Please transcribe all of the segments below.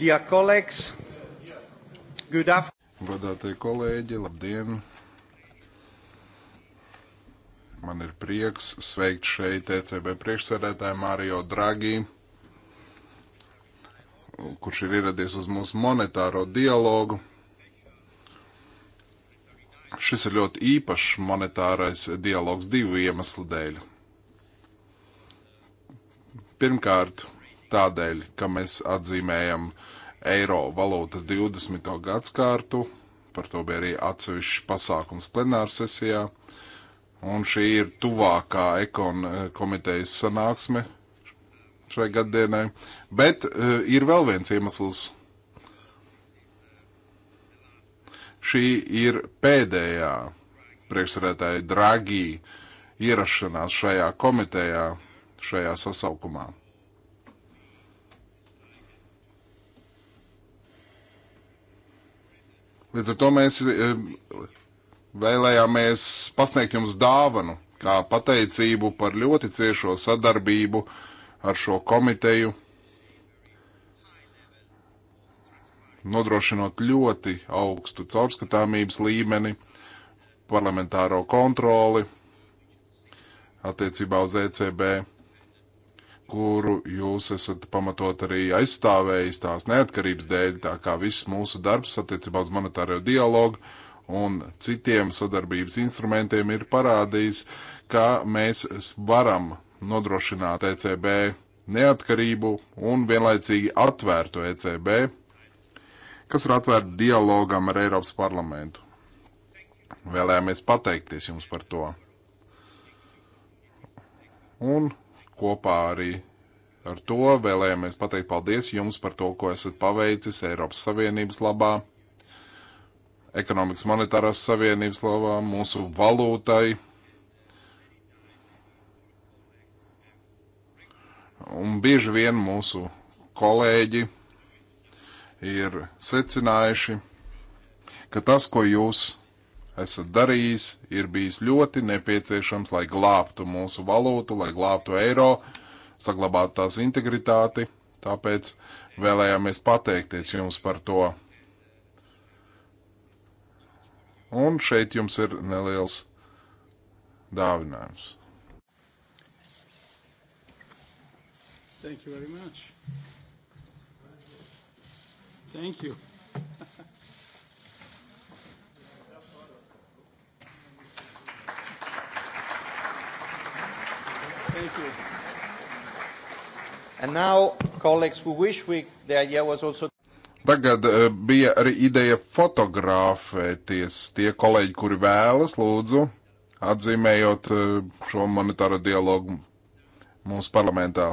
Dear colleagues, good afternoon. Vadātie kolēģi, labdien! Man ir prieks sveikt šeit ECB priekšsēdētāju Mario Draghi, kurš ir ieradies uz mūsu monetāro dialogu. Šis ir ļoti īpašs monetārais dialogs divu iemeslu dēļ. Pirmkārt, tādēļ, ka mēs atzīmējam eiro valūtas 20. gadskārtu, par to bija arī atsevišķs pasākums plenāra sesijā, un šī ir tuvākā ekon eh, komitejas sanāksme šai gaddienai, bet uh, ir vēl viens iemesls. Šī ir pēdējā priekšsarētāja Dragī ierašanās šajā komitejā, šajā sasaukumā. Līdz ar to mēs eh, vēlējāmies pasniegt jums dāvanu, kā pateicību par ļoti ciešo sadarbību ar šo komiteju, nodrošinot ļoti augstu caurskatāmības līmeni, parlamentāro kontroli attiecībā uz ECB kuru jūs esat pamatot arī aizstāvējis tās neatkarības dēļ, tā kā viss mūsu darbs attiecībā uz monetāro dialogu un citiem sadarbības instrumentiem ir parādījis, ka mēs varam nodrošināt ECB neatkarību un vienlaicīgi atvērtu ECB, kas ir atvērta dialogam ar Eiropas parlamentu. Vēlējāmies pateikties jums par to. Un kopā arī ar to vēlējāmies pateikt paldies jums par to, ko esat paveicis Eiropas Savienības labā, ekonomikas monetārās savienības labā, mūsu valūtai. Un bieži vien mūsu kolēģi ir secinājuši, ka tas, ko jūs esat darījis, ir bijis ļoti nepieciešams, lai glābtu mūsu valūtu, lai glābtu eiro, saglabātu tās integritāti. Tāpēc vēlējāmies pateikties jums par to. Un šeit jums ir neliels dāvinājums. Thank you very much. Thank you. Thank you. And now, colleagues who wish we, the idea was also Tagad eh, bija arī ideja fotografēties. Tie kolēģi, kuri vēlas, lūdzu, atzīmējot eh, šo monetāro dialogu mūsu parlamentā.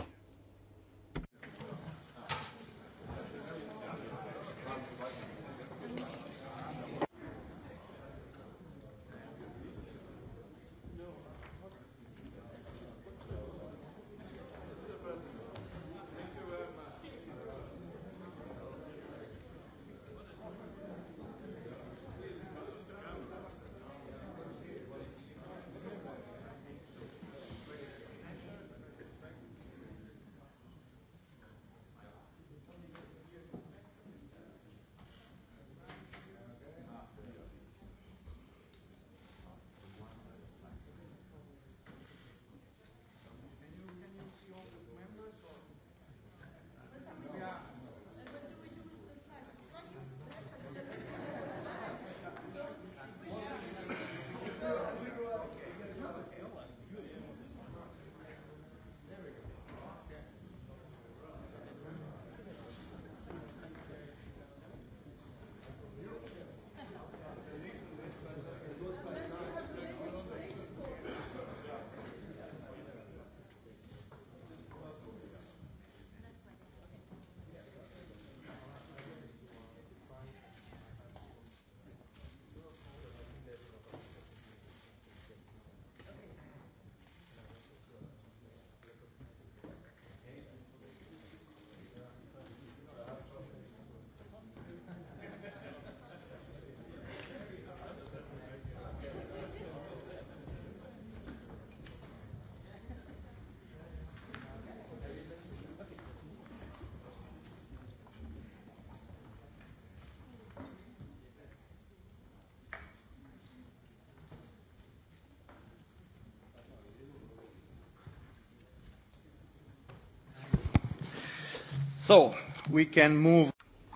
So, we can move.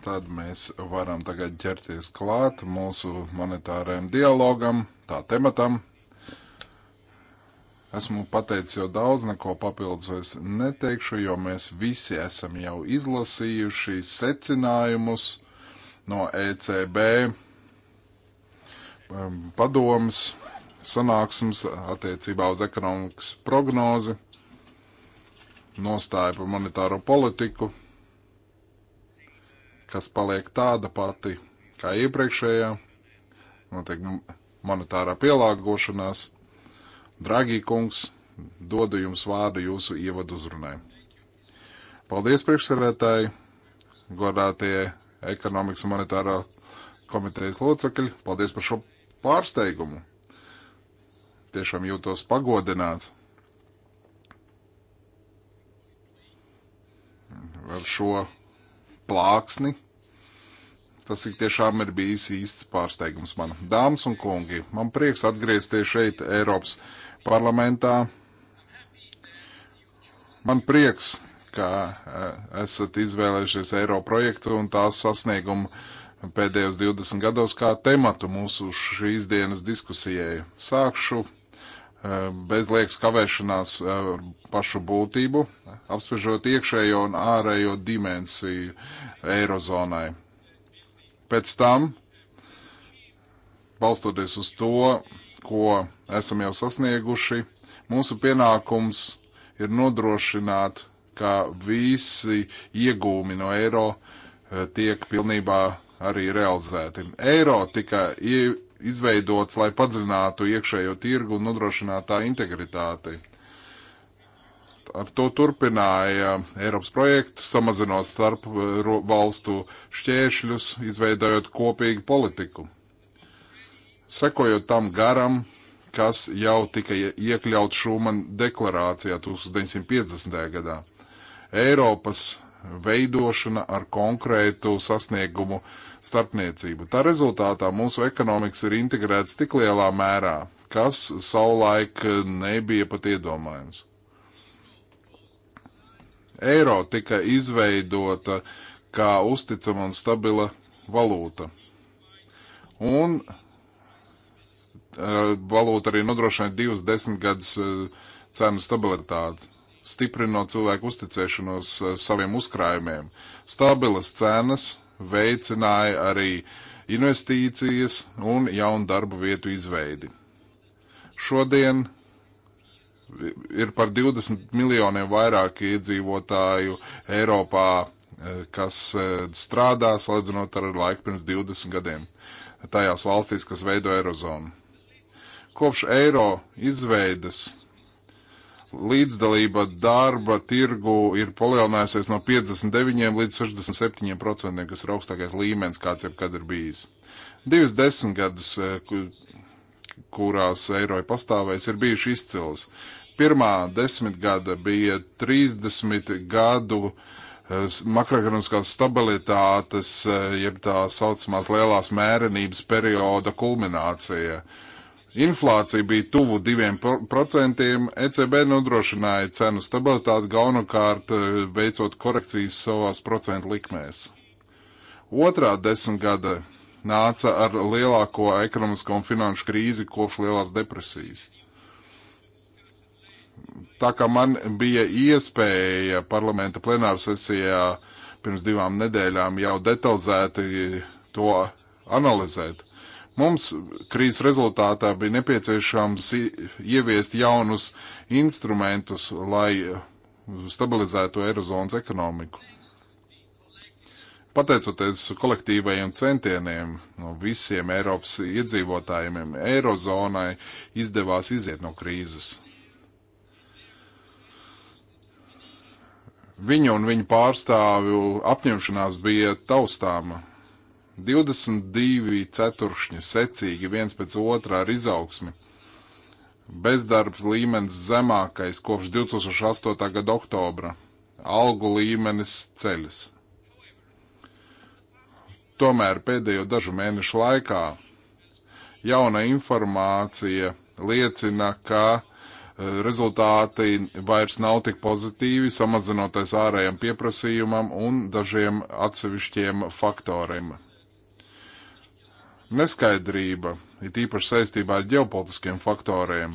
Tad mēs varam tagad ķerties klāt mūsu monetārajam dialogam, tā tematam. Esmu pateicis jau daudz, neko papildus vairs neteikšu, jo mēs visi esam jau izlasījuši secinājumus no ECB um, padomas sanāksmes attiecībā uz ekonomikas prognozi, nostāju par monetāro politiku kas paliek tāda pati kā iepriekšējā, notiek monetārā pielāgošanās. Dragī kungs, dodu jums vārdu jūsu ievadu uzrunai. Paldies priekšsarētāji, godātie ekonomikas un monetārā komitejas locekļi, paldies par šo pārsteigumu. Tiešām jūtos pagodināts ar šo plāksni. Tas ik tiešām ir bijis īsts pārsteigums man. Dāmas un kungi, man prieks atgriezties šeit Eiropas parlamentā. Man prieks, ka eh, esat izvēlējušies Eiro projektu un tās sasniegumu pēdējos 20 gados kā tematu mūsu šīs dienas diskusijai. Sākšu Eh, bezliekas kavēšanās eh, pašu būtību, apspriežot iekšējo un ārējo dimensiju Eirozonai. Pēc tam, balstoties uz to, ko esam jau sasnieguši, mūsu pienākums ir nodrošināt, ka visi iegūmi no eiro eh, tiek pilnībā arī realizēti. Eiro tika ie, izveidots, lai padziļinātu iekšējo tirgu un nodrošinātu tā integritāti. Ar to turpināja Eiropas projektu, samazinot starp eh, valstu šķēršļus, izveidojot kopīgu politiku. Sekojot tam garam, kas jau tika iekļauts Šūman deklarācijā 1950. gadā. Eiropas veidošana ar konkrētu sasniegumu uh, starpniecību. Tā rezultātā mūsu ekonomikas ir integrētas tik lielā mērā, kas savulaik nebija pat iedomājams. Eiro tika izveidota kā uzticama un stabila valūta. Un eh, valūta arī nodrošināja divus desmitgadus eh, cenu stabilitāti, stiprinot cilvēku uzticēšanos eh, saviem uzkrājumiem. Stabilas cenas veicināja arī investīcijas un jaunu darbu vietu izveidi. Šodien ir par 20 miljoniem vairāk iedzīvotāju Eiropā, eh, kas eh, strādā, salīdzinot ar laiku pirms 20 gadiem, tajās valstīs, kas veido Eirozonu. Kopš eiro izveidas līdzdalība darba tirgu ir palielinājusies no 59 līdz 67 procentiem, kas ir augstākais līmenis, kāds jebkad ir bijis. Divas desmitgadus, eh, kurās eiro ir pastāvējis, ir bijuši izcils. Pirmā desmitgada bija 30 gadu eh, makroekonomiskās stabilitātes, eh, jeb tā saucamās lielās mērenības perioda kulminācija. Uh, Inflācija bija tuvu diviem procentiem, ECB nodrošināja cenu stabilitāti galvenokārt eh, veicot korekcijas savās procentu likmēs. Otrā desmitgada nāca ar lielāko ekonomisko un finanšu krīzi kopš lielās depresijas. Tā kā man bija iespēja parlamenta plenārsesijā pirms divām nedēļām jau detalizēti to analizēt, Mums krīzes rezultātā bija nepieciešams ieviest jaunus instrumentus, lai eh, stabilizētu Eirozonas ekonomiku. Pateicoties kolektīvajiem centieniem no visiem Eiropas iedzīvotājiem, Eirozonai izdevās iziet no krīzes. Viņa un viņa pārstāvju apņemšanās bija taustāma 22 ceturkšņi secīgi viens pēc otrā ar izaugsmi. Bezdarbs līmenis zemākais kopš 2008. gada oktobra. Algu līmenis ceļas. Tomēr pēdējo dažu mēnešu laikā jauna informācija liecina, ka e, rezultāti vairs nav tik pozitīvi, samazinoties ārējiem pieprasījumam un dažiem atsevišķiem faktoriem. Neskaidrība ir īpaši saistībā ar ģeopolitiskiem faktoriem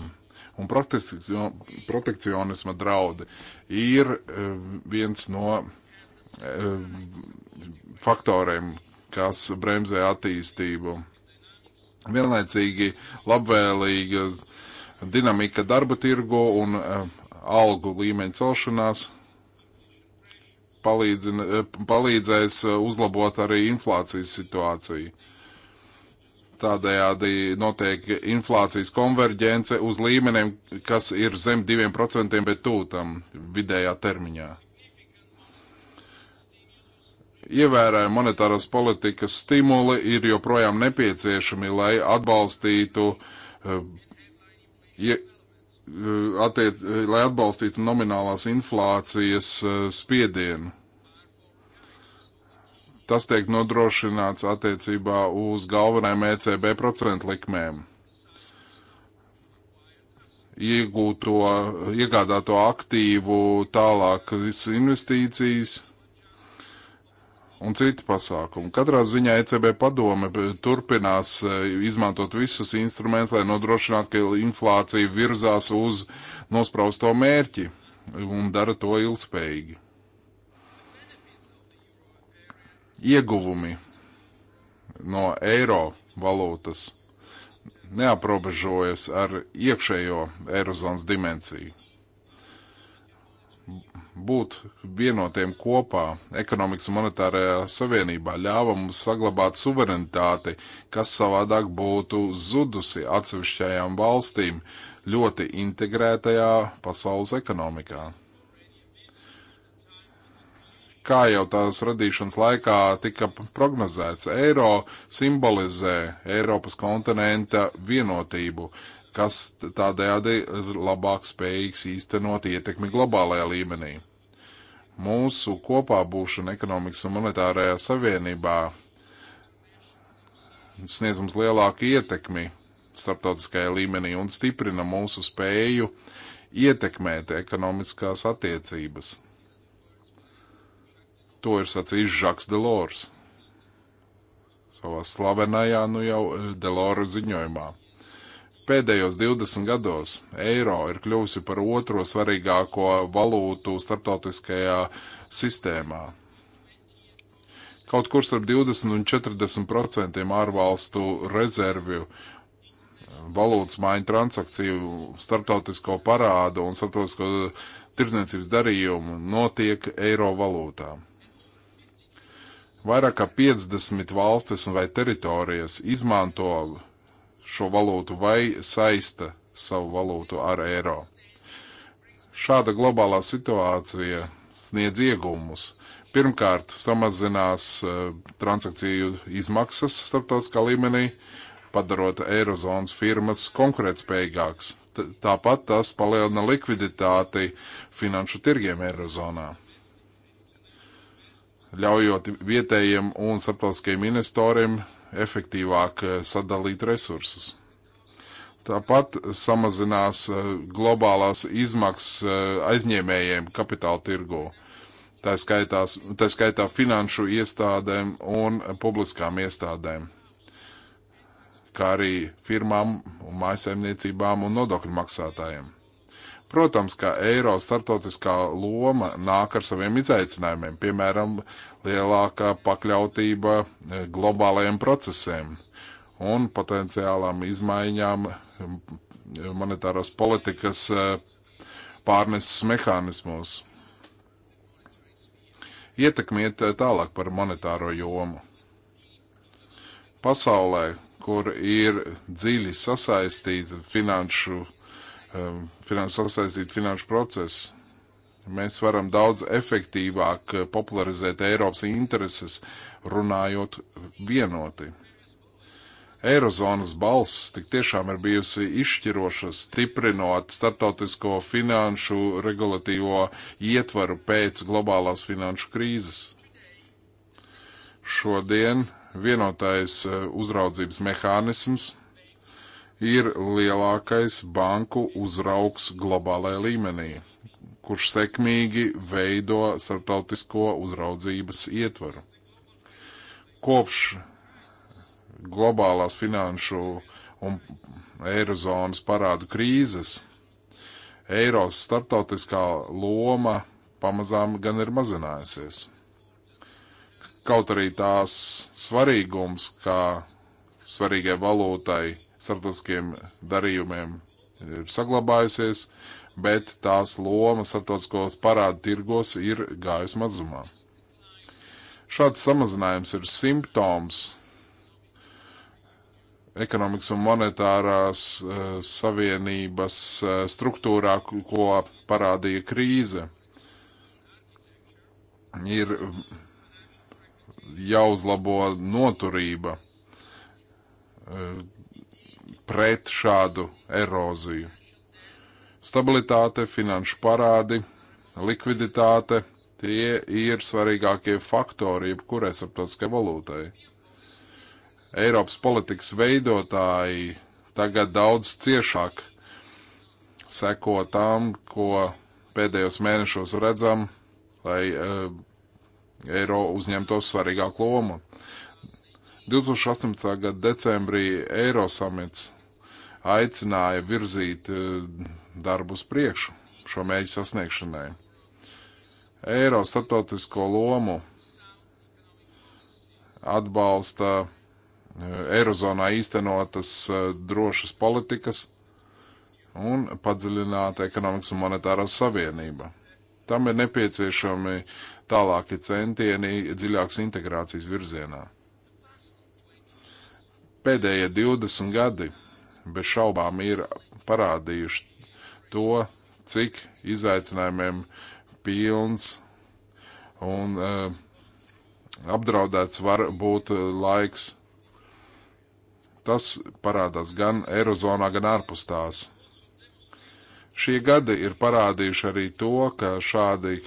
un protekcionisma draudi ir e, viens no e, faktoriem, kas bremzē attīstību. Vienlaicīgi labvēlīga dinamika darba tirgo un e, algu līmeņa celšanās palīdzēs uzlabot arī inflācijas situāciju. Tādējādi notiek inflācijas konverģence uz līmenim, kas ir zem 2%, bet tūtam vidējā termiņā. Ievērēja monetāras politikas stimuli ir joprojām nepieciešami, lai atbalstītu ja, eh, eh, attiec, eh, lai atbalstītu nominālās inflācijas spiedienu. Tas tiek nodrošināts attiecībā uz galvenajām ECB procentu likmēm. Iegūto, iegādāto aktīvu tālākas investīcijas un citi pasākumi. Katrā ziņā ECB padome turpinās e, izmantot visus instrumentus, lai nodrošinātu, ka inflācija virzās uz nosprausto mērķi un dara to ilgspējīgi. ieguvumi no eiro valūtas neaprobežojas ar iekšējo eirozonas dimensiju. Būt vienotiem kopā ekonomikas un monetārajā savienībā ļāva mums saglabāt suverenitāti, kas savādāk būtu zudusi atsevišķajām valstīm ļoti integrētajā pasaules ekonomikā kā jau tās radīšanas laikā tika prognozēts, eiro simbolizē Eiropas kontinenta vienotību, kas tādējādi ir labāk spējīgs īstenot ietekmi globālajā līmenī. Mūsu kopā būšana ekonomikas un monetārajā savienībā sniedz mums lielāku ietekmi starptautiskajā līmenī un stiprina mūsu spēju ietekmēt ekonomiskās attiecības. To ir sacījis Žaks Delors savā slavenajā nu jau eh, Delora ziņojumā. Pēdējos 20 gados eiro ir kļuvusi par otro svarīgāko valūtu starptautiskajā sistēmā. Kaut kur starp 20 un 40 procentiem ārvalstu rezervju eh, valūtas maiņu transakciju, starptautisko parādu un starptautisko tirdzniecības darījumu notiek eiro valūtām. Vairāk kā 50 valstis vai teritorijas izmanto šo valūtu vai saista savu valūtu ar eiro. Šāda globālā situācija sniedz iegūmus. Pirmkārt, samazinās uh, transakciju izmaksas starptautiskā līmenī, padarot eirozonas firmas konkurētspējīgākas. Tāpat tas palielina likviditāti finanšu tirgiem eirozonā ļaujot vietējiem un starptautiskajiem investoriem efektīvāk eh, sadalīt resursus. Tāpat samazinās eh, globālās izmaksas eh, aizņēmējiem kapitāla tirgu, tā, skaitās, tā skaitā finanšu iestādēm un publiskām iestādēm, kā arī firmām un mājasaimniecībām un nodokļu maksātājiem. Protams, ka eiro startautiskā loma nāk ar saviem izaicinājumiem, piemēram, lielākā pakļautība eh, globālajiem procesiem un potenciālām izmaiņām eh, monetāras politikas eh, pārneses mehānismos. Ietekmiet tālāk par monetāro jomu. Pasaulē, kur ir dziļi sasaistīta finanšu Um, sasaistīt finanšu procesu. Mēs varam daudz efektīvāk uh, popularizēt Eiropas intereses, runājot vienoti. Eirozonas balss tik tiešām ir bijusi izšķiroša, stiprinot starptautisko finanšu regulatīvo ietvaru pēc globālās finanšu krīzes. Šodien vienotais uh, uzraudzības mehānisms ir lielākais banku uzraugs globālajā līmenī, kurš sekmīgi veido starptautisko uzraudzības ietvaru. Kopš globālās finanšu un eirozonas parādu krīzes eiros starptautiskā loma pamazām gan ir mazinājusies. Kaut arī tās svarīgums, kā svarīgai valūtai, starptautiskiem darījumiem ir saglabājusies, bet tās loma starptautiskos parādu tirgos ir gājusi mazumā. Šāds samazinājums ir simptoms ekonomikas un monetārās uh, savienības uh, struktūrā, ko parādīja krīze. Ir jāuzlabo noturība eh, pret šādu eroziju. Stabilitāte, finanšu parādi, likviditāte - tie ir svarīgākie faktori jebkurai starptautiskai valūtai. Eiropas politikas veidotāji tagad daudz ciešāk seko tam, ko pēdējos mēnešos redzam, lai uh, eiro uzņemtos svarīgāku lomu. 2018. gada decembrī Eiro samits aicināja virzīt eh, darbu uz priekšu šo mēģi sasniegšanai. Eiro statotisko lomu atbalsta eh, Eirozonā īstenotas eh, drošas politikas un padziļināta ekonomikas un monetārā savienība. Tam ir nepieciešami tālāki centieni dziļākas integrācijas virzienā. Pēdējie 20 gadi bez šaubām ir parādījuši to, cik izaicinājumiem pilns un uh, apdraudēts var būt uh, laiks. Tas parādās gan Eirozonā, gan ārpus tās. Šie gadi ir parādījuši arī to, ka šādi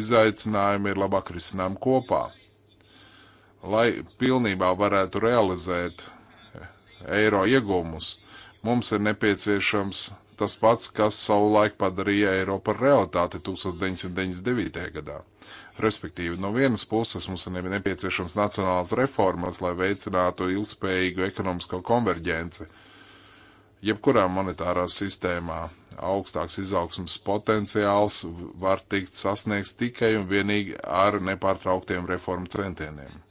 izaicinājumi ir labāk risinām kopā. Lai pilnībā varētu realizēt eiro iegūmus. Mums ir nepieciešams tas pats, kas savulaik padarīja eiro par realitāti 1999. gadā. Respektīvi, no vienas puses mums ir nepieciešams nacionāls reformas, lai veicinātu ilgspējīgu ekonomisko konverģenci. Jebkurā monetārā sistēmā augstāks izaugsmas potenciāls var tikt sasniegts tikai un vienīgi ar nepārtrauktiem reformu centieniem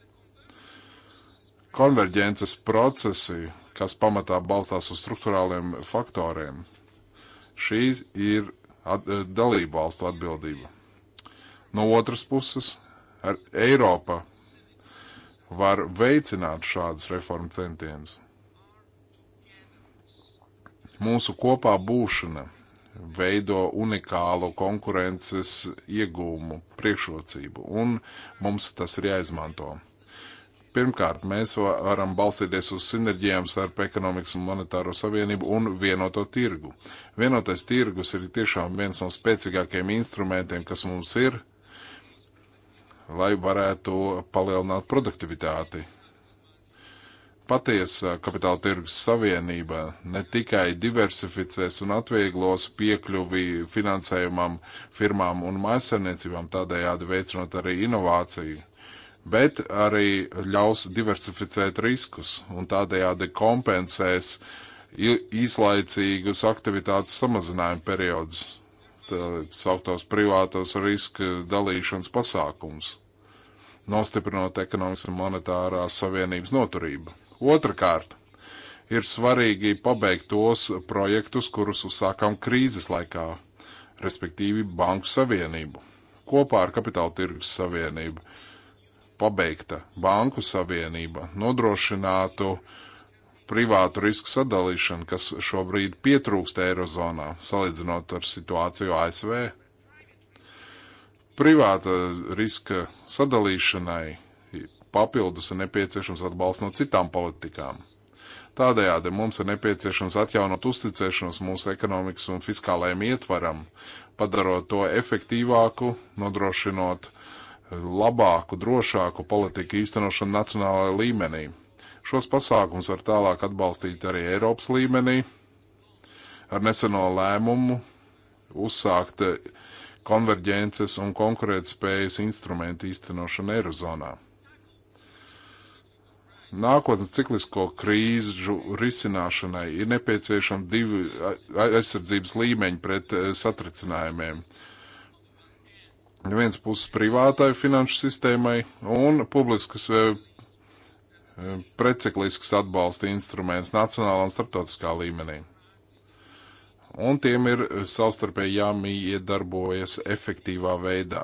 konverģences procesi kas pamatā balstās uz struktūrāliem faktoriem. Šīs ir at, eh, dalību valstu atbildība. No otras puses, ar Eiropa var veicināt šādas reformu centienus. Mūsu kopā būšana veido unikālu konkurences iegūmu priekšrocību, un mums tas ir jāizmanto. Pirmkārt, mēs varam balstīties uz sinerģijām starp ekonomikas un monetāro savienību un vienoto tirgu. Vienotais tirgus ir tiešām viens no spēcīgākajiem instrumentiem, kas mums ir, lai varētu palielināt produktivitāti. Patiesa kapitāla tirgus savienība ne tikai diversificēs un atvieglos piekļuvi finansējumam firmām un mājasarniecībām, tādējādi veicinot arī inovāciju bet arī ļaus diversificēt riskus un tādējādi kompensēs īslaicīgus aktivitātes samazinājuma periodus, tā sauktos privātos riska dalīšanas pasākums, nostiprinot ekonomikas un monetārās savienības noturību. Otrakārt, ir svarīgi pabeigt tos projektus, kurus uzsākām krīzes laikā, respektīvi Banku Savienību, kopā ar Kapitāla tirgus Savienību pabeigta banku savienība nodrošinātu privātu risku sadalīšanu, kas šobrīd pietrūkst Eirozonā, salīdzinot ar situāciju ASV. Privāta riska sadalīšanai papildus ir nepieciešams atbalsts no citām politikām. Tādējādi mums ir nepieciešams atjaunot uzticēšanos mūsu ekonomikas un fiskālajiem ietvaram, padarot to efektīvāku, nodrošinot labāku, drošāku politiku īstenošanu nacionālajā līmenī. Šos pasākums var tālāk atbalstīt arī Eiropas līmenī ar neseno lēmumu uzsākt konverģences un konkurētspējas instrumentu īstenošanu Eirozonā. Nākotnes ciklisko krīžu risināšanai ir nepieciešami divi aizsardzības līmeņi pret e, satricinājumiem. Uh, viens puses privātai finanšu sistēmai un publiskas eh, preciklisks atbalsta instruments nacionālā un starptautiskā līmenī. Un tiem ir savstarpēji jāmiedarbojas efektīvā veidā.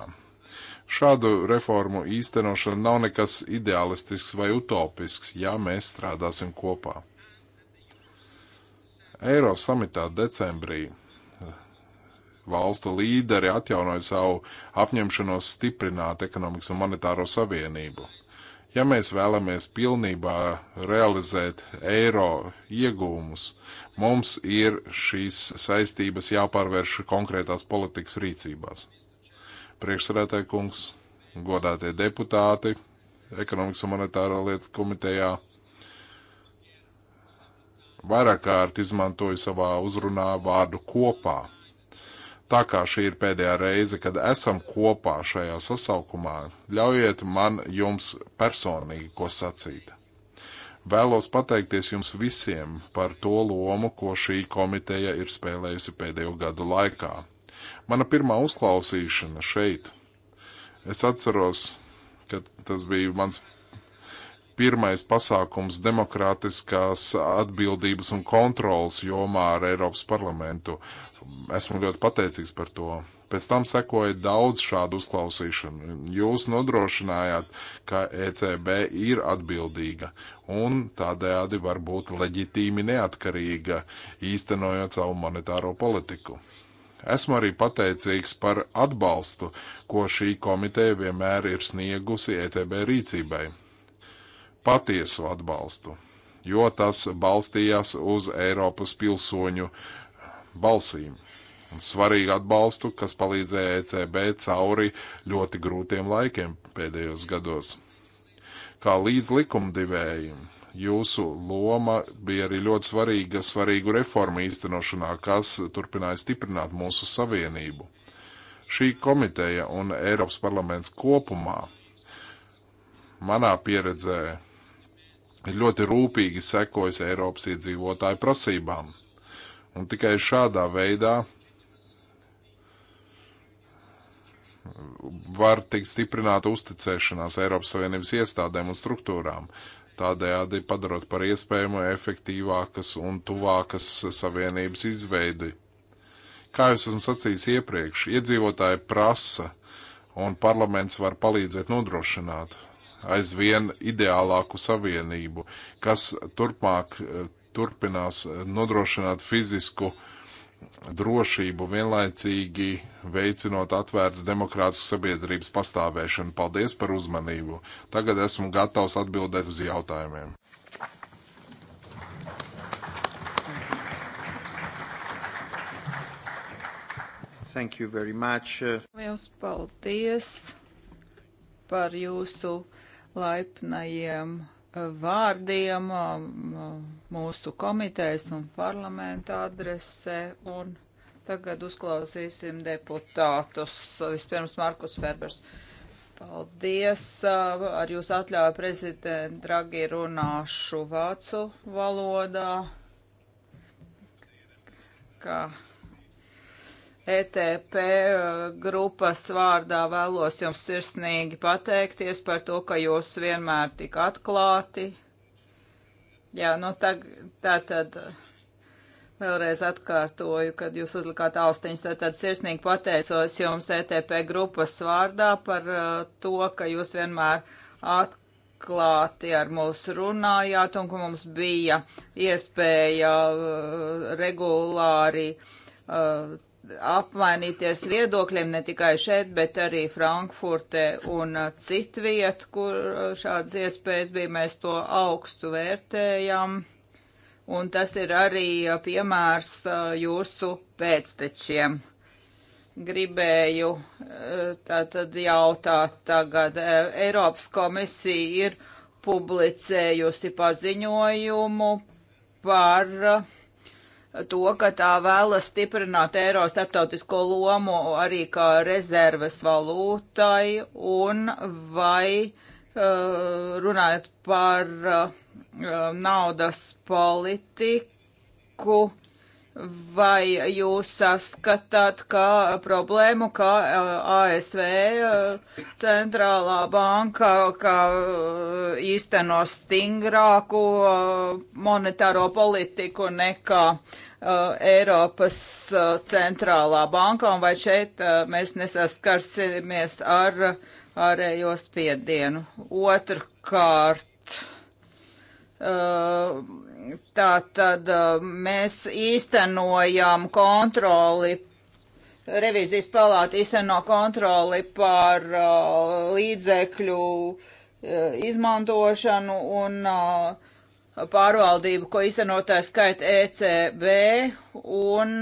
Šādu reformu īstenošana nav nekas ideālistisks vai utopisks, ja mēs strādāsim kopā. Eiropas samitā decembrī valstu līderi atjaunoja savu apņemšanos stiprināt ekonomikas un monetāro savienību. Ja mēs vēlamies pilnībā realizēt eiro iegūmus, mums ir šīs saistības jāpārvērš konkrētās politikas rīcībās. Priekšsarētāji kungs, godātie deputāti, ekonomikas un monetāro lietu komitejā vairāk kārt izmantoju savā uzrunā vārdu kopā. Tā kā šī ir pēdējā reize, kad esam kopā šajā sasaukumā, ļaujiet man jums personīgi ko sacīt. Vēlos pateikties jums visiem par to lomu, ko šī komiteja ir spēlējusi pēdējo gadu laikā. Mana pirmā uzklausīšana šeit. Es atceros, ka tas bija mans pirmais pasākums demokrātiskās atbildības un kontrolas jomā ar Eiropas parlamentu. Esmu ļoti pateicīgs par to. Pēc tam sekoja daudz šādu uzklausīšanu. Jūs nodrošinājāt, ka ECB ir atbildīga un tādējādi var būt leģitīmi neatkarīga, īstenojot savu monetāro politiku. Esmu arī pateicīgs par atbalstu, ko šī komiteja vienmēr ir sniegusi ECB rīcībai. Patiesu atbalstu, jo tas balstījās uz Eiropas pilsoņu uh, balsīm un svarīgu atbalstu, kas palīdzēja ECB cauri ļoti grūtiem laikiem pēdējos gados. Kā līdz likumdevējiem, jūsu loma bija arī ļoti svarīga svarīgu reformu īstenošanā, kas turpināja stiprināt mūsu savienību. Šī komiteja un Eiropas parlaments kopumā manā pieredzē ir ļoti rūpīgi sekojas Eiropas iedzīvotāju prasībām Un tikai šādā veidā var tikt stiprināta uzticēšanās Eiropas Savienības iestādēm un struktūrām, tādējādi padarot par iespējamu efektīvākas un tuvākas savienības izveidi. Kā jau es esmu sacījis iepriekš, iedzīvotāji prasa, un parlaments var palīdzēt nodrošināt aizvien ideālāku savienību, kas turpmāk turpinās eh, nodrošināt fizisku drošību, vienlaicīgi veicinot atvērtas demokrātiskas sabiedrības pastāvēšanu. Paldies par uzmanību. Tagad esmu gatavs atbildēt uz jautājumiem. Thank you very much. Liels paldies par jūsu laipnajiem vārdiem um, mūsu komitejas un parlamenta adrese. Un tagad uzklausīsim deputātus. Vispirms Markus Ferbers. Paldies. Uh, ar jūsu atļauju prezidenta Dragi runāšu vācu valodā. Kā ETP uh, grupas vārdā vēlos jums sirsnīgi pateikties par to, ka jūs vienmēr tik atklāti. Jā, nu tā, tā tad uh, vēlreiz atkārtoju, kad jūs uzlikāt austiņas, tā tad sirsnīgi pateicos jums ETP grupas vārdā par uh, to, ka jūs vienmēr atklāti ar mūs runājāt un ka mums bija iespēja regulāri uh, apmainīties viedokļiem ne tikai šeit, bet arī Frankfurte un citviet, kur uh, šādas iespējas bija, mēs to augstu vērtējam. Un tas ir arī uh, piemērs uh, jūsu pēctečiem. Gribēju tātad jautāt tagad, Eiropas komisija ir publicējusi paziņojumu par uh, to, ka tā vēlas stiprināt eiro starptautisko lomu arī kā rezerves valūtai un vai uh, runājot par uh, naudas politiku, Vai jūs saskatāt, ka problēmu, ka ASV centrālā banka ka īsteno stingrāku monetāro politiku nekā Eiropas centrālā banka, un vai šeit mēs nesaskarsimies ar ārējo spiedienu? Otrkārt. Uh, Tā tad uh, mēs īstenojam kontroli, revizijas palāta īsteno kontroli par uh, līdzekļu uh, izmantošanu un pārvaldību, ko īstenotāji skaita ECB un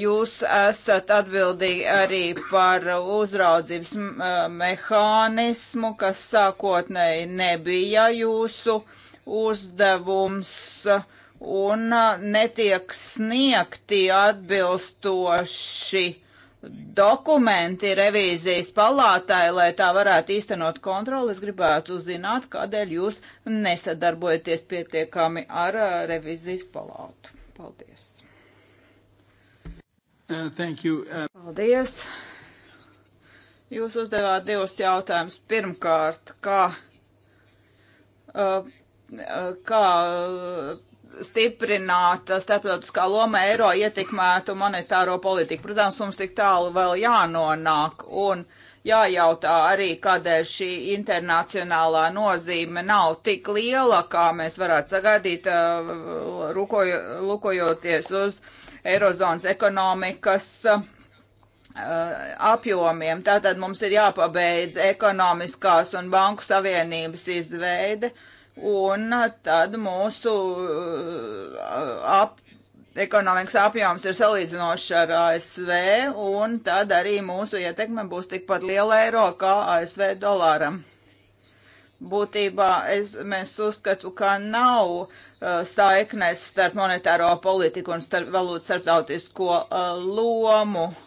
jūs esat atbildīgi arī par uzraudzības mehānismu, kas sākotnēji nebija jūsu uh, uzdevums un netiek sniegti atbilstoši dokumenti revīzijas palātai, lai tā varētu īstenot kontroli. Es gribētu zināt, kādēļ jūs nesadarbojaties pietiekami ar revīzijas palātu. Paldies! Uh, thank you. Uh... Paldies! Jūs uzdevāt divus jautājumus. Pirmkārt, kā uh, kā uh, stiprināt starptautiskā loma eiro ietekmētu monetāro politiku. Protams, mums tik tālu vēl jānonāk un jājautā arī, kādēļ šī internacionālā nozīme nav tik liela, kā mēs varētu sagaidīt, uh, rukojo, lukojoties uz eirozonas ekonomikas uh, apjomiem. Tātad mums ir jāpabeidz ekonomiskās un banku savienības izveide. Uh, un uh, tad mūsu uh, ap, ekonomikas apjoms ir salīdzinošs ar ASV, un tad arī mūsu ietekme būs tikpat liela eiro kā ASV dolāram. Būtībā es, mēs uzskatu, ka nav uh, saiknes starp monetāro politiku un starp valūtu starptautisko uh, lomu. Uh,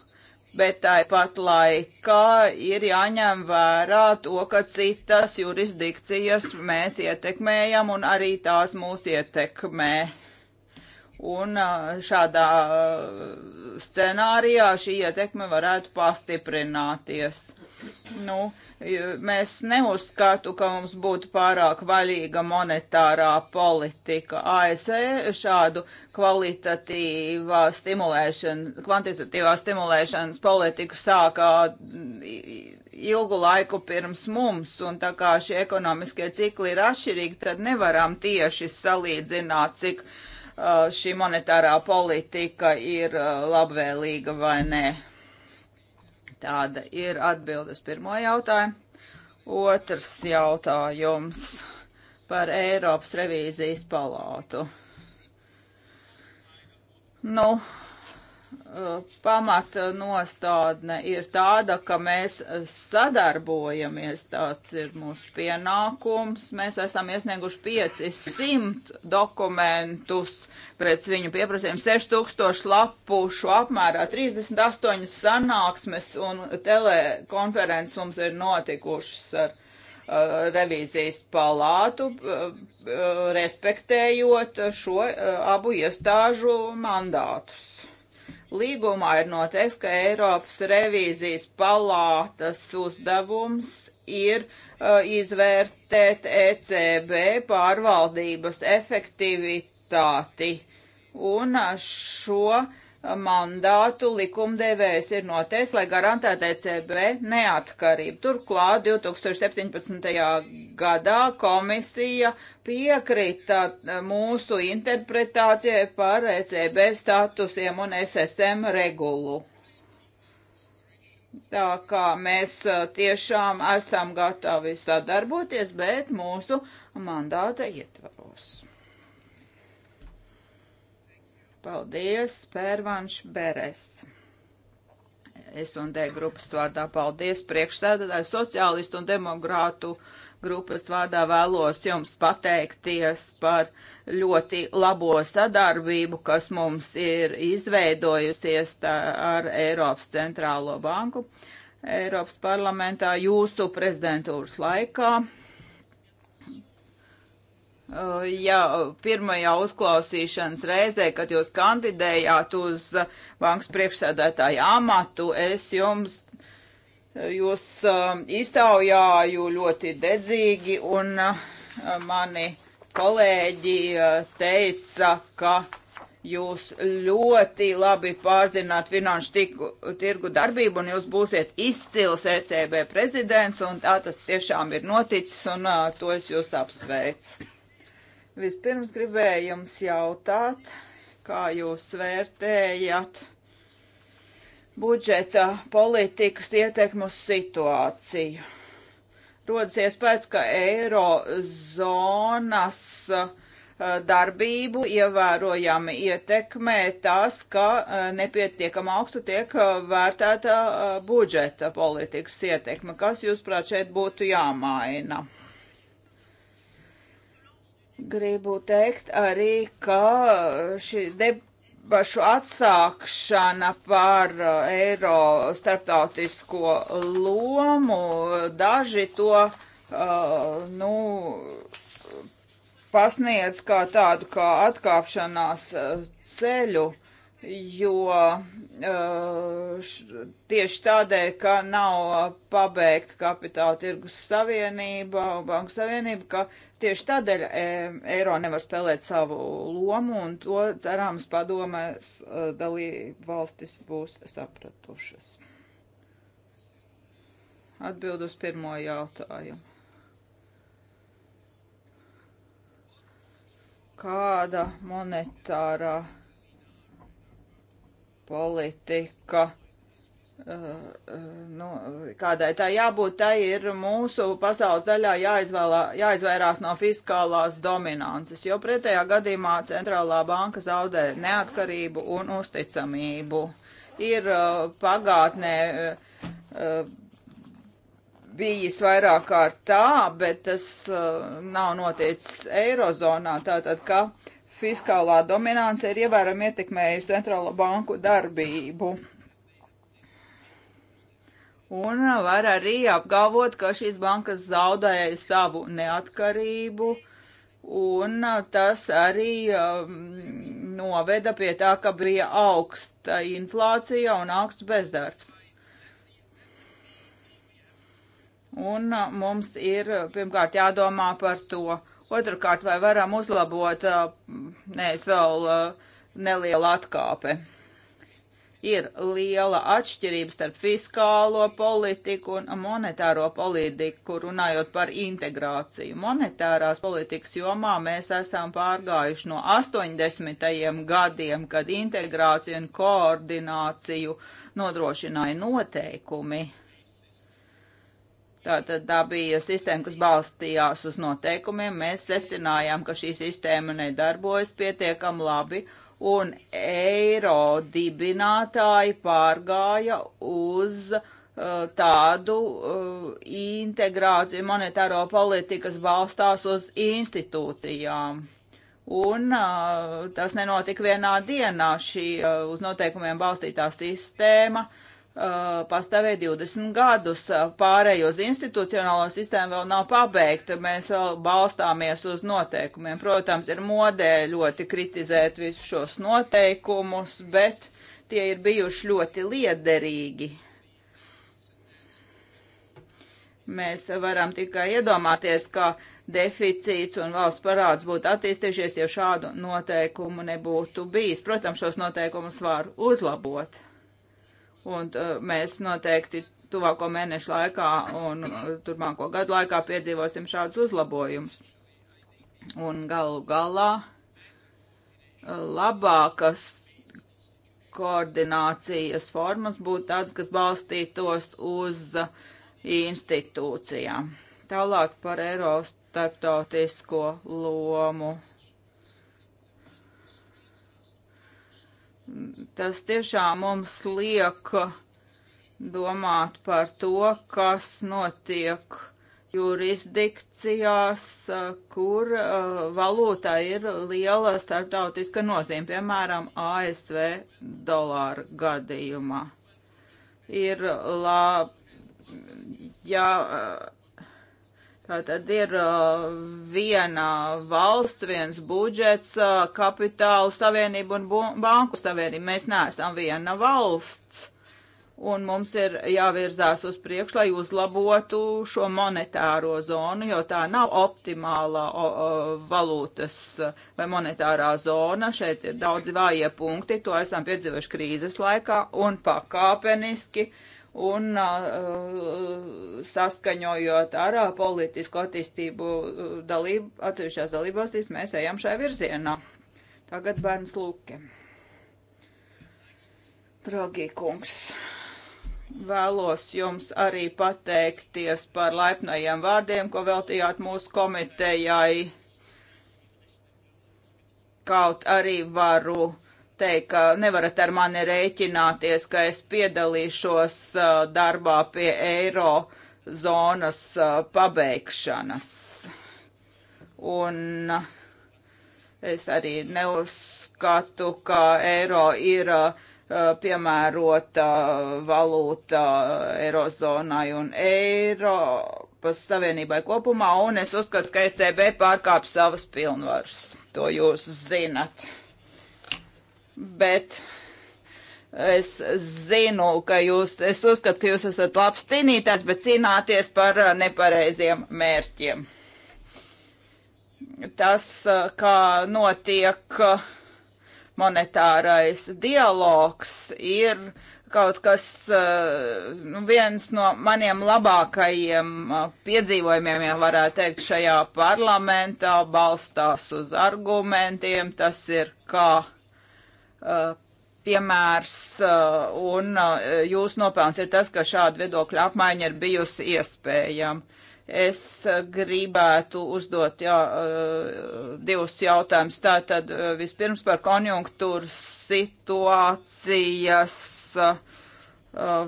bet tāpat laikā ir jāņem vērā to, ka citas jurisdikcijas mēs ietekmējam un arī tās mūs ietekmē. Un šādā scenārijā šī ietekme varētu pastiprināties. Nu, Mēs neuzskatu, ka mums būtu pārāk vaļīga monetārā politika. ASV e šādu kvalitatīvā stimulēšana, kvantitatīvā stimulēšanas politiku sākā ilgu laiku pirms mums, un tā kā šie ekonomiskie cikli ir atšķirīgi, tad nevaram tieši salīdzināt, cik uh, šī monetārā politika ir uh, labvēlīga vai nē. Tāda ir atbildes pirmo jautājumu. Otrs jautājums par Eiropas revīzijas palātu. Nu, Eh, pamata nostādne ir tāda, ka mēs sadarbojamies, tāds ir mūsu pienākums. Mēs esam iesnieguši 500 dokumentus pēc viņu pieprasījuma, 6000 lapušu apmērā, 38 sanāksmes un telekonferences mums ir notikušas ar eh, revīzijas palātu, eh, respektējot šo abu iestāžu mandātus. Līgumā ir noteikts, ka Eiropas revīzijas palātas uzdevums ir uh, izvērtēt ECB pārvaldības efektivitāti. Un uh, šo mandātu likumdevējs ir noteicis, lai garantētu ECB neatkarību. Turklāt 2017. gadā komisija piekrita eh, mūsu interpretācijai par ECB statusiem un SSM regulu. Tā kā mēs eh, tiešām esam gatavi sadarboties, bet mūsu mandāta ietvaros. Paldies, Pērvanš Beres. Es un D grupas vārdā paldies priekšsēdētāju sociālistu un demokrātu grupas vārdā vēlos jums pateikties par ļoti labo sadarbību, kas mums ir izveidojusies ar Eiropas centrālo banku Eiropas parlamentā jūsu prezidentūras laikā. Uh, ja pirmajā uzklausīšanas reizē, kad jūs kandidējāt uz uh, bankas priekšsēdētāju amatu, es jums uh, jūs iztaujāju ļoti dedzīgi un mani kolēģi teica, ka jūs ļoti labi pārzināt finanšu tiku, tirgu darbību un jūs būsiet izcils ECB prezidents un tā tas tiešām ir noticis un to es jūs apsveicu. Vispirms gribēju jums jautāt, kā jūs vērtējat budžeta politikas ietekmu situāciju. Rodas iespējas, ka eirozonas eh, darbību ievērojami ietekmē tas, ka eh, nepietiekam augstu tiek eh, vērtēta budžeta politikas ietekme. Kas, jūsuprāt, šeit būtu jāmaina? Gribu teikt arī, ka šī debašu atsākšana par uh, eiro starptautisko lomu, daži to, uh, nu, pasniedz kā tādu kā atkāpšanās uh, ceļu jo eh, š, tieši tādēļ, ka nav pabeigta kapitāla tirgus savienība, banku savienība, ka tieši tādēļ e, eiro nevar spēlēt savu lomu, un to cerāms padomēs eh, dalību valstis būs sapratušas. Atbild uz pirmo jautājumu. Kāda monetārā politika. Uh, uh, nu, kādai tā jābūt, tai ir mūsu pasaules daļā jāizvēlā, jāizvairās no fiskālās dominances, jo pretējā gadījumā centrālā banka zaudē neatkarību un uzticamību. Ir uh, pagātnē bijis vairāk kārt tā, bet tas uh, nav noticis Eirozonā. Tātad, ka fiskālā dominance ir ievērami ietekmējusi centrālo banku darbību. Un var arī apgalvot, ka šīs bankas zaudēja savu neatkarību, un tas arī um, noveda pie tā, ka bija augsta inflācija un augsts bezdarbs. Un mums ir pirmkārt jādomā par to, uh, Otrakārt, vai varam uzlabot, nē, es vēl neliela atkāpe. Ir liela atšķirība starp fiskālo politiku un monetāro politiku, runājot par integrāciju. Monetārās politikas jomā mēs esam pārgājuši no 80. gadiem, kad integrāciju un koordināciju nodrošināja noteikumi Tātad tā bija sistēma, kas balstījās uz noteikumiem. Mēs secinājām, ka šī sistēma nedarbojas pietiekam labi, un eiro dibinātāji pārgāja uz uh, tādu uh, integrāciju monetāro politiku, kas balstās uz institūcijām. Un uh, tas nenotika vienā dienā, šī uh, uz noteikumiem balstītā sistēma uh, Uh, pastāvēja 20 gadus. Pārējos institucionālo sistēmu vēl nav pabeigta, mēs vēl balstāmies uz noteikumiem. Protams, ir modē ļoti kritizēt visus šos noteikumus, bet tie ir bijuši ļoti liederīgi. Mēs varam tikai iedomāties, ka deficīts un valsts parāds būtu attīstījušies, ja šādu noteikumu nebūtu bijis. Protams, šos noteikumus var uzlabot un uh, mēs noteikti tuvāko mēnešu laikā un uh, turpmāko gadu laikā piedzīvosim šādus uzlabojumus. Un galu galā uh, labākas koordinācijas formas būtu tāds, kas balstītos uz institūcijām. Tālāk par Eiro starptautisko lomu tas tiešām mums liek domāt par to, kas notiek jurisdikcijās, kur uh, valūtā ir liela starptautiska nozīme, piemēram, ASV dolāra gadījumā. Ir labi, ja uh, Tātad ir uh, viena valsts, viens budžets, uh, kapitālu savienība un banku savienība. Mēs neesam viena valsts. Un mums ir jāvirzās uz priekšu, lai uzlabotu šo monetāro zonu, jo tā nav optimālā o, o, valūtas vai monetārā zona. Šeit ir daudzi vājie punkti, to esam piedzīvojuši krīzes laikā un pakāpeniski. Uh, un uh, saskaņojot ar uh, politisko attīstību uh, dalību, atsevišķās dalībvalstīs, mēs ejam šajā virzienā. Tagad bērns Lūke. Dragie kungs, vēlos jums arī pateikties par laipnajiem vārdiem, ko veltījāt mūsu komitejai. Kaut arī varu teikt, ka nevarat ar mani rēķināties, ka es piedalīšos uh, darbā pie eiro zonas uh, pabeigšanas. Un uh, es arī neuzskatu, ka eiro ir piemērota valūta Eirozonai un Eiropas Savienībai kopumā, un es uzskatu, ka ECB pārkāp savas pilnvaras. To jūs zinat bet es zinu, ka jūs, es uzskatu, ka jūs esat labs cīnītājs, bet cīnāties par eh, nepareiziem mērķiem. Tas, eh, kā notiek eh, monetārais dialogs, ir kaut kas, nu, viens no maniem labākajiem piedzīvojumiem, ja varētu teikt, šajā parlamentā balstās uz argumentiem. Tas ir kā Eh, piemērs, eh, un eh, jūsu nopelns ir tas, ka šāda viedokļa apmaiņa ir bijusi iespējama. Es gribētu uzdot jā, divus jautājumus. Tātad vispirms par konjunktūras situācijas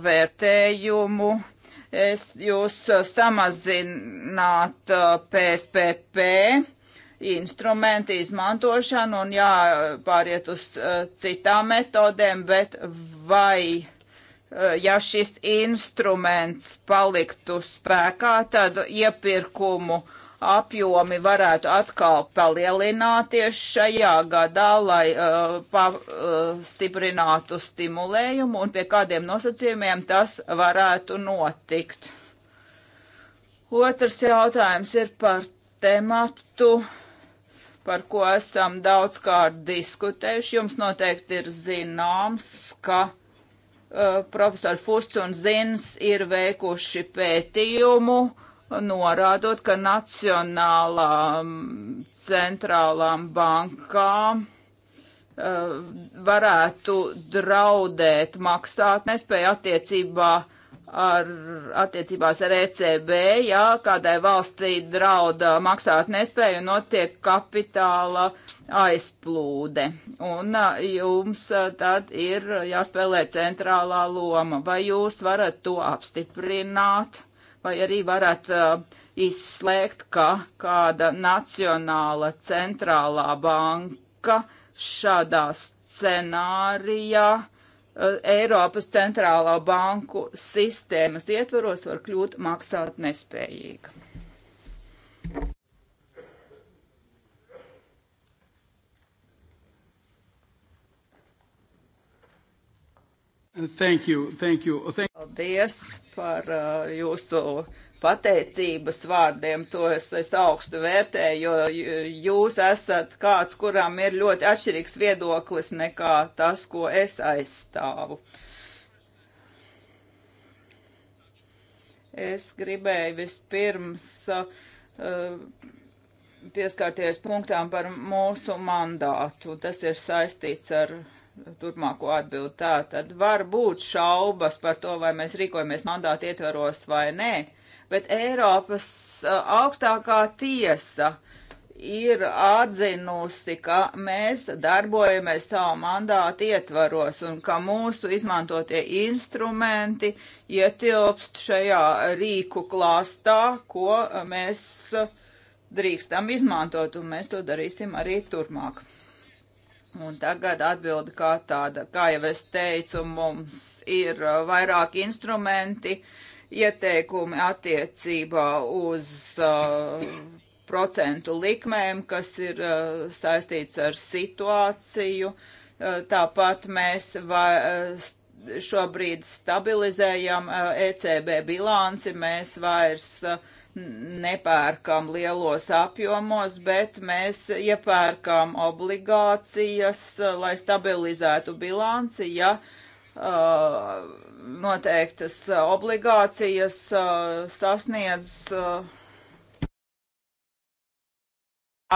vērtējumu. Es jūs samazināt PSPP instrumenti izmantošanu un jāpāriet uz eh, citām metodēm, bet vai eh, ja šis instruments paliktu spēkā, tad iepirkumu apjomi varētu atkal palielināties šajā gadā, lai uh, pa, uh, stiprinātu stimulējumu un pie kādiem nosacījumiem tas varētu notikt. Otrs jautājums ir par tematu. Uh, par ko esam daudzkārt diskutējuši. Jums noteikti ir zināms, ka uh, profesori Fusts un Zins ir veikuši pētījumu, norādot, ka nacionālām centrālām bankām uh, varētu draudēt maksāt nespēju attiecībā uh, ar attiecībās ar ECB, ja kādai valstī drauda uh, maksāt nespēju, notiek kapitāla aizplūde. Un uh, jums uh, tad ir jāspēlē centrālā loma. Vai jūs varat to apstiprināt, vai arī varat uh, izslēgt, ka kāda nacionāla centrālā banka šādā scenārijā Eh, Eiropas centrālā banku sistēmas ietvaros var kļūt maksāt nespējīga. Thank you, thank you. Thank Paldies par uh, jūsu pateicības vārdiem. To es, es augstu vērtēju, jo jūs esat kāds, kuram ir ļoti atšķirīgs viedoklis nekā tas, ko es aizstāvu. Es gribēju vispirms uh, pieskarties punktām par mūsu mandātu. Tas ir saistīts ar turpmāko atbildi. Tā tad var būt šaubas par to, vai mēs rīkojamies mandāta ietvaros vai nē. Uh, bet Eiropas augstākā tiesa ir atzinusi, ka mēs darbojamies savu mandātu ietvaros un ka mūsu izmantotie instrumenti ietilpst šajā rīku klāstā, ko mēs drīkstam izmantot, un mēs to darīsim arī turpmāk. Un tagad atbildi kā tāda, kā jau es teicu, mums ir vairāki instrumenti, uh, ieteikumi attiecībā uz uh, procentu likmēm, kas ir uh, saistīts ar situāciju. Uh, tāpat mēs va, uh, šobrīd stabilizējam uh, ECB bilanci, mēs vairs uh, nepērkam lielos apjomos, bet mēs iepērkam obligācijas, lai stabilizētu bilanci, ja uh, Uh, noteiktas obligācijas uh, sasniedz uh,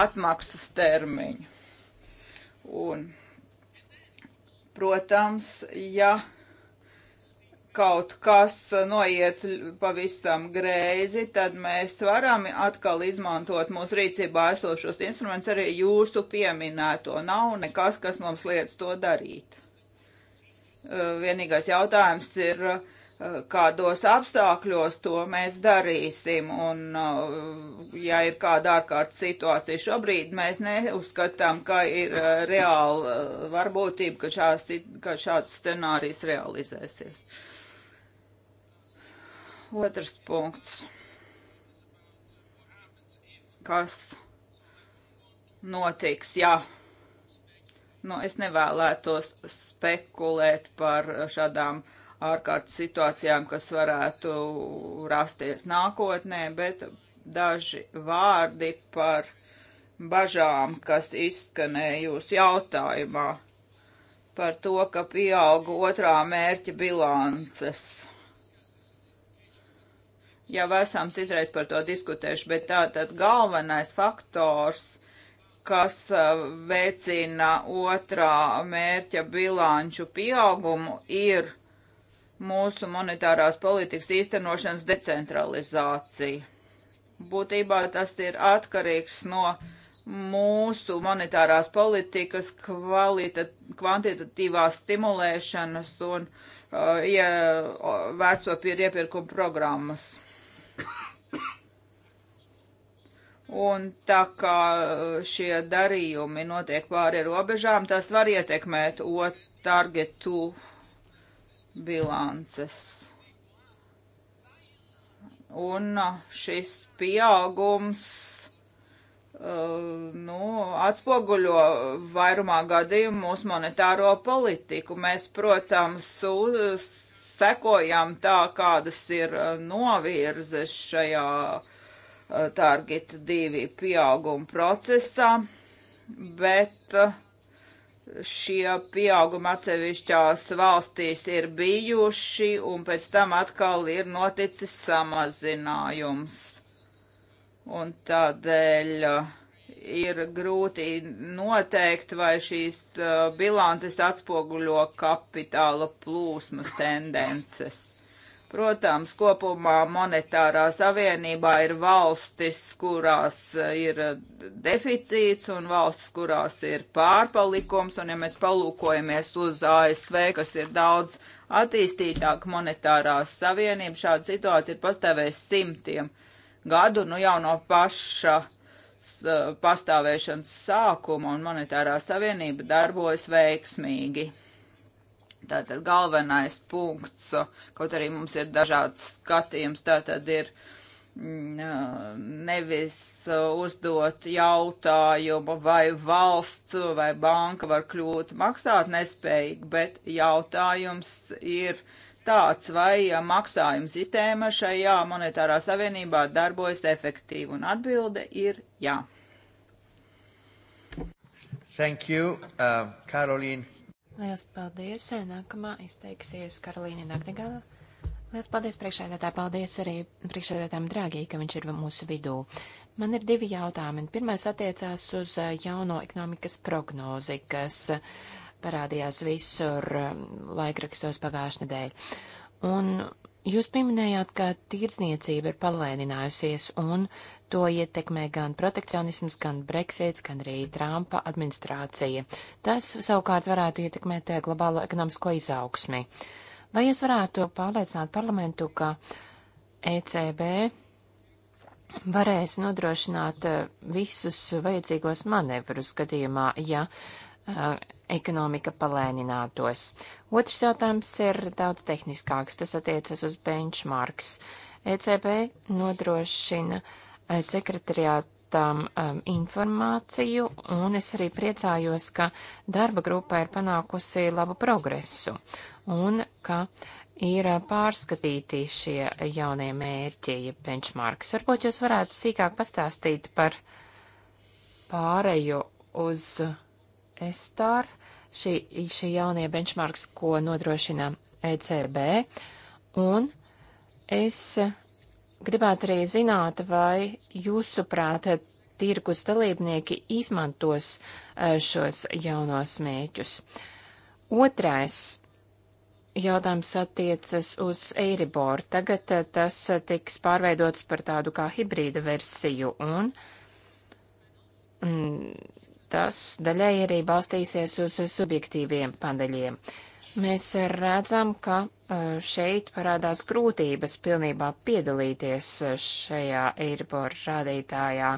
atmaksas termiņu. Un, protams, ja kaut kas noiet pavisam greizi, tad mēs varam atkal izmantot mūsu rīcībā esošos instrumentus, arī jūsu pieminēto. Nav nekas, kas mums liec to darīt. Eh, vienīgais jautājums ir, eh, kādos apstākļos to mēs darīsim. Un, eh, ja ir kāda ārkārtas situācija šobrīd, mēs neuzskatām, ka ir reāla varbūtība, ka, šās, ka šāds scenārijs realizēsies. Otrs punkts. Kas notiks, jā. Ja Nu, es nevēlētos spekulēt par šādām ārkārtas situācijām, kas varētu rasties nākotnē, bet daži vārdi par bažām, kas izskanēja jūsu jautājumā par to, ka pieauga otrā mērķa bilances. Jau esam citreiz par to diskutējuši, bet tātad galvenais faktors kas veicina otrā mērķa bilanču pieaugumu, ir mūsu monetārās politikas īstenošanas decentralizācija. Būtībā tas ir atkarīgs no mūsu monetārās politikas kvantitatīvās stimulēšanas un uh, ja, vērtspapīra iepirkuma programmas. Un tā kā uh, šie darījumi notiek pāri robežām, tas var ietekmēt O-targetu bilances. Un uh, šis pieaugums Uh, nu, atspoguļo vairumā gadījumu mūsu monetāro politiku. Mēs, protams, uz, sekojam tā, kādas ir uh, novirzes šajā uh, Uh, target 2 pieauguma procesā, bet uh, šie pieaugumi atsevišķās valstīs ir bijuši un pēc tam atkal ir noticis samazinājums. Un tādēļ uh, ir grūti noteikt, vai šīs bilances atspoguļo kapitāla plūsmas tendences Protams, kopumā monetārā savienībā ir valstis, kurās ir deficīts un valstis, kurās ir pārpalikums, un ja mēs palūkojamies uz ASV, kas ir daudz attīstītāka monetārā savienība, šāda situācija ir pastāvējusi simtiem gadu, nu jau no paša pastāvēšanas sākuma, un monetārā savienība darbojas veiksmīgi Tātad galvenais punkts, kaut arī mums ir dažāds skatījums, tātad ir mm, nevis uzdot jautājumu, vai valsts vai banka var kļūt maksāt nespējīgi, bet jautājums ir tāds, vai maksājuma sistēma šajā monetārā savienībā darbojas efektīvi, un atbilde ir jā. Thank you, uh, Caroline Lielas paldies! Nākamā izteiksies Karolīna Nagdegala. Lielas paldies priekšēdētāji, paldies arī priekšēdētājiem Dragī, ka viņš ir mūsu vidū. Man ir divi jautājumi. Pirmais attiecās uz eh, jauno ekonomikas prognozi, kas eh, parādījās visur eh, laikrakstos pagājušajā nedēļā. Un jūs pieminējāt, ka tirdzniecība ir palēninājusies un To ietekmē gan protekcionisms, gan Brexits, gan arī Trumpa administrācija. Tas savukārt varētu ietekmēt eh, globālo ekonomisko izaugsmi. Vai jūs varētu pārliecināt parlamentu, ka ECB varēs nodrošināt eh, visus vajadzīgos manevrus gadījumā, ja uh, ekonomika palēninātos? Otrs jautājums ir daudz tehniskāks. Tas attiecas uz benchmarks. ECB nodrošina uh, Eh, sekretariātām um, eh, informāciju, un es arī priecājos, ka darba grupā ir panākusi labu progresu, un ka ir eh, pārskatīti šie jaunie mērķi, ja benchmarks. Varbūt jūs varētu sīkāk pastāstīt par pāreju uz Estāru, šī, šī jaunie benchmarks, ko nodrošina ECB, un es gribētu arī zināt, vai jūsuprāt tirgus dalībnieki izmantos eh, šos jaunos mēķus. Otrais jautājums attiecas uz Eiribor. Tagad eh, tas eh, tiks pārveidots par tādu kā hibrīda versiju un mm, tas daļai arī balstīsies uz subjektīviem paneļiem. Uh, Mēs redzam, ka e, šeit parādās grūtības pilnībā piedalīties e, šajā Eiribor rādītājā.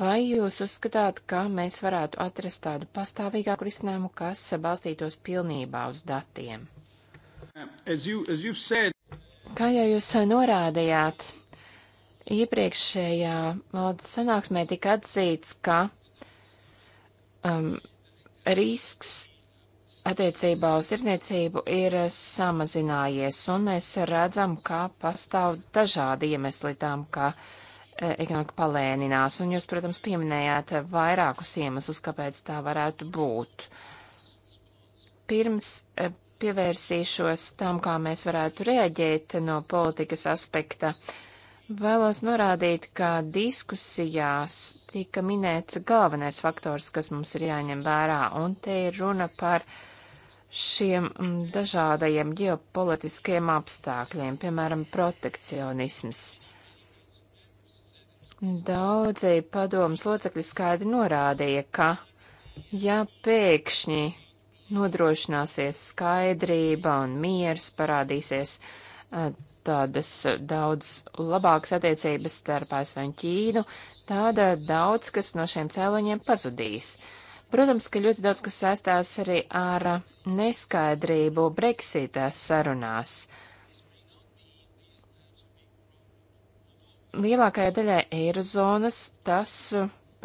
Vai jūs uzskatāt, ka mēs varētu atrast tādu pastāvīgāku risinājumu, kas balstītos pilnībā uz datiem? As you, as said... Kā jau jūs norādījāt, iepriekšējā valdes sanāksmē tika atzīts, ka um, risks attiecībā uz sirdniecību ir samazinājies, un mēs redzam, ka pastāv dažādi iemesli tam, ka e, ekonomika palēninās, un jūs, protams, pieminējāt vairākus iemeslus, kāpēc tā varētu būt. Pirms e, pievērsīšos tam, kā mēs varētu rēģēt no politikas aspekta, vēlos norādīt, ka diskusijās tika minēts galvenais faktors, kas mums ir jāņem vērā, un te ir runa par uh, šiem mm, dažādajiem ģeopolitiskajiem apstākļiem, piemēram, protekcionisms. Daudzi padomas locekļi skaidri norādīja, ka, ja pēkšņi nodrošināsies skaidrība un miers, parādīsies eh, tādas daudz labākas attiecības starp ASV un Ķīnu, tad eh, daudz kas no šiem cēloņiem pazudīs. Protams, ka ļoti daudz kas saistās arī ar neskaidrību Brexitā sarunās. Lielākajai daļai eirozonas tas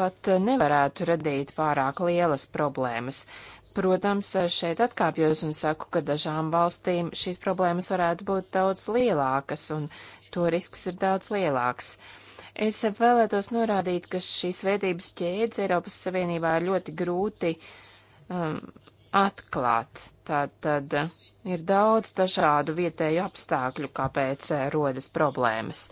pat nevarētu radīt pārāk lielas problēmas. Protams, šeit atkāpjos un saku, ka dažām valstīm šīs problēmas varētu būt daudz lielākas, un to risks ir daudz lielāks. Es vēlētos norādīt, ka šīs vērtības ķēdes Eiropas Savienībā ir ļoti grūti um, atklāts. Tātad ir daudz dažādu vietēju apstākļu, kāpēc eh, rodas problēmas.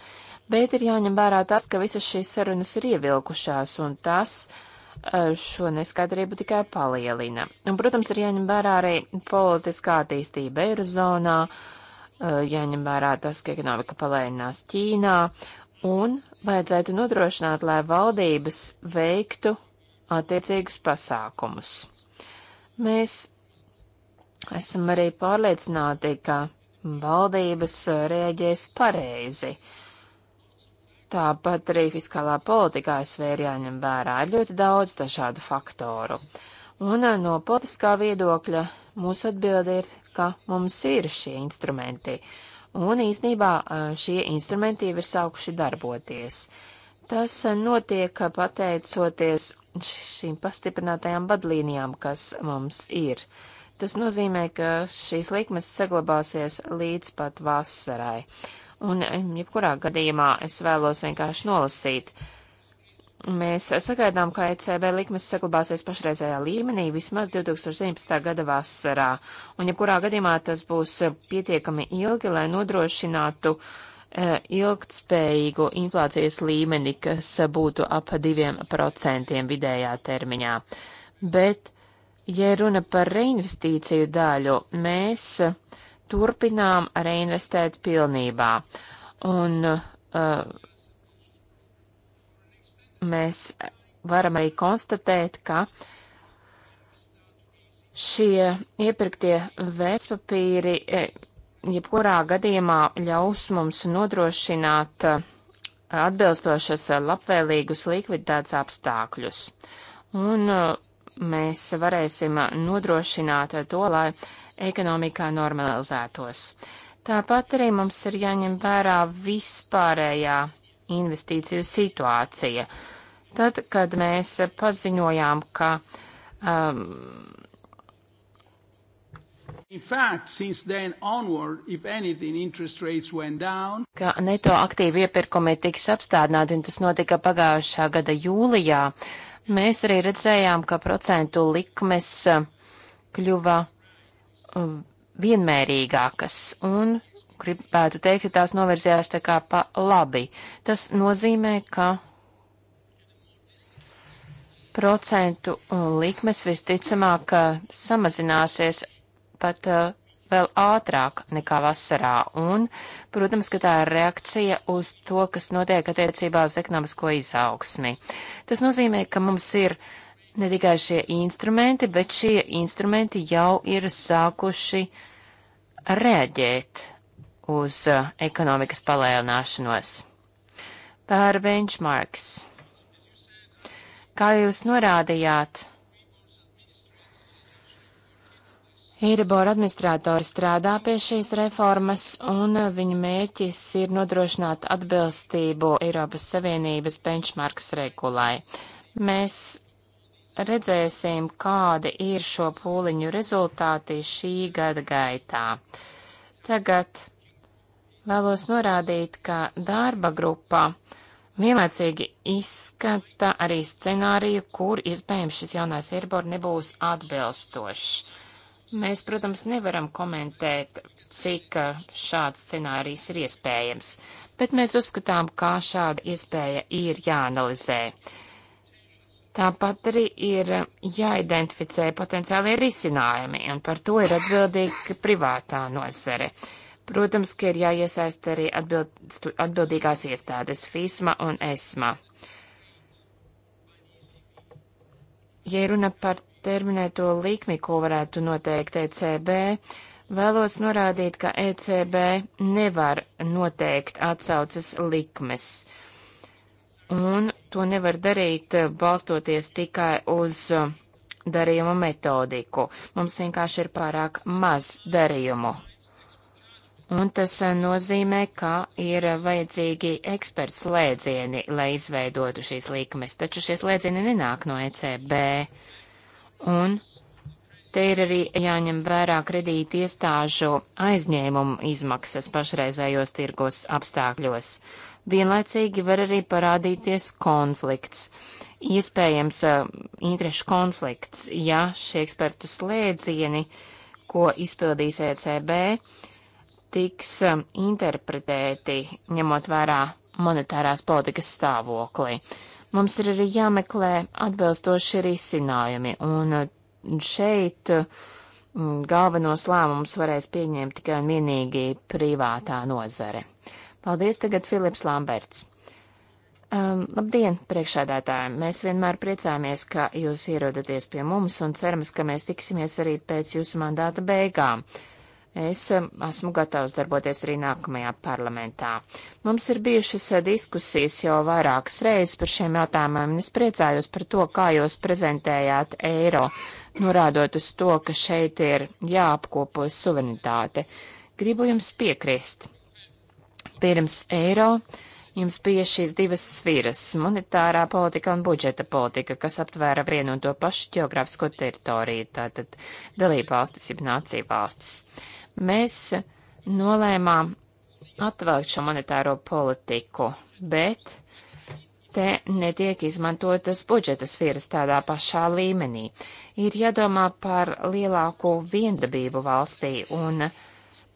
Bet ir jāņem vērā tas, ka visas šīs sarunas ir ievilkušās, un tas eh, šo neskaidrību tikai palielina. Un, protams, ir jāņem vērā arī politiskā attīstība Eirozonā, eh, jāņem vērā tas, ka ekonomika palēninās Ķīnā, un vajadzētu nodrošināt, lai valdības veiktu attiecīgus pasākumus. Mēs esam arī pārliecināti, ka valdības uh, rēģēs pareizi. Tāpat arī fiskālā politikā SV ir jāņem vērā ļoti daudz dažādu faktoru. Un uh, no politiskā viedokļa mūsu atbilde ir, ka mums ir šie instrumenti. Un īsnībā uh, šie instrumenti jau ir sākuši darboties. Tas notiek pateicoties šīm pastiprinātajām vadlīnijām, kas mums ir. Tas nozīmē, ka šīs likmes saglabāsies līdz pat vasarai. Un, jebkurā gadījumā, es vēlos vienkārši nolasīt. Mēs sagaidām, ka ECB likmes saglabāsies pašreizējā līmenī vismaz 2017. gada vasarā, un jebkurā gadījumā tas būs pietiekami ilgi, lai nodrošinātu uh, Eh, ilgtspējīgu inflācijas līmeni, kas būtu ap 2% vidējā termiņā. Bet, ja runa par reinvestīciju daļu, mēs turpinām reinvestēt pilnībā. Un uh, mēs varam arī konstatēt, ka šie iepirktie vērtspapīri eh, jebkurā gadījumā ļaus mums nodrošināt uh, atbilstošas uh, labvēlīgus likviditātes apstākļus. Un uh, mēs varēsim nodrošināt to, lai ekonomikā normalizētos. Tāpat arī mums ir jāņem vērā vispārējā investīciju situācija. Tad, kad mēs paziņojām, ka um, In fact, since then onward, if anything, interest rates went down. Ka neto aktīvu iepirkumi tiks apstādināti, un tas notika pagājušā gada jūlijā. Mēs arī redzējām, ka procentu likmes uh, kļuva um, vienmērīgākas, un gribētu teikt, ka tās novirzījās tā kā pa labi. Tas nozīmē, ka procentu uh, likmes visticamāk uh, samazināsies pat eh, vēl ātrāk nekā vasarā, un, protams, ka tā ir reakcija uz to, kas notiek attiecībā uz ekonomisko izaugsmi. Tas nozīmē, ka mums ir ne tikai šie instrumenti, bet šie instrumenti jau ir sākuši reaģēt uz eh, ekonomikas palēlināšanos. Par benchmarks. Kā jūs norādījāt, Eiribor administratori strādā pie šīs reformas, un uh, viņa mērķis ir nodrošināt atbilstību Eiropas Savienības benchmarks regulai. Mēs redzēsim, kādi ir šo pūliņu rezultāti šī gada gaitā. Tagad vēlos norādīt, ka darba grupa vienlaicīgi izskata arī scenāriju, kur iespējams šis jaunais Eiribor nebūs atbilstošs. Mēs, protams, nevaram komentēt, cik eh, šāds scenārijs ir iespējams, bet mēs uzskatām, kā šāda iespēja ir jāanalizē. Tāpat arī ir jāidentificē potenciālie risinājumi, un par to ir atbildīga privātā nozare. Protams, ka ir jāiesaist arī atbild, atbildīgās iestādes FISMA un ESMA. Ja runa par terminēto likmi, ko varētu noteikt ECB, vēlos norādīt, ka ECB nevar noteikt atsaucas likmes. Un to nevar darīt eh, balstoties tikai uz eh, darījumu metodiku. Mums vienkārši ir pārāk maz darījumu un tas eh, nozīmē, ka ir vajadzīgi eksperts slēdzieni, lai izveidotu šīs līkumes, taču šie slēdzieni nenāk no ECB. Un Te ir arī jāņem vērā kredīti iestāžu aizņēmumu izmaksas pašreizējos tirgos apstākļos. Vienlaicīgi var arī parādīties konflikts. Iespējams, eh, interešu konflikts, ja šie ekspertu slēdzieni, ko izpildīs ECB, tiks um, interpretēti, ņemot vērā monetārās politikas stāvokli. Mums ir arī jāmeklē atbilstoši risinājumi, un uh, šeit uh, galvenos lēmumus varēs pieņemt tikai un vienīgi privātā nozare. Paldies tagad Filips Lamberts. Um, labdien, priekšādātāji! Mēs vienmēr priecāmies, ka jūs ierodaties pie mums un cerams, ka mēs tiksimies arī pēc jūsu mandāta beigām. Uh, Es esmu gatavs darboties arī nākamajā parlamentā. Mums ir bijušas eh, diskusijas jau vairākas reizes par šiem jautājumiem, un es priecājos par to, kā jūs prezentējāt eiro, norādot uz to, ka šeit ir jāapkopo suverenitāte. Gribu jums piekrist. Pirms eiro jums bija šīs divas sfīras - monetārā politika un budžeta politika, kas aptvēra vienu un to pašu geogrāfisko teritoriju, tātad dalībvalstis, jeb nācija valstis. Jeb mēs nolēmām atvēlkt šo monetāro politiku, bet te netiek izmantotas budžeta sfēras tādā pašā līmenī. Ir jādomā par lielāku viendabību valstī un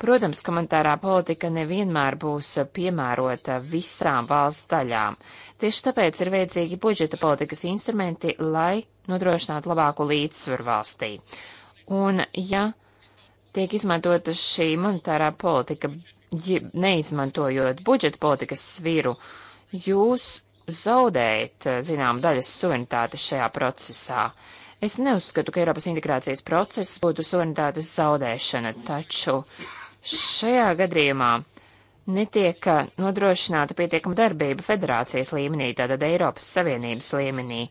Protams, ka monetārā politika nevienmēr būs piemērota visām valsts daļām. Tieši tāpēc ir vajadzīgi budžeta politikas instrumenti, lai nodrošinātu labāku līdzsvaru valstī. Un, ja tiek izmantota šī monetārā politika, neizmantojot budžeta politikas sviru, jūs zaudējat, eh, zinām, daļas suverenitātes šajā procesā. Es neuzskatu, ka Eiropas integrācijas process būtu suverenitātes zaudēšana, taču šajā gadījumā netiek eh, nodrošināta pietiekama darbība federācijas līmenī, tātad Eiropas Savienības līmenī.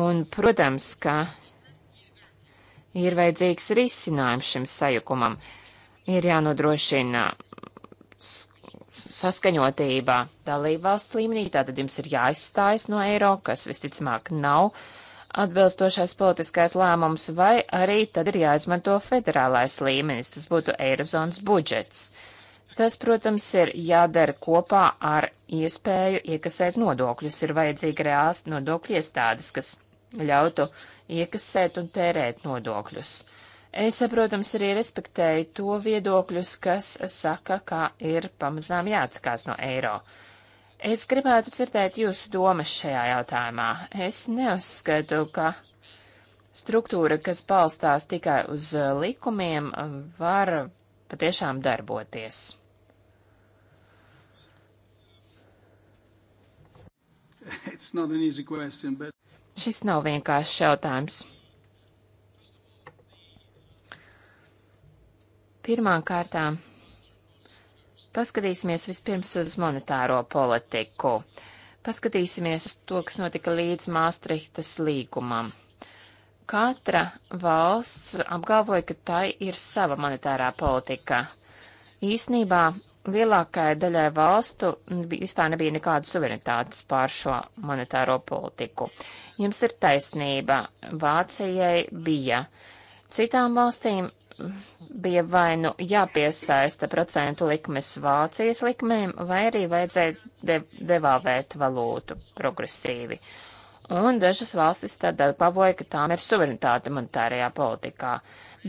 Un, protams, ka ir vajadzīgs risinājums šim sajukumam. Ir jānodrošina saskaņotībā dalībvalsts līmenī, tātad jums ir jāizstājas no eiro, kas visticamāk nav atbilstošais politiskais lēmums, vai arī tad ir jāizmanto federālais līmenis, tas būtu eirozonas budžets. Tas, protams, ir jādara kopā ar iespēju iekasēt nodokļus. Ir vajadzīga reāls nodokļu iestādes, kas ļautu iekasēt un tērēt nodokļus. Es, protams, arī respektēju to viedokļus, kas saka, ka ir pamazām jāatsakās no eiro. Es gribētu dzirdēt jūsu domas šajā jautājumā. Es neuzskatu, ka struktūra, kas balstās tikai uz likumiem, var patiešām darboties. It's not an easy question, but Šis nav vienkāršs jautājums. Pirmām kārtām paskatīsimies vispirms uz monetāro politiku. Paskatīsimies uz to, kas notika līdz Māstrihtas līgumam. Katra valsts apgalvoja, ka tai ir sava monetārā politika. Īsnībā lielākajai daļai valstu vispār nebija nekāda suverenitātes pār šo monetāro politiku. Jums ir taisnība, Vācijai bija. Citām valstīm bija vai nu jāpiesaista procentu likmes Vācijas likmēm, vai arī vajadzēja de devalvēt valūtu progresīvi. Un dažas valstis tad pavoja, ka tām ir suverenitāte monetārajā politikā.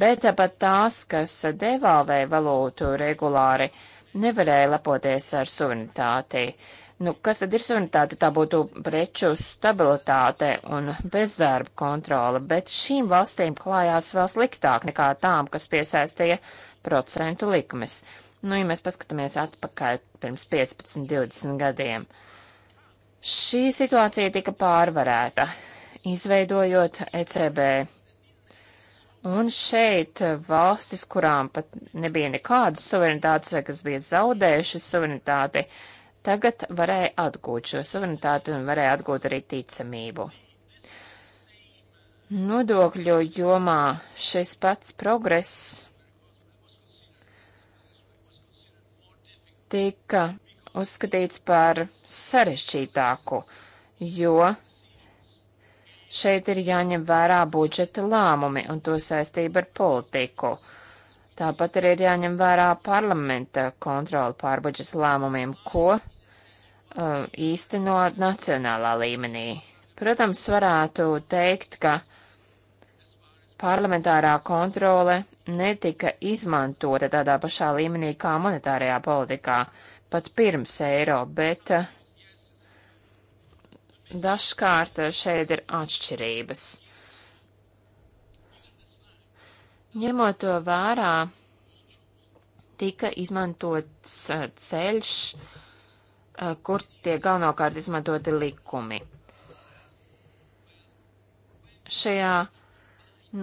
Bet pat tās, kas devalvē valūtu regulāri, uh, nevarēja lepoties ar suverenitāti. Nu, kas tad ir suverenitāte? Tā būtu preču stabilitāte un bezdarba kontrole, bet šīm valstīm klājās vēl sliktāk nekā tām, kas piesaistīja procentu likmes. Nu, ja mēs paskatāmies atpakaļ pirms 15, 20 gadiem, šī situācija tika pārvarēta, izveidojot ECB Un šeit eh, valstis, kurām pat nebija nekādas suverenitātes vai kas bija zaudējušas suverenitāti, tagad varēja atgūt šo suverenitāti un varēja atgūt arī ticamību. Nodokļu jomā šis pats progress tika uzskatīts par sarežģītāku, jo Šeit ir jāņem vērā budžeta lēmumi un to saistība ar politiku. Tāpat arī ir jāņem vērā parlamenta kontrola pār budžeta lēmumiem, ko uh, īstenot nacionālā līmenī. Protams, varētu teikt, ka parlamentārā kontrole netika izmantota tādā pašā līmenī kā monetārajā politikā pat pirms eiro, bet uh, Dažkārt eh, šeit ir atšķirības. Ņemot to vērā, tika izmantots eh, ceļš, eh, kur tiek galvenokārt izmantoti likumi. Šajā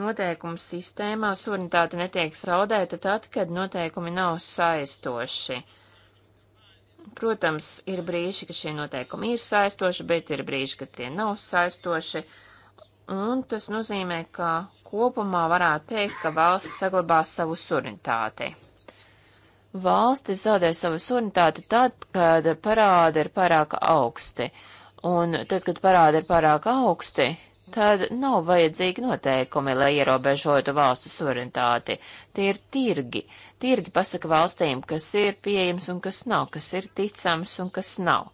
noteikumu sistēmā suverenitāte netiek zaudēta tad, kad noteikumi nav saistoši. Protams, ir brīži, ka šie noteikumi ir saistoši, bet ir brīži, ka tie nav saistoši. Un tas nozīmē, ka kopumā varētu teikt, ka valsts saglabās savu suverenitāti. Valstis zaudē savu suverenitāti tad, kad parādi ir pārāk augsti. Un tad, kad parādi ir pārāk augsti, tad nav vajadzīgi noteikumi, lai ierobežotu valstu suverenitāti. Tie ir tirgi. Tirgi pasaka valstīm, kas ir pieejams un kas nav, kas ir ticams un kas nav.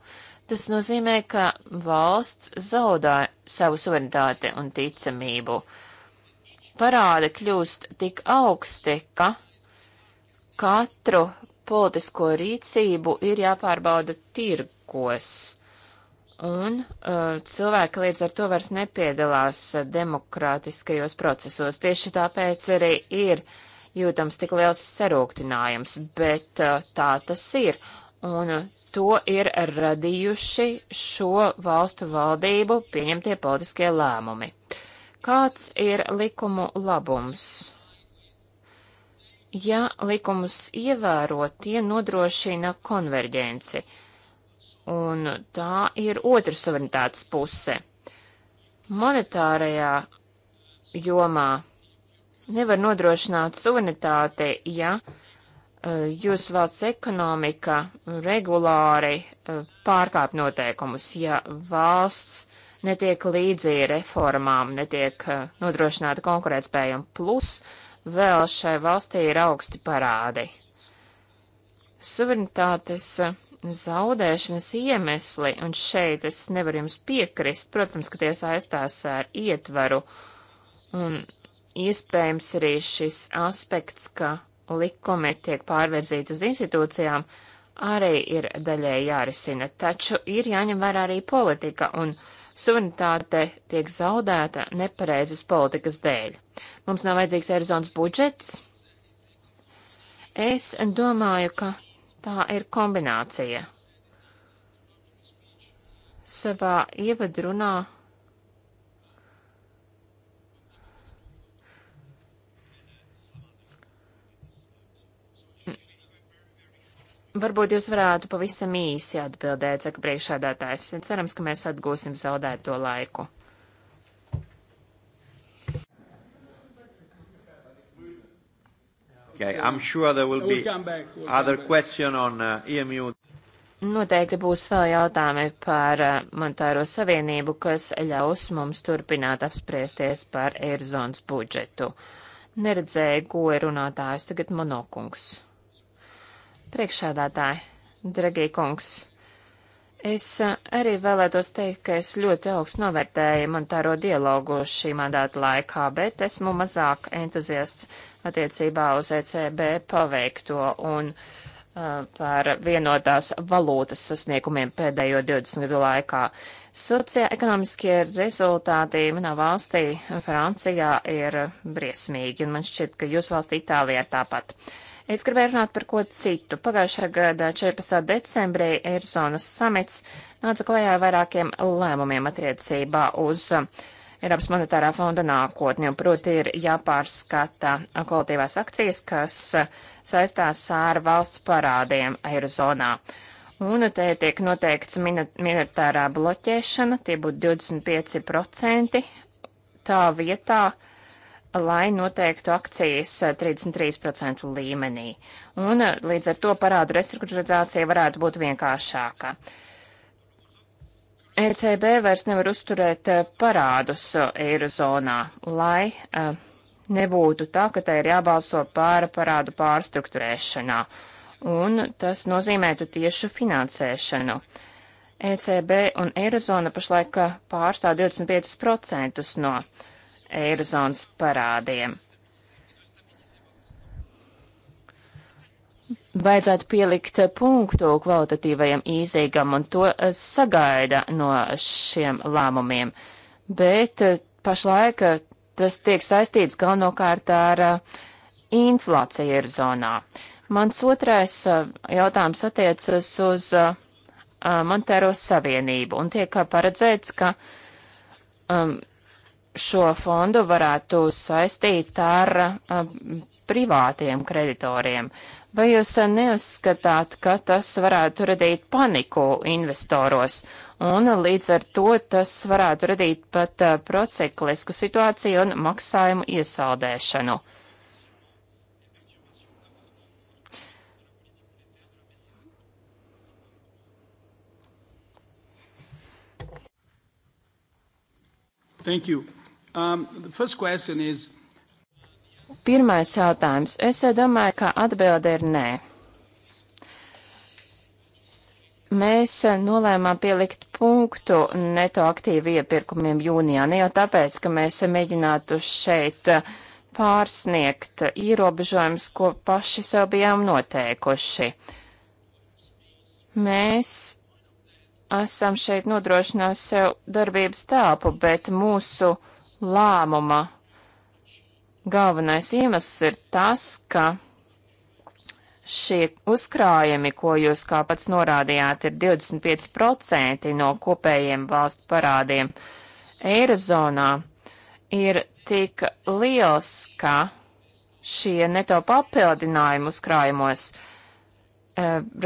Tas nozīmē, ka valsts zaudē savu suverenitāti un ticamību. Parādi kļūst tik augsti, ka katru politisko rīcību ir jāpārbauda tirgos. Un uh, cilvēki līdz ar to vairs nepiedalās uh, demokrātiskajos procesos. Tieši tāpēc arī ir jūtams tik liels sarūktinājums, bet uh, tā tas ir. Un uh, to ir radījuši šo valstu valdību pieņemtie politiskie lēmumi. Kāds ir likumu labums? Ja likumus ievēro, tie nodrošina konverģenci. Uh, Un tā ir otra suverenitātes puse. Monetārajā jomā nevar nodrošināt suverenitāti, ja e, jūsu valsts ekonomika regulāri e, pārkāp noteikumus, ja valsts netiek līdzi reformām, netiek e, nodrošināta konkurētspējam, plus vēl šai valstī ir augsti parādi. Suverenitātes uh, zaudēšanas iemesli, un šeit es nevaru jums piekrist, protams, ka tie saistās ar ietvaru, un iespējams arī šis aspekts, ka likumi tiek pārverzīti uz institūcijām, arī ir daļēji jārisina, taču ir jāņem vērā arī politika, un suverenitāte tiek zaudēta nepareizas politikas dēļ. Mums nav vajadzīgs Eirozonas budžets. Es domāju, ka Tā ir kombinācija. Savā ievadrunā Varbūt jūs varētu pavisam īsi atbildēt, saka priekšādātājs. Cerams, ka mēs atgūsim zaudēto laiku. Okay, I'm sure there will be other question on uh, EMU. Noteikti būs vēl jautājumi par uh, monetāro savienību, kas ļaus mums turpināt apspriesties par Eirozonas budžetu. Neredzēju, ko ir runātājs tagad monokungs. Priekšādātāji, dragie kungs. Es eh, arī vēlētos teikt, ka es ļoti augstu novērtēju monetāro dialogu šī mandāta laikā, bet esmu mazāk entuziasts attiecībā uz ECB paveikto un uh, par vienotās valūtas sasniegumiem pēdējo 20 gadu laikā. Sociāekonomiskie rezultāti manā valstī, Francijā, ir briesmīgi, un man šķiet, ka jūsu valstī Itālijā ir tāpat. Uh, Es gribēju runāt par ko citu. Pagājušā gada 14. decembrī Eirozonas samits nāca klajā vairākiem lēmumiem attiecībā uz uh, Eiropas monetārā fonda nākotni, un proti ir jāpārskata kolektīvās akcijas, kas uh, saistās ar valsts parādiem Eirozonā. Un te tiek noteikts minoritārā bloķēšana, tie būtu 25%, tā vietā, uh, lai noteiktu akcijas 33% eh, līmenī. Un eh, līdz ar to parādu restruktūrizācija varētu būt vienkāršāka. ECB vairs nevar uzturēt eh, parādus eirozonā, lai nebūtu tā, ka tai ir jābalso pāra parādu pārstruktūrēšanā. Un tas nozīmētu tiešu finansēšanu. ECB un eirozona pašlaik pārstāv 25% no uh, eirozonas parādiem. Vajadzētu pielikt punktu kvalitatīvajam īzīgam, un to eh, sagaida no šiem lēmumiem. Bet eh, pašlaik eh, tas tiek saistīts galvenokārt ar inflāciju Eirozonā. Mans otrais jautājums attiecas uz Monetāro Savienību, un tiek paredzēts, ka um, šo fondu varētu saistīt ar privātiem kreditoriem. Vai jūs neuzskatāt, ka tas varētu radīt paniku investoros, un līdz ar to tas varētu radīt pat prociklisku situāciju un maksājumu iesaldēšanu? Thank you. Um, is... Pirmais jautājums. Es domāju, ka atbilde ir nē. Mēs nolēmām pielikt punktu neto aktīvu iepirkumiem jūnijā, ne jau tāpēc, ka mēs mēģinātu šeit pārsniegt ierobežojumus, ko paši sev bijām noteikuši. Mēs esam šeit nodrošinājuši sev darbības tāpu, bet mūsu uh, lēmuma galvenais iemesls ir tas, ka šie uzkrājumi, ko jūs kā pats norādījāt, ir 25% no kopējiem valstu parādiem Eirozonā, ir tik liels, ka šie neto papildinājumi uzkrājumos e,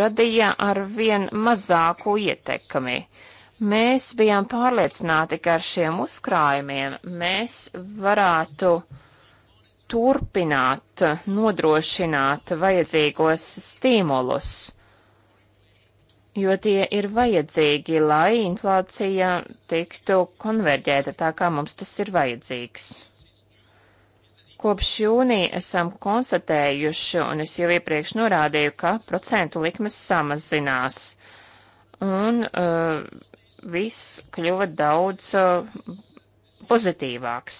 radīja ar vien mazāku ietekmi. Uh, Mēs bijām pārliecināti, ka ar šiem uzkrājumiem mēs varētu turpināt nodrošināt vajadzīgos stimulus, jo tie ir vajadzīgi, lai inflācija tiktu konverģēta tā, kā mums tas ir vajadzīgs. Kopš jūnija esam konstatējuši, un es jau iepriekš norādīju, ka procentu likmes samazinās. Un uh, viss kļuva daudz uh, pozitīvāks.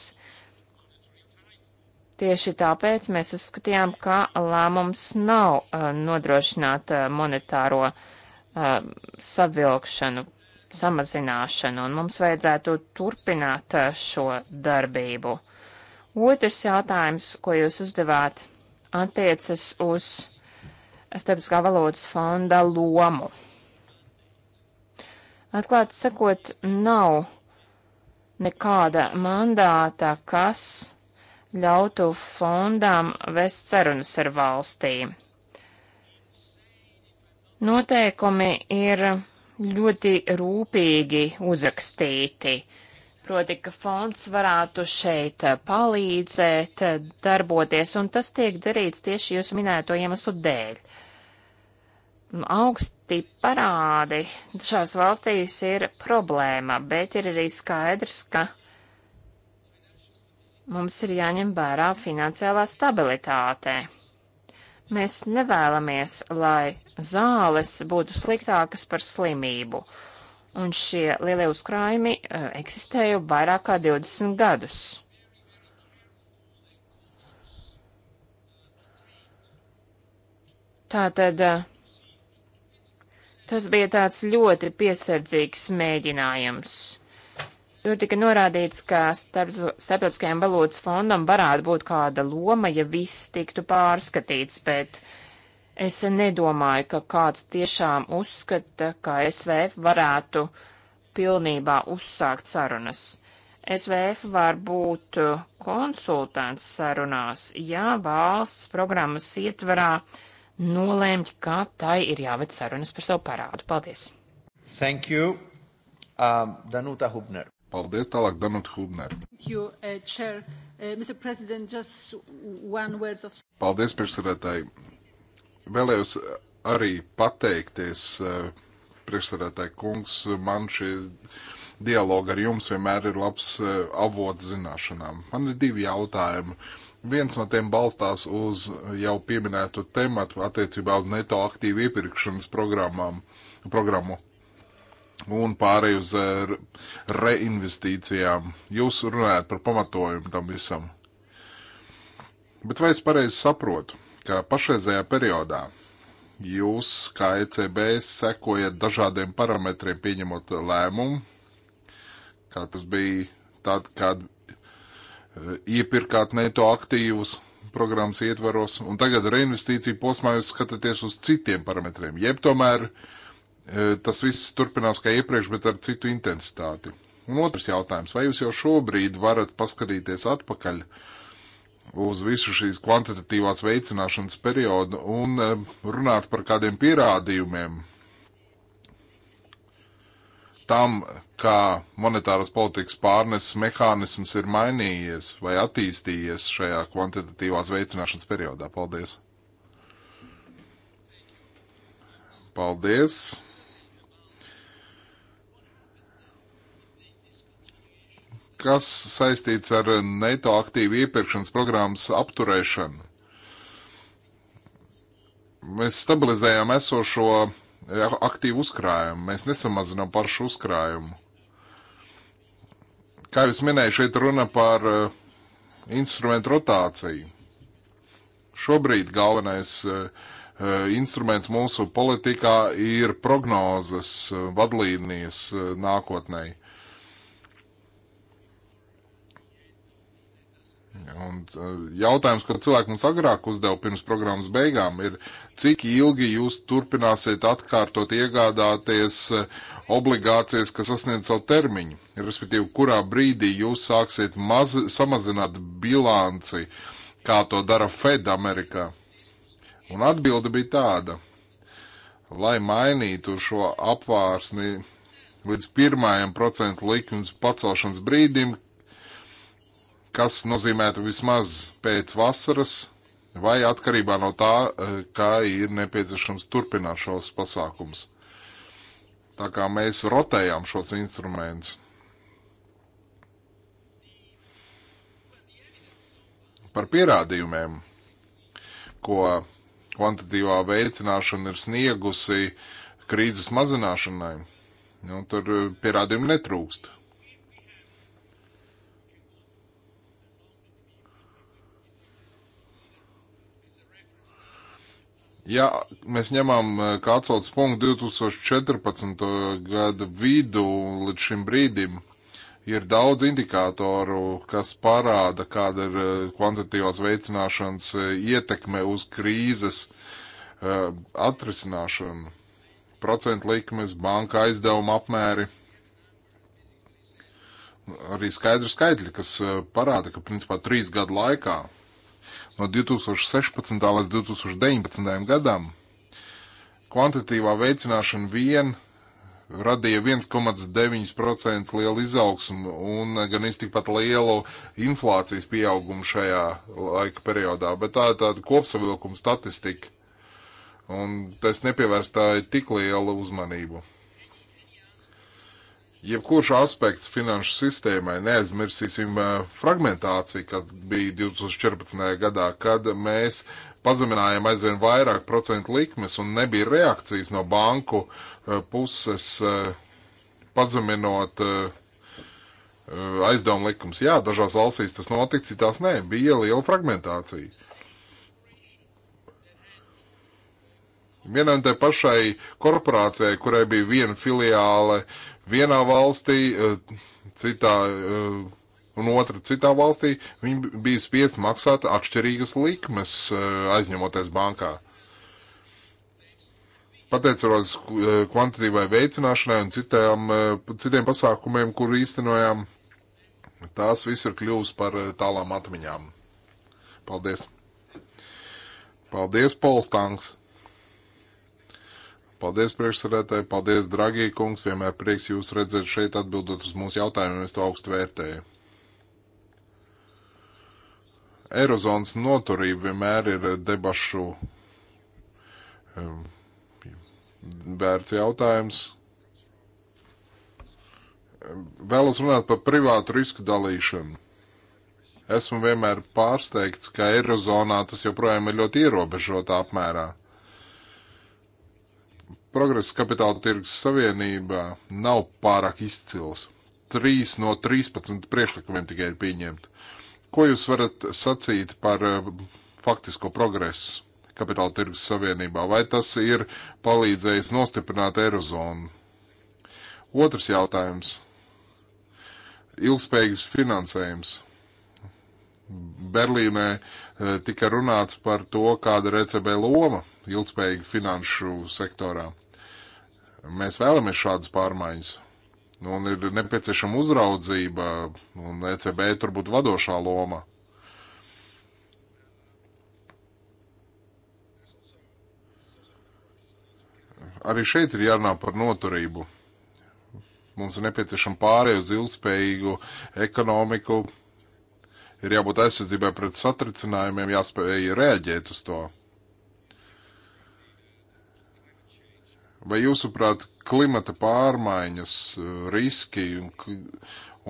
Tieši tāpēc mēs uzskatījām, ka lēmums nav uh, nodrošināt uh, monetāro savilkšanu, samazināšanu, un mums vajadzētu turpināt šo darbību. Otrs jautājums, ko jūs uzdevāt, attiecas uz Starpskā valodas fonda lomu. Atklāti sakot, nav nekāda mandāta, kas ļautu fondām vest sarunas ar valstīm. Noteikumi ir ļoti rūpīgi uzrakstīti, proti, ka fonds varētu šeit palīdzēt, darboties, un tas tiek darīts tieši jūsu minēto iemeslu dēļ augsti parādi šās valstīs ir problēma, bet ir arī skaidrs, ka mums ir jāņem vērā finansiālā stabilitāte. Mēs nevēlamies, lai zāles būtu sliktākas par slimību, un šie lielie uzkrājumi eh, eksistē jau vairāk kā 20 gadus. Tātad uh, Tas bija tāds ļoti piesardzīgs mēģinājums. Tur tika norādīts, ka starptautiskajam valūtas fondam varētu būt kāda loma, ja viss tiktu pārskatīts, bet es nedomāju, ka kāds tiešām uzskata, ka SVF varētu pilnībā uzsākt sarunas. SVF var būt konsultants sarunās, ja valsts programmas ietvarā uh, nolēmt, ka tai ir jāved sarunas par savu parādu. Paldies! Thank you, um, Danuta Hubner. Paldies, tālāk Danuta Hubner. Thank you, uh, chair. Uh, Mr. President, just one word of... Paldies, priekšsarētāji. Vēlējos uh, arī pateikties, uh, priekšsarētāji kungs, man šie dialogi ar jums vienmēr ir labs uh, avots zināšanām. Man ir divi jautājumi. Uh, Viens no tiem balstās uz jau pieminēto tematu attiecībā uz neto aktīvu iepirkšanas programmu un pārēj uz eh, reinvestīcijām. Jūs runājat par pamatojumu tam visam. Bet vai es pareizi saprotu, ka pašreizējā periodā jūs, kā ECB, sekojat dažādiem parametriem pieņemot lēmumu, kā tas bija tad, kad Eh, iepirkāt neto aktīvus programmas ietvaros, un tagad reinvestīciju posmā jūs skatāties uz citiem parametriem. Jeb tomēr eh, tas viss turpinās kā iepriekš, bet ar citu intensitāti. Un otrs jautājums, vai jūs jau šobrīd varat paskatīties atpakaļ uz visu šīs kvantitatīvās veicināšanas periodu un eh, runāt par kādiem pierādījumiem, tam, kā monetāras politikas pārneses mehānisms ir mainījies vai attīstījies šajā kvantitatīvās veicināšanas periodā. Paldies! Paldies! Kas saistīts ar neto aktīvu iepirkšanas programmas apturēšanu? Mēs stabilizējām esošo aktīvu uzkrājumu. Mēs nesamazinām pašu uzkrājumu. Kā jau es minēju, šeit runa par uh, instrumentu rotāciju. Šobrīd galvenais uh, instruments mūsu politikā ir prognozes, uh, vadlīnijas nākotnēji. Un uh, jautājums, ko cilvēki mums agrāk uzdeva pirms programmas beigām, ir, cik ilgi jūs turpināsiet atkārtot iegādāties uh, obligācijas, kas sasniedz savu termiņu, respektīvi, kurā brīdī jūs sāksiet maz, samazināt bilanci, kā to dara Fed Amerikā. Un atbilde bija tāda, lai mainītu šo apvārsni līdz pirmajam procentu likums pacelšanas brīdim, kas nozīmētu vismaz pēc vasaras, vai atkarībā no tā, e, kā ir nepieciešams turpināt šos pasākums. Tā kā mēs rotējām šos instrumentus. Par pierādījumiem, ko kvantitīvā veicināšana ir sniegusi krīzes mazināšanai, nu, tur pierādījumi netrūkst. Ja mēs ņemam eh, kā atsaucas punktu 2014. gada vidu līdz šim brīdim, ir daudz indikātoru, kas parāda, kāda ir eh, kvantitīvās veicināšanas eh, ietekme uz krīzes atrisināšanu. Procentu likmes, banka aizdevuma apmēri. Arī skaidri skaitļi, kas parāda, ka principā trīs gadu laikā no 2016. līdz 2019. gadam kvantitīvā veicināšana vien radīja 1,9% lielu izaugsmu un gan iztikpat lielu inflācijas pieaugumu šajā laika periodā, bet tā ir tāda kopsavilkuma statistika. Un es nepievērstāju tik lielu uzmanību jebkurš aspekts finanšu sistēmai, neaizmirsīsim uh, fragmentāciju, kad bija 2014. gadā, kad mēs pazeminājām aizvien vairāk procentu likmes un nebija reakcijas no banku uh, puses uh, pazeminot aizdevumu likums. Jā, dažās valstīs tas notika, citās nē, bija liela fragmentācija. Vienam te pašai korporācijai, kurai bija viena filiāle uh, vienā valstī, eh, citā eh, un otra citā valstī, viņi bija spiest maksāt atšķirīgas likmes eh, aizņemoties bankā. Pateicoties kvantitīvai veicināšanai un citām, citiem pasākumiem, kur īstenojām, tās viss ir kļuvis par tālām atmiņām. Paldies! Paldies, Polstanks! Paldies, priekšsarētāji, paldies, dragie kungs, vienmēr prieks jūs redzēt šeit atbildot uz mūsu jautājumiem, es to augstu vērtēju. Eirozonas noturība vienmēr ir debašu um, vērts jautājums. Vēlos runāt par privātu risku dalīšanu esmu vienmēr pārsteigts, ka Eirozonā tas joprojām ir ļoti ierobežotā apmērā. Progress kapitāla tirgus savienībā nav pārāk izcils. 3 no 13 priekšlikumiem tikai ir pieņemti. Ko jūs varat sacīt par eh, faktisko progresu kapitāla tirgus savienībā? Vai tas ir palīdzējis nostiprināt eirozonu? Otrs jautājums - ilgspējīgs finansējums. Berlīnē eh, tika runāts par to, kāda ir ECB loma ilgspējīgu finanšu sektorā. Mēs vēlamies šādas pārmaiņas. Nu, un ir nepieciešama uzraudzība, un ECB tur būtu vadošā loma. Arī šeit ir jārunā par noturību. Mums ir nepieciešama pārējai uz ilgspējīgu ekonomiku, ir jābūt aizsardzībai pret satricinājumiem, jāspēj reaģēt uz to. Vai jūsuprāt, klimata pārmaiņas, eh, riski un,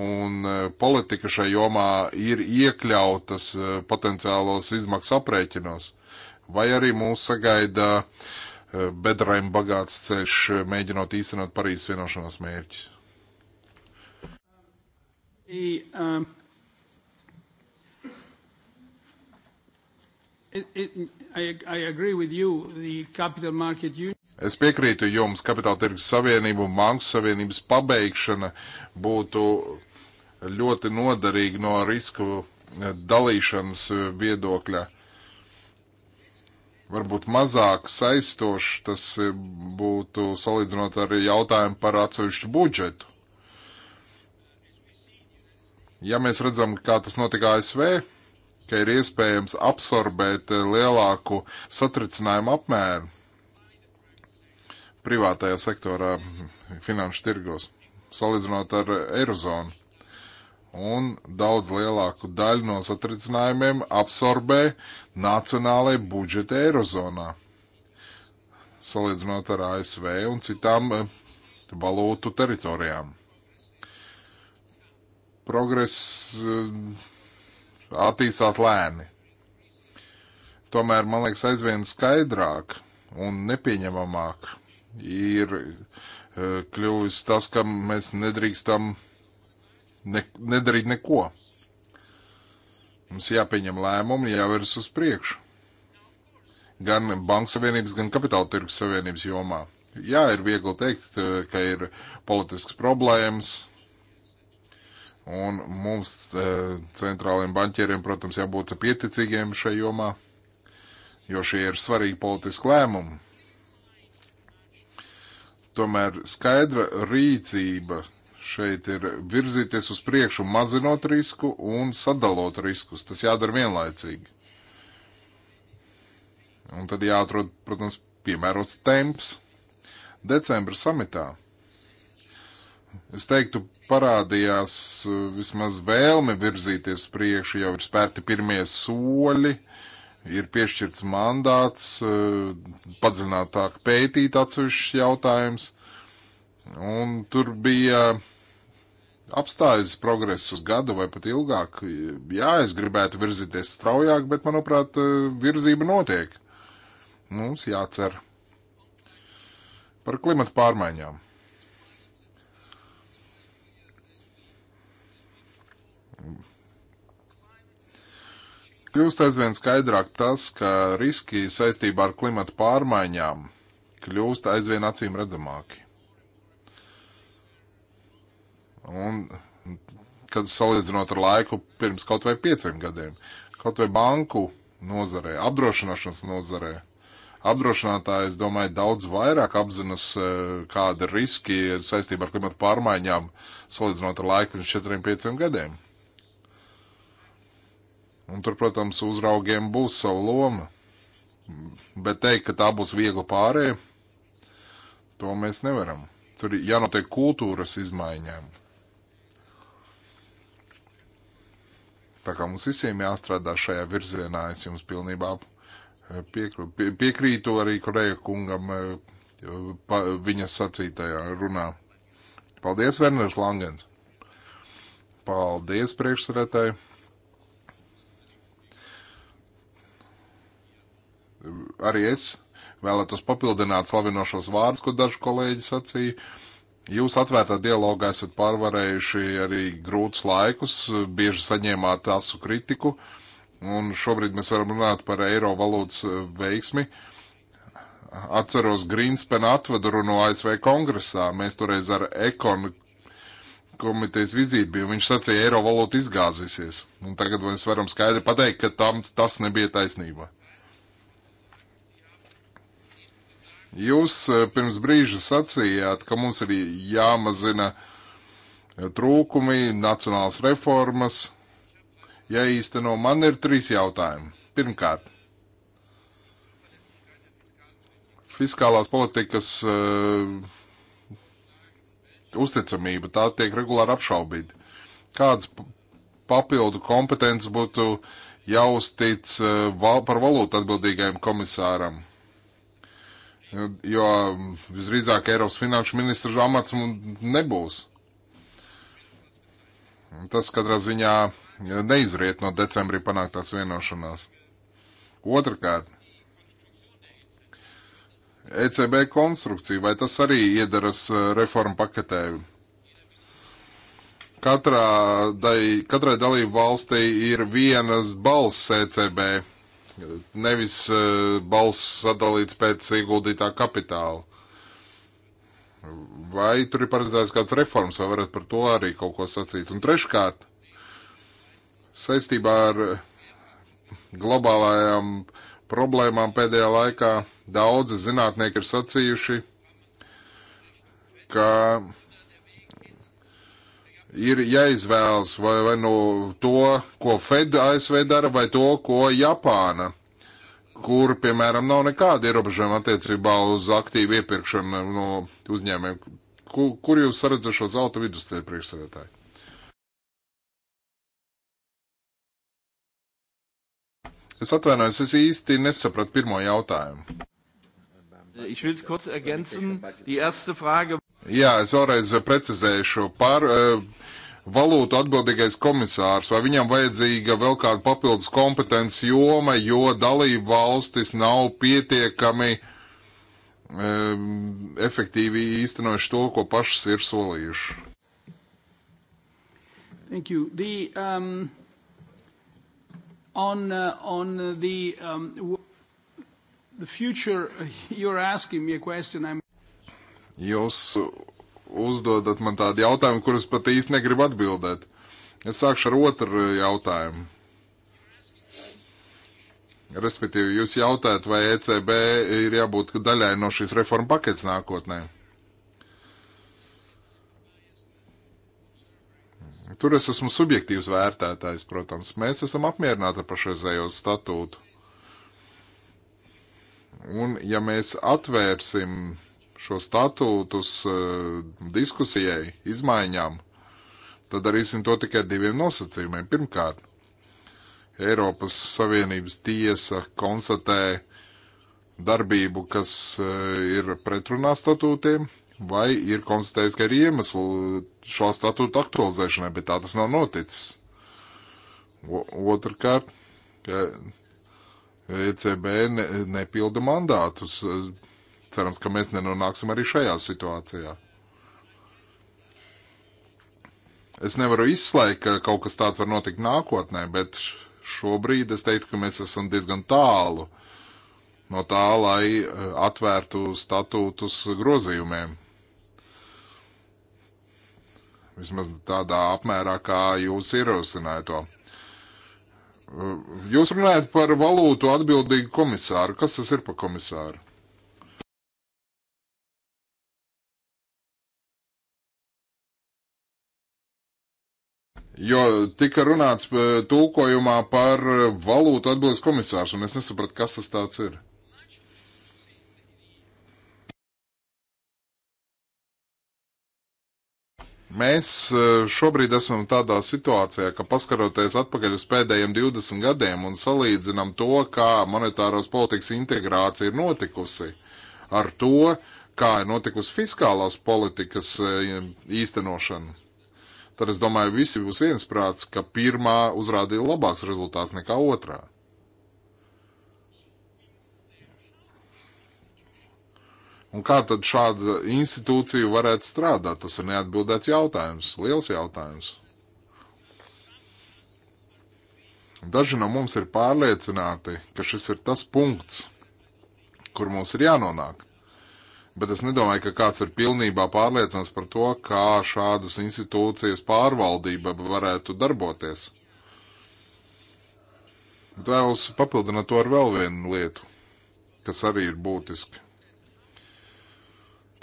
un eh, politika šai jomā ir iekļautas eh, potenciālos izmaksu aprēķinos? Vai arī mūs sagaida bedrēm bagāts ceļš, mēģinot īstenot Parīzes vienošanās mērķus? The, um, it, it, I, I agree with you. The capital market union. Es piekrītu jums, Kapitāla tirgus savienība un Banku savienības pabeigšana būtu ļoti noderīga no risku eh, dalīšanas eh, viedokļa. Varbūt mazāk saistoši tas eh, būtu salīdzinot ar jautājumu par atsevišķu budžetu. Ja mēs redzam, kā tas notika ASV, ka ir iespējams absorbēt lielāku satricinājumu apmēru, privātajā sektorā finanšu tirgos, salīdzinot ar Eirozonu. Un daudz lielāku daļu no satricinājumiem absorbē nacionālajie budžeti Eirozonā, salīdzinot ar ASV un citām eh, valūtu teritorijām. Progress eh, attīstās lēni. Tomēr man liekas aizvien skaidrāk un nepieņemamāk ir eh, kļuvis tas, ka mēs nedrīkstam ne, nedarīt neko. Mums jāpieņem lēmumi, jāvērs uz priekšu. Gan Banka Savienības, gan Kapitāla tirgus Savienības jomā. Jā, ir viegli teikt, eh, ka ir politisks problēmas, un mums eh, centrāliem banķieriem, protams, jābūt pieticīgiem šajā jomā, jo šie ir svarīgi politiski lēmumi. Tomēr skaidra rīcība šeit ir virzīties uz priekšu, mazinot risku un sadalot riskus. Tas jādara vienlaicīgi. Un tad jāatrod, protams, piemērots temps. Decembra samitā, es teiktu, parādījās uh, vismaz vēlme virzīties priekšu, jau ir spērti pirmie soļi. Uh, ir piešķirts mandāts eh, padziļinātāk pētīt atsevišķus jautājumus, un tur bija apstājas progress uz gadu vai pat ilgāk. Jā, es gribētu virzīties straujāk, bet, manuprāt, eh, virzība notiek. Mums jācer par klimatu pārmaiņām. Kļūst aizvien skaidrāk tas, ka riski saistībā ar klimatu pārmaiņām kļūst aizvien acīm redzamāki. Un, kad salīdzinot ar laiku pirms kaut vai pieciem gadiem, kaut vai banku nozarē, apdrošināšanas nozarē, apdrošinātāji, es domāju, daudz vairāk apzinas, e, kāda riski ir saistībā ar klimatu pārmaiņām, salīdzinot ar laiku pirms 4-5 gadiem. Un tur, protams, uzraugiem būs sava loma. Bet teikt, ka tā būs viegla pārēja, to mēs nevaram. Tur ir jānotiek kultūras izmaiņām. Tā kā mums visiem jāstrādā šajā virzienā, es jums pilnībā eh, piekru, pie, piekrītu arī Koreja kungam eh, pa, viņa sacītajā runā. Paldies, Werners Langens! Paldies, priekšsarētāji! arī es vēlētos papildināt slavinošos vārdus, ko daži kolēģi sacīja. Jūs atvērtā dialogā esat pārvarējuši arī grūtus laikus, bieži saņēmāt asu kritiku, un šobrīd mēs varam runāt par eiro valūtas veiksmi. Atceros Grīnspena atvadu no ASV kongresā. Mēs toreiz ar ekonu komitejas vizīti bija, viņš sacīja, eiro valūta izgāzīsies. Un tagad mēs varam skaidri pateikt, ka tam tas nebija taisnība. Jūs e, pirms brīža sacījāt, ka mums ir jāmazina e, trūkumi, nacionāls reformas. Ja īsteno, man ir trīs jautājumi. Pirmkārt, fiskālās politikas uh, uzticamība, tā tiek regulāri apšaubīta. Kādas papildu kompetences būtu jāuztic uh, val par valūtu atbildīgajam komisāram? jo visdrīzāk Eiropas finanšu ministra amats nebūs. Tas katrā ziņā neizriet no decembrī panāktās vienošanās. Otrakārt, ECB konstrukcija, vai tas arī iedaras e, reformu paketē? Katrā, dai, katrai dalību valstī ir vienas balss ECB nevis eh, balss sadalīts pēc ieguldītā kapitāla. Vai tur ir paredzēts kāds reformas, vai varat par to arī kaut ko sacīt? Un treškārt, saistībā ar eh, globālajām problēmām pēdējā laikā daudzi zinātnieki ir sacījuši, ka ir jāizvēlas vai, vai no nu to, ko Fed ASV dara, vai to, ko Japāna, kur, piemēram, nav nekāda ierobežojuma attiecībā uz aktīvu iepirkšanu no uzņēmiem. Kur, kur jūs redzat šo zelta vidusceļu priekšsēdētāju? Es atvainojos, es īsti nesapratu pirmo jautājumu. Ich will es kurz ergänzen. Die erste Frage. Jā, es vēlreiz precizēšu par uh, valūtu atbildīgais komisārs, vai viņam vajadzīga vēl kāda papildus kompetences joma, jo dalību valstis nav pietiekami e, efektīvi īstenojuši to, ko pašas ir solījuši. Thank you. The, um, on, uh, on the, um, the future, you're asking me a question. I'm... Jūs uzdodat man tādu jautājumu, kurus pat īsti negribu atbildēt. Es sākšu ar otru jautājumu. Respektīvi, jūs jautājat, vai ECB ir jābūt daļai no šīs reforma paketes nākotnē? Tur es esmu subjektīvs vērtētājs, protams. Mēs esam apmierināti ar pašreizējo statūtu. Un ja mēs atvērsim šo statūtus eh, diskusijai, izmaiņām, tad darīsim to tikai diviem nosacījumiem. Pirmkārt, Eiropas Savienības tiesa konstatē darbību, kas eh, ir pretrunā statūtiem, vai ir konstatējis, ka ir iemesli šo statūtu aktualizēšanai, bet tā tas nav noticis. Otrakārt, ka ECB ne, nepilda mandātus Cerams, ka mēs nenonāksim arī šajā situācijā. Es nevaru izslēgt, ka kaut kas tāds var notikt nākotnē, bet šobrīd es teiktu, ka mēs esam diezgan tālu no tā, lai eh, atvērtu statūtus grozījumiem. Vismaz tādā apmērā, kā jūs ierosināja to. Eh, jūs runājat par valūtu atbildīgu komisāru. Kas tas ir par komisāru? Jo tika runāts eh, tulkojumā par eh, valūtu atbildes komisārs, un es nesapratu, kas tas tāds ir. Mēs eh, šobrīd esam tādā situācijā, ka paskaroties atpakaļ uz pēdējiem 20 gadiem un salīdzinam to, kā monetāros politikas integrācija ir notikusi ar to, kā ir notikusi fiskālās politikas īstenošana tad es domāju, visi būs viensprāts, ka pirmā uzrādīja labāks rezultāts nekā otrā. Un kā tad šāda institūcija varētu strādāt? Tas ir neatbildēts jautājums, liels jautājums. Daži no mums ir pārliecināti, ka šis ir tas punkts, kur mums ir jānonāk bet es nedomāju, ka kāds ir pilnībā pārliecināts par to, kā šādas institūcijas pārvaldība varētu darboties. Bet vēlos papildināt to ar vēl vienu lietu, kas arī ir būtiski.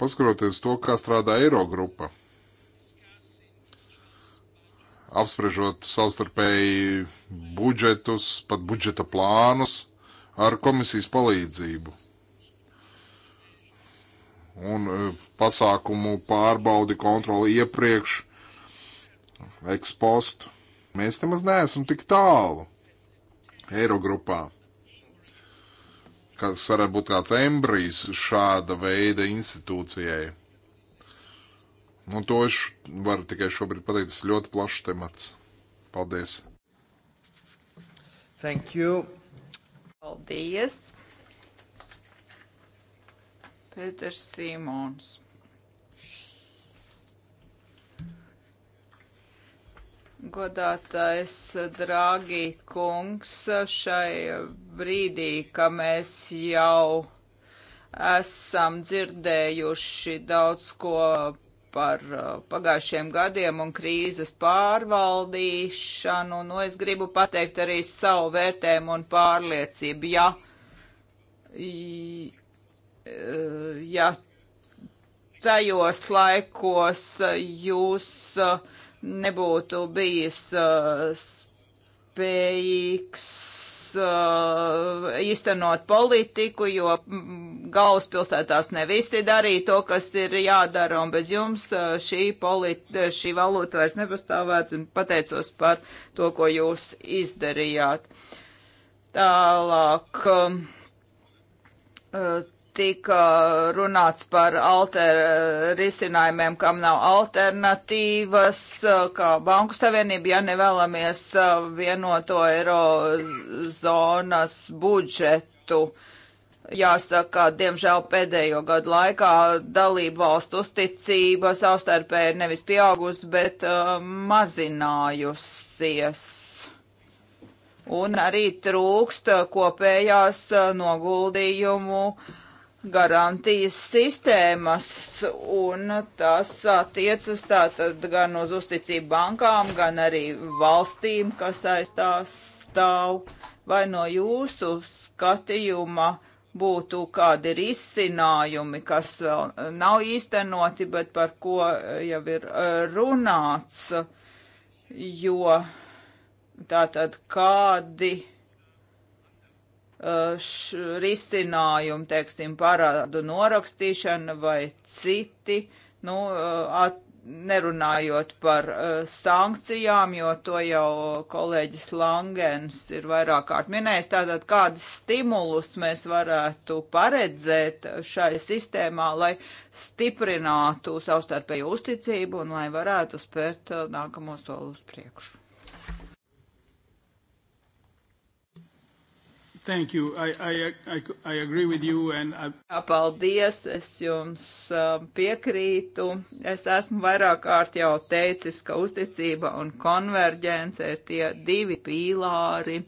Paskaroties to, kā strādā Eirogrupa, apspriežot savstarpēji budžetus, pat budžeta plānus ar komisijas palīdzību un e, pasākumu pārbaudi kontroli iepriekš, ekspostu. Mēs nemaz neesam tik tālu Eirogrupā, kas varētu būt kāds embrijs šāda veida institūcijai. Nu, to es varu tikai šobrīd pateikt, tas ļoti plašs temats. Paldies! Thank you! Paldies! Pēters Simons. Godātais drāgī kungs, šai brīdī, ka mēs jau esam dzirdējuši daudz ko par uh, pagājušiem gadiem un krīzes pārvaldīšanu, nu es gribu pateikt arī savu vērtējumu un pārliecību. Ja ja tajos laikos jūs uh, nebūtu bijis uh, spējīgs uh, īstenot politiku, jo mm, galvaspilsētās ne visi darīja to, kas ir jādara, un bez jums šī, polit, šī valūta vairs nepastāvētu, un pateicos par to, ko jūs izdarījāt. Tālāk. Um, uh, tika runāts par alter, risinājumiem, kam nav alternatīvas, kā Banku Savienība, ja nevēlamies vienoto eiro zonas budžetu. Jāsaka, diemžēl pēdējo gadu laikā dalību valstu uzticība savstarpēji ir nevis pieaugusi, bet uh, mazinājusies. Un arī trūkst kopējās uh, noguldījumu uh, garantijas sistēmas, un tas attiecas tātad gan uz uzticību bankām, gan arī valstīm, kas aizstās stāv, vai no jūsu skatījuma būtu kādi risinājumi, kas vēl nav īstenoti, bet par ko jau ir eh, runāts, jo tātad kādi Uh, risinājumi, teiksim, parādu norakstīšana vai citi, nu, uh, at, nerunājot par uh, sankcijām, jo to jau kolēģis Langens ir vairāk kārt minējis, tātad kādus stimulus mēs varētu paredzēt šai sistēmā, lai stiprinātu savstarpēju uzticību un lai varētu spērt uh, nākamo soli uz priekšu. Thank you. I, I, I, I agree with you and I... Paldies, es jums um, piekrītu. Es esmu vairāk kārt jau teicis, ka uzticība un konverģence ir tie divi pīlāri,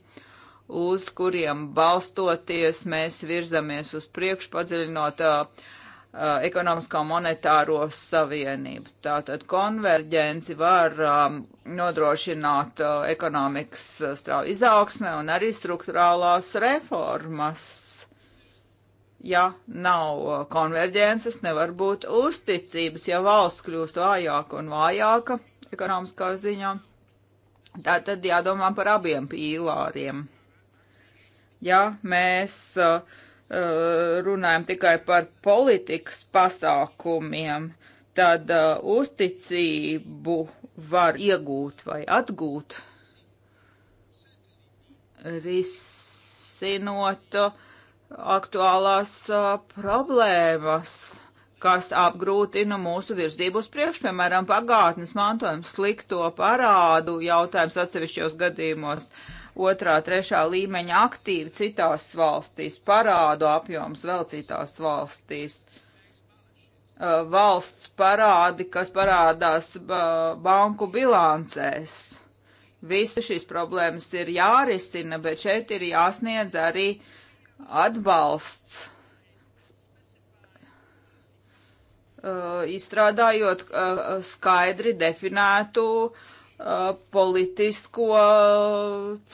uz kuriem balstoties mēs virzamies uz priekšu, padziļinot uh, Uh, ekonomiskā monetāro savienību. Tātad konverģenci var um, nodrošināt uh, ekonomikas uh, strauju izaugsme un arī struktūrālās reformas. Ja nav uh, konverģences, nevar būt uzticības, ja valsts kļūst vājāka un vājāka ekonomiskā ziņā. Tā tad jādomā par abiem pīlāriem. Ja mēs uh, Eh, runājam tikai par politikas pasākumiem, tad uh, uzticību var iegūt vai atgūt, risinot eh, aktuālās uh, problēmas, kas apgrūtina mūsu virzību uz priekšu, piemēram, pagātnes mantojuma slikto parādu jautājums atsevišķos gadījumos. Uh, otrā, trešā līmeņa aktīvi citās valstīs, parādu apjoms vēl citās valstīs, uh, valsts parādi, kas parādās uh, banku bilancēs. Visi šīs problēmas ir jārisina, bet šeit ir jāsniedz arī atbalsts. Uh, izstrādājot uh, skaidri definētu uh, politisko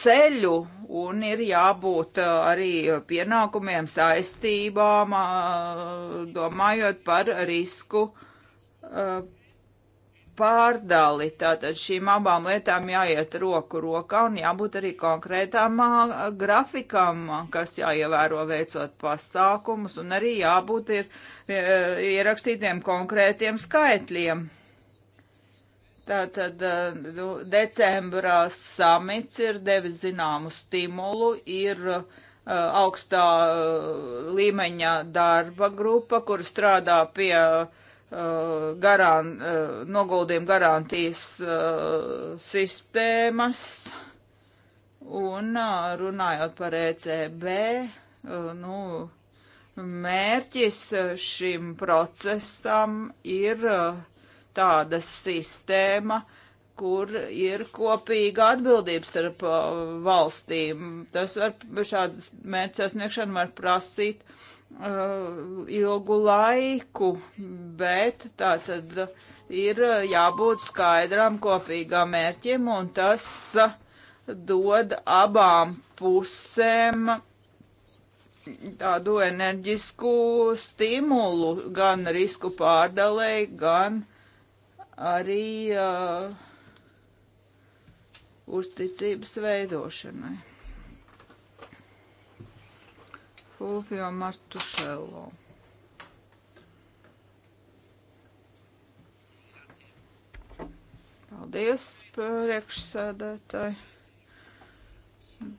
ceļu un ir jābūt arī pienākumiem, saistībām, domājot par risku pārdali. Tātad šīm abām lietām jāiet roku rokā un jābūt arī konkrētām grafikam, kas jāievēro veicot pasākumus un arī jābūt ir, ierakstītiem konkrētiem skaitļiem. Tātad eh, nu, decembrā samits ir devis zināmu stimulu, ir uh, augstā uh, līmeņa darba grupa, kur strādā pie uh, garan, noguldījuma garantijas sistēmas. Un runājot par ECB, nu, mērķis šim procesam ir uh, tāda sistēma, kur ir kopīga atbildība starp uh, valstīm. Tas var, šādas mērķa sasniegšana var prasīt uh, ilgu laiku, bet tā tad ir uh, jābūt skaidram kopīgam mērķim, un tas uh, dod abām pusēm tādu enerģisku stimulu gan risku pārdalēji, gan uh, arī uh, uzticības veidošanai. Fulvio Martušello. Paldies, priekšsēdētāji.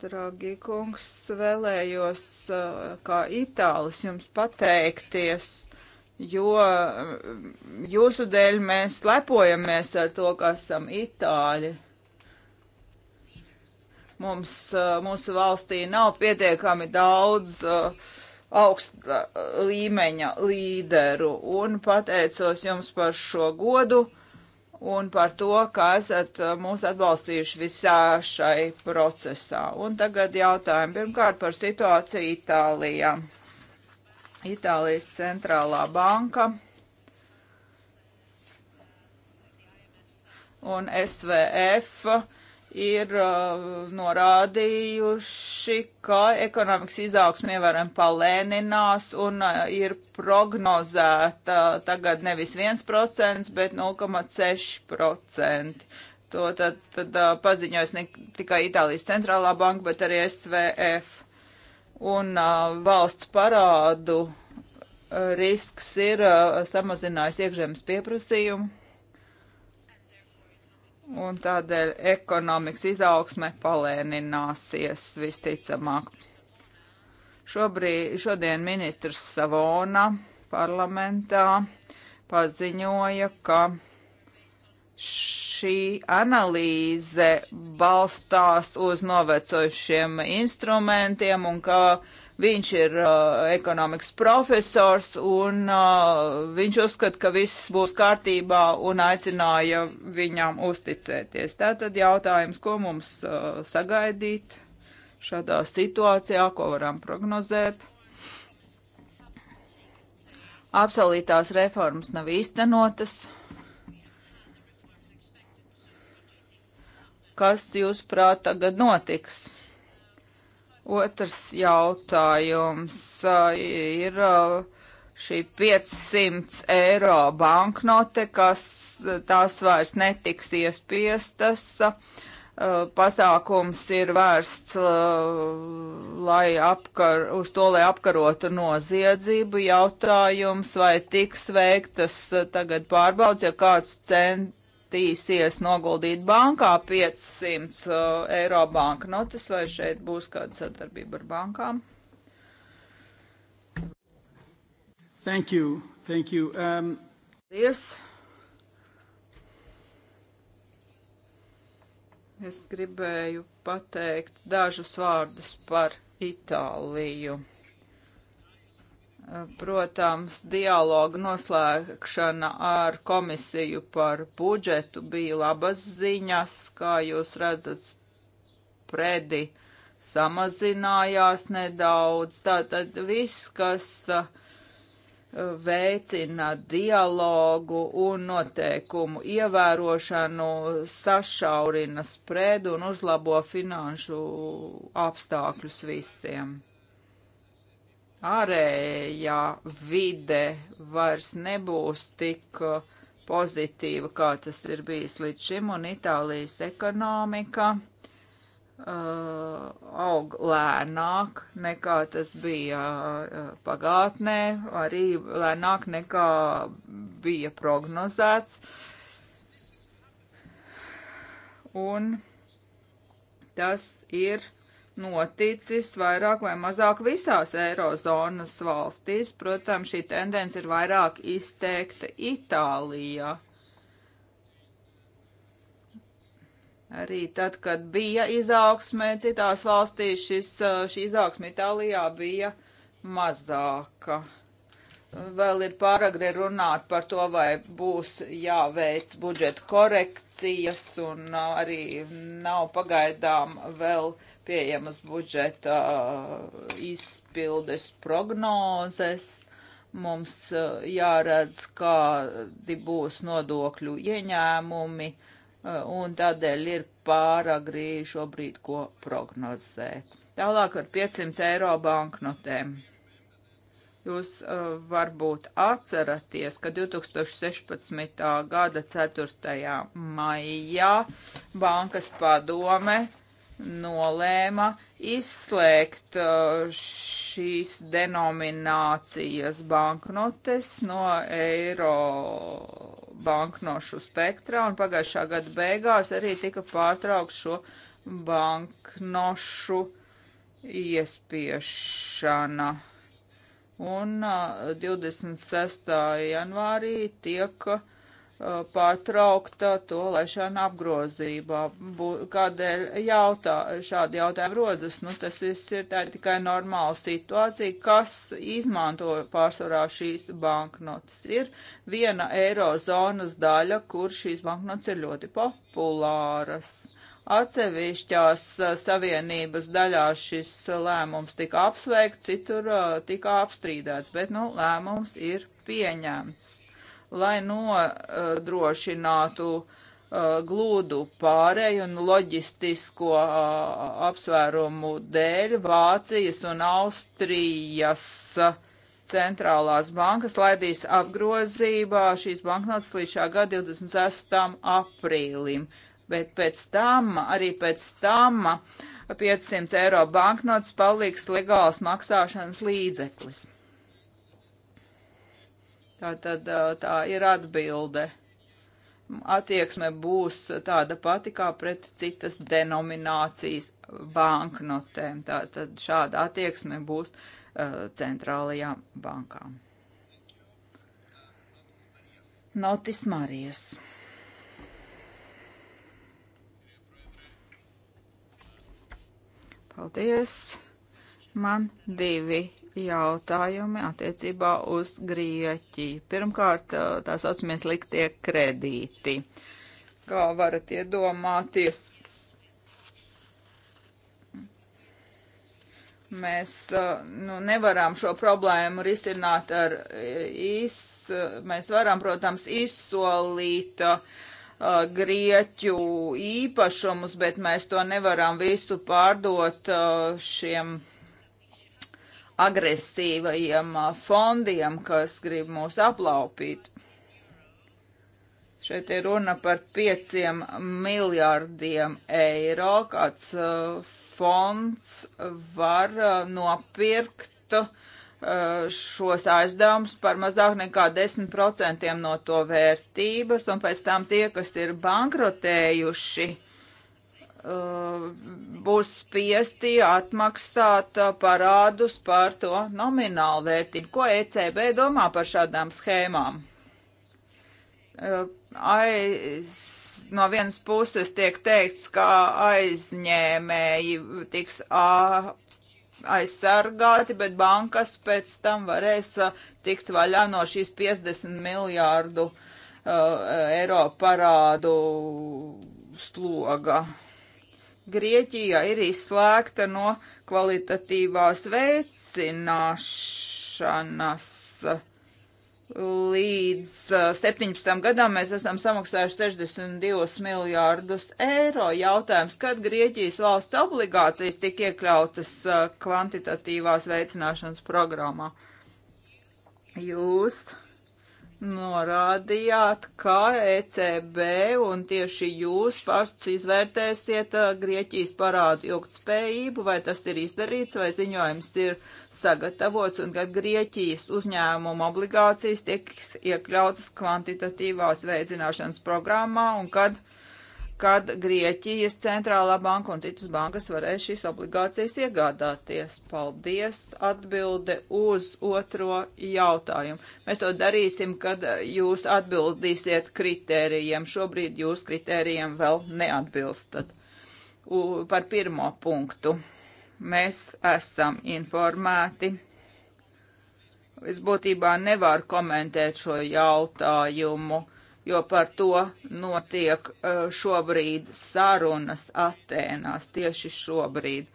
Dragi kungs, vēlējos uh, kā itālis jums pateikties jo jūsu dēļ mēs lepojamies ar to, ka esam itāļi. Mums, mūsu valstī nav pietiekami daudz uh, augsta līmeņa līderu un pateicos jums par šo godu un par to, ka esat mūs atbalstījuši visā šai procesā. Un tagad jautājumi pirmkārt par situāciju Itālijā. Itālijas centrālā banka un SVF ir uh, norādījuši, ka ekonomikas izaugsme ievērojami palēninās un uh, ir prognozēta tagad nevis 1%, bet 0,6%. To tad, tad uh, paziņojas ne tikai Itālijas centrālā banka, bet arī SVF un valsts parādu risks ir samazinājis iekšzemes pieprasījumu, un tādēļ ekonomikas izaugsme palēnināsies visticamāk. Šobrīd, šodien ministrs Savona parlamentā paziņoja, ka šī analīze balstās uz novecojušiem instrumentiem un ka viņš ir uh, ekonomikas profesors un uh, viņš uzskata, ka viss būs kārtībā un aicināja viņam uzticēties. Tātad jautājums, ko mums uh, sagaidīt šādā situācijā, ko varam prognozēt? Absolītās reformas nav īstenotas Kas jūs prāt tagad notiks? Otrs jautājums ir šī 500 eiro banknote, kas tās vairs netiks iespiestas pasākums ir vērsts, lai apkar, uz to, lai apkarotu noziedzību jautājums, vai tiks veiktas tagad pārbaudas, ja kāds cen, centīsies noguldīt bankā 500 uh, eiro banka notis, vai šeit būs kāda sadarbība ar bankām? Thank you. Thank you. Um... Yes. Es gribēju pateikt dažus vārdus par Itāliju. Protams, dialoga noslēgšana ar komisiju par budžetu bija labas ziņas, kā jūs redzat, spredi samazinājās nedaudz. Tātad viss, kas uh, veicina dialogu un noteikumu ievērošanu, sašaurina spredu un uzlabo finanšu apstākļus visiem ārējā vide vairs nebūs tik uh, pozitīva, kā tas ir bijis līdz šim, un Itālijas ekonomika uh, aug lēnāk nekā tas bija uh, pagātnē, arī lēnāk nekā bija prognozēts. Un tas ir noticis vairāk vai mazāk visās Eirozonas valstīs. Protams, šī tendence ir vairāk izteikta Itālijā. Arī tad, kad bija izaugsme citās valstīs, šis, šī izaugsme Itālijā bija mazāka. Uh, Vēl ir pāragri runāt par to, vai būs jāveic budžeta korekcijas, un arī nav pagaidām vēl pieejamas budžeta izpildes prognozes. Mums jāredz, kādi būs nodokļu ieņēmumi, un tādēļ ir pāragri šobrīd ko prognozēt. Tālāk ar 500 eiro banknotēm. Jūs uh, varbūt atceraties, ka 2016. gada 4. maijā bankas padome nolēma izslēgt uh, šīs denominācijas banknotes no eiro banknošu spektrā, un pagājušā gada beigās arī tika pārtraukts šo banknošu iespiešana un 26. janvārī tiek pārtraukta to laišana apgrozībā. Kādēļ jautā, šādi jautājumi rodas? Nu, tas viss ir tā tikai normāla situācija. Kas izmanto pārsvarā šīs banknotes? Ir viena eirozonas daļa, kur šīs banknotes ir ļoti populāras Atsevišķās uh, savienības daļās šis lēmums tika apsveikts, citur uh, tika apstrīdēts, bet nu, lēmums ir pieņemts. Lai nodrošinātu uh, glūdu pārēju un loģistisko apsvērumu dēļ Vācijas un Austrijas centrālās bankas laidīs apgrozībā šīs banknotes līdz šā gada 26. aprīlim. Uh, bet pēc tam, arī pēc tam 500 eiro banknotes paliks legāls maksāšanas līdzeklis. Tā tad tā ir atbilde. Attieksme būs tāda pati kā pret citas denominācijas banknotēm. Tā tad šāda attieksme būs uh, centrālajām bankām. Notis Marijas. Paldies! Man divi jautājumi attiecībā uz Grieķiju. Pirmkārt, tā saucamies liktie kredīti. Kā varat iedomāties, mēs nu, nevaram šo problēmu risināt ar īs, mēs varam, protams, izsolīt uh, grieķu īpašumus, bet mēs to nevaram visu pārdot šiem agresīvajiem fondiem, kas grib mūs aplaupīt. Šeit ir runa par pieciem miljārdiem eiro, kāds fonds var nopirkt uh, Eh, šos aizdevumus par mazāk nekā 10% no to vērtības, un pēc tam tie, kas ir bankrotējuši, eh, būs spiesti atmaksāt eh, parādus par to nominālu vērtību. Ko ECB domā par šādām schēmām? Aiz, no vienas puses tiek teikts, ka aizņēmēji tiks aizsargāti, bet bankas pēc tam varēs uh, tikt vaļā no šīs 50 miljārdu uh, eiro parādu sloga. Grieķija ir izslēgta no kvalitatīvās veicināšanas. Uh, Līdz 17. gadam mēs esam samaksājuši 62 miljārdus eiro. Jautājums, kad Grieķijas valsts obligācijas tika iekļautas kvantitatīvās veicināšanas programmā? Jūs norādījāt, ka ECB un tieši jūs pašs izvērtēsiet uh, Grieķijas parādu ilgtspējību, vai tas ir izdarīts, vai ziņojums ir sagatavots, un ka Grieķijas uzņēmuma obligācijas tiek iekļautas kvantitatīvās veidzināšanas programmā, un kad uh, kad Grieķijas centrālā banka un citas bankas varēs šīs obligācijas iegādāties. Paldies! Atbilde uz otro jautājumu. Mēs to darīsim, kad jūs atbildīsiet kritērijiem. Šobrīd jūs kritērijiem vēl neatbilstat. U, par pirmo punktu. Mēs esam informēti. Es būtībā nevaru komentēt šo jautājumu jo par to notiek e, šobrīd sarunas Atēnās tieši šobrīd.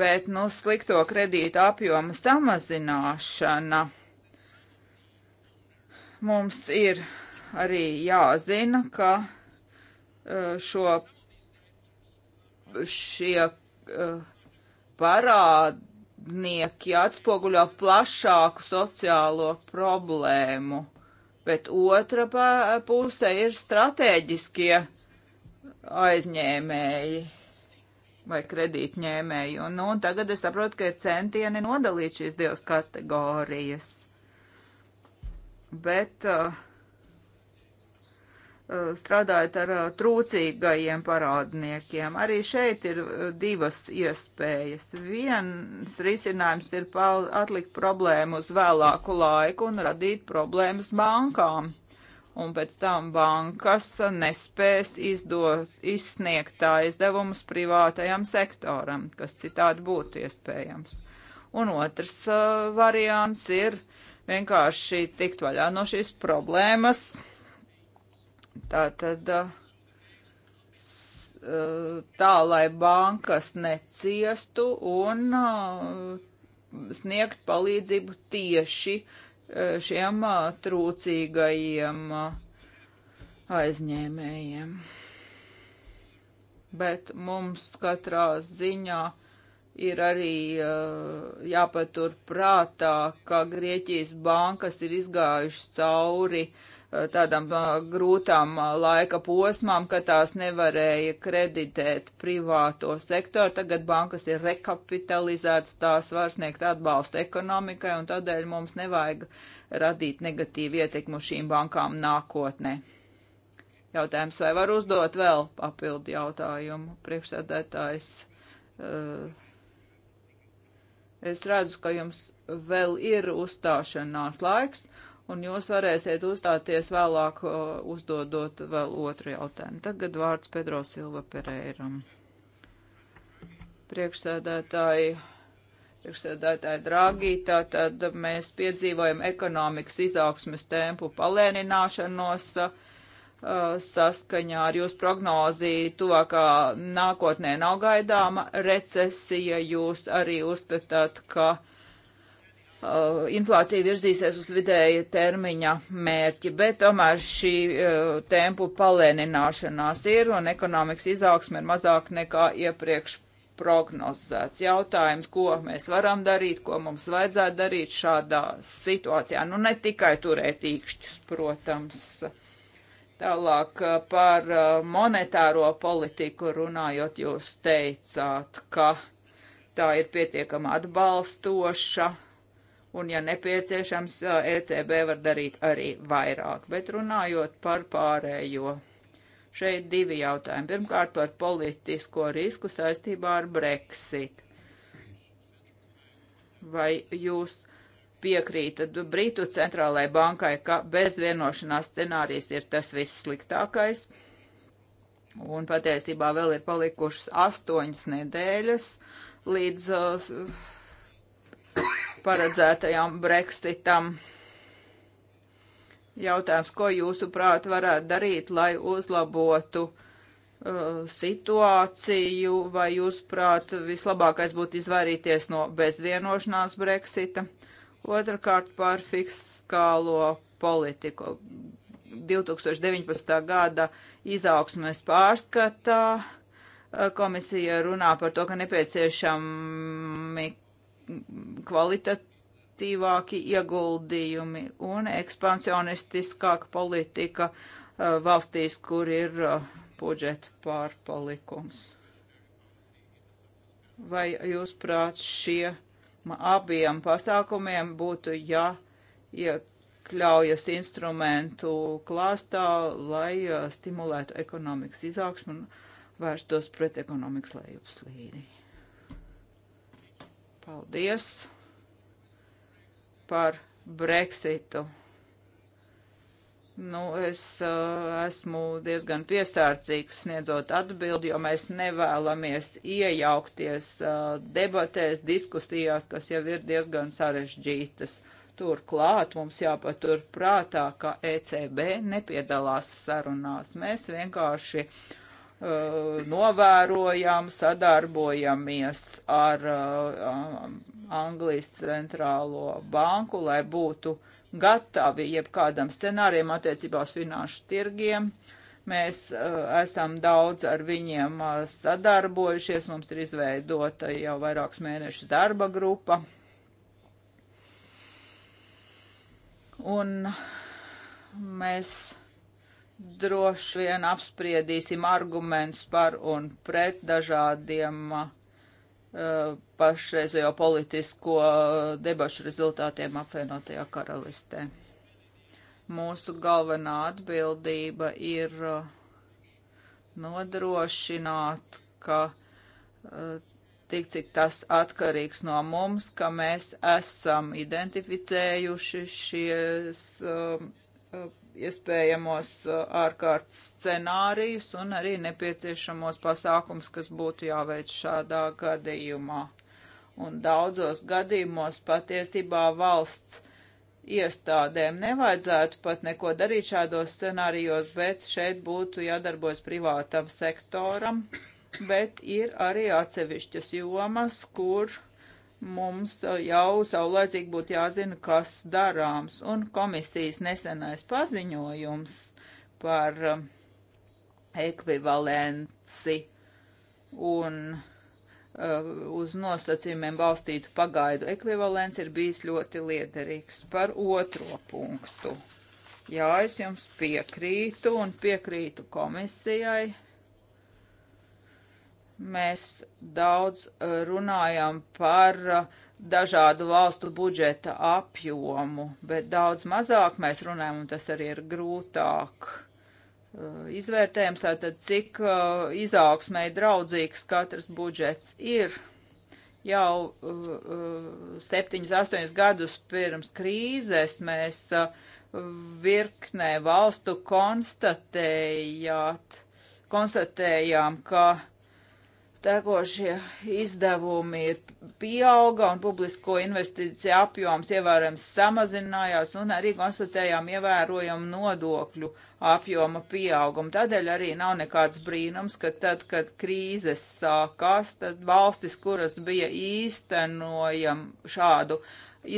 Bet, nu, slikto kredītu apjoma samazināšana mums ir arī jāzina, ka e, šo šie e, parādnieki atspoguļo plašāku sociālo problēmu bet otra puse ir strateģiskie aizņēmēji vai kredītņēmēji. Un, nu, un tagad es saprotu, ka ir centieni nodalīt šīs divas kategorijas. Bet uh, Uh, strādājot ar uh, trūcīgajiem parādniekiem. Arī šeit ir uh, divas iespējas. Viens risinājums ir atlikt problēmu uz vēlāku laiku un radīt problēmas bankām. Un pēc tam bankas nespēs izdot, izsniegt tā aizdevumus privātajam sektoram, kas citādi būtu iespējams. Un otrs uh, variants ir vienkārši tikt vaļā no šīs problēmas, uh, Tātad uh, uh, tā, lai bankas neciestu un uh, sniegt palīdzību tieši šiem trūcīgajiem aizņēmējiem. Bet mums katrā ziņā ir arī jāpatur prātā, ka Grieķijas bankas ir izgājušas cauri uh, Eh, tādam eh, grūtām eh, laika posmām, ka tās nevarēja kreditēt privāto sektoru. Tagad bankas ir rekapitalizētas, tās var sniegt atbalstu ekonomikai, un tādēļ mums nevajag radīt negatīvu ietekmu šīm bankām nākotnē. Jautājums, vai var uzdot vēl papildu jautājumu priekšsēdētājs? Es redzu, ka jums vēl ir uzstāšanās laiks, un jūs varēsiet uzstāties vēlāk, uzdodot vēl otru jautājumu. Tagad vārds Pedro Silva Pereiram. Priekšsēdētāji, priekšsēdētāji dragi, tātad mēs piedzīvojam ekonomikas izaugsmes tempu palēnināšanos saskaņā ar jūsu prognozi tuvākā nākotnē nav gaidāma recesija. Jūs arī uzskatāt, ka uh, uh, inflācija virzīsies uz vidēja termiņa mērķi, bet tomēr šī uh, tempu palēnināšanās ir un ekonomikas izaugsme ir mazāk nekā iepriekš prognozēts. Jautājums, ko mēs varam darīt, ko mums vajadzētu darīt šādā situācijā. Nu, ne tikai turēt īkšķus, protams. Tālāk uh, par uh, monetāro politiku runājot, jūs teicāt, ka tā ir pietiekama atbalstoša, un, ja nepieciešams, ECB var darīt arī vairāk. Bet runājot par pārējo, šeit divi jautājumi. Pirmkārt, par politisko risku saistībā ar Brexit. Vai jūs piekrītat Britu centrālajai bankai, ka bez vienošanās scenārijs ir tas viss sliktākais? Un patiesībā vēl ir palikušas astoņas nedēļas līdz uh, paredzētajam Brexitam. Jautājums, ko jūsuprāt varētu darīt, lai uzlabotu uh, situāciju, vai jūsuprāt vislabākais būtu izvairīties no bezvienošanās Brexita? Otrakārt par fiskālo politiku. 2019. gada izaugsmes pārskatā uh, komisija runā par to, ka nepieciešami kvalitatīvāki ieguldījumi un ekspansionistiskāka politika uh, valstīs, kur ir uh, budžeta pārpalikums. Vai jūs prāt šie abiem pasākumiem būtu jāiekļaujas ja instrumentu klāstā, lai uh, stimulētu ekonomikas izaugsmu un vērstos pret ekonomikas lejupslīdi? Paldies par Brexitu. Nu, es uh, esmu diezgan piesārcīgs sniedzot atbildi, jo mēs nevēlamies iejaukties uh, debatēs, diskusijās, kas jau ir diezgan sarežģītas. Turklāt mums jāpatur prātā, ka ECB nepiedalās sarunās. Mēs vienkārši uh, Uh, novērojam, sadarbojamies ar uh, um, Anglijas centrālo banku, lai būtu gatavi jebkādam scenārijam attiecībā uz finanšu tirgiem. Mēs uh, esam daudz ar viņiem uh, sadarbojušies, mums ir izveidota jau vairākus mēnešus darba grupa. Un mēs droši vien apspriedīsim argumentus par un pret dažādiem uh, pašreizējo politisko uh, debašu rezultātiem apvienotajā karalistē. Mūsu galvenā atbildība ir uh, nodrošināt, ka uh, tik cik tas atkarīgs no mums, ka mēs esam identificējuši šies uh, uh iespējamos uh, ārkārtas scenārijus un arī nepieciešamos pasākums, kas būtu jāveic šādā gadījumā. Un daudzos gadījumos patiesībā valsts iestādēm nevajadzētu pat neko darīt šādos scenārijos, bet šeit būtu jādarbojas privātam sektoram, bet ir arī atsevišķas jomas, kur mums uh, jau saulēcīgi būtu jāzina, kas darāms. Un komisijas nesenais paziņojums par um, ekvivalenci un uh, uz nosacījumiem balstītu pagaidu ekvivalents ir bijis ļoti liederīgs par otro punktu. Jā, es jums piekrītu un piekrītu komisijai Mēs daudz eh, runājam par eh, dažādu valstu budžeta apjomu, bet daudz mazāk mēs runājam, un tas arī ir grūtāk eh, izvērtējums, tātad cik uh, izaugsmē draudzīgs katrs budžets ir. Jau septiņus, uh, astoņus gadus pirms krīzes mēs uh, virknē valstu konstatējāt, konstatējām, ka tekošie izdevumi ir pieauga un publisko investīciju apjoms ievērojams samazinājās un arī konstatējām ievērojamu nodokļu apjoma pieaugumu. Tādēļ arī nav nekāds brīnums, ka tad, kad krīzes sākās, tad valstis, kuras bija īstenojam šādu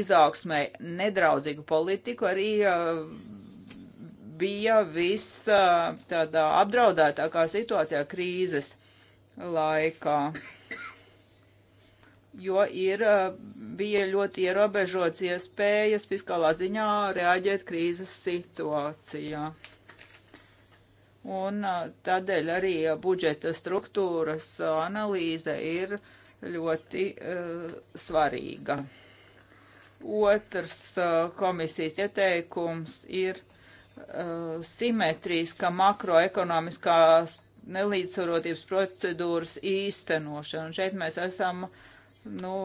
izaugsmē nedraudzīgu politiku, arī uh, bija viss uh, tādā apdraudētākā situācijā krīzes laikā, jo ir, uh, bija ļoti ierobežots iespējas fiskālā ziņā reaģēt krīzes situācijā. Un uh, tādēļ arī uh, budžeta struktūras analīze ir ļoti uh, svarīga. Otrs uh, komisijas ieteikums ir uh, simetriska makroekonomiskās nelīdzsvarotības procedūras īstenošanu. Šeit mēs esam nu,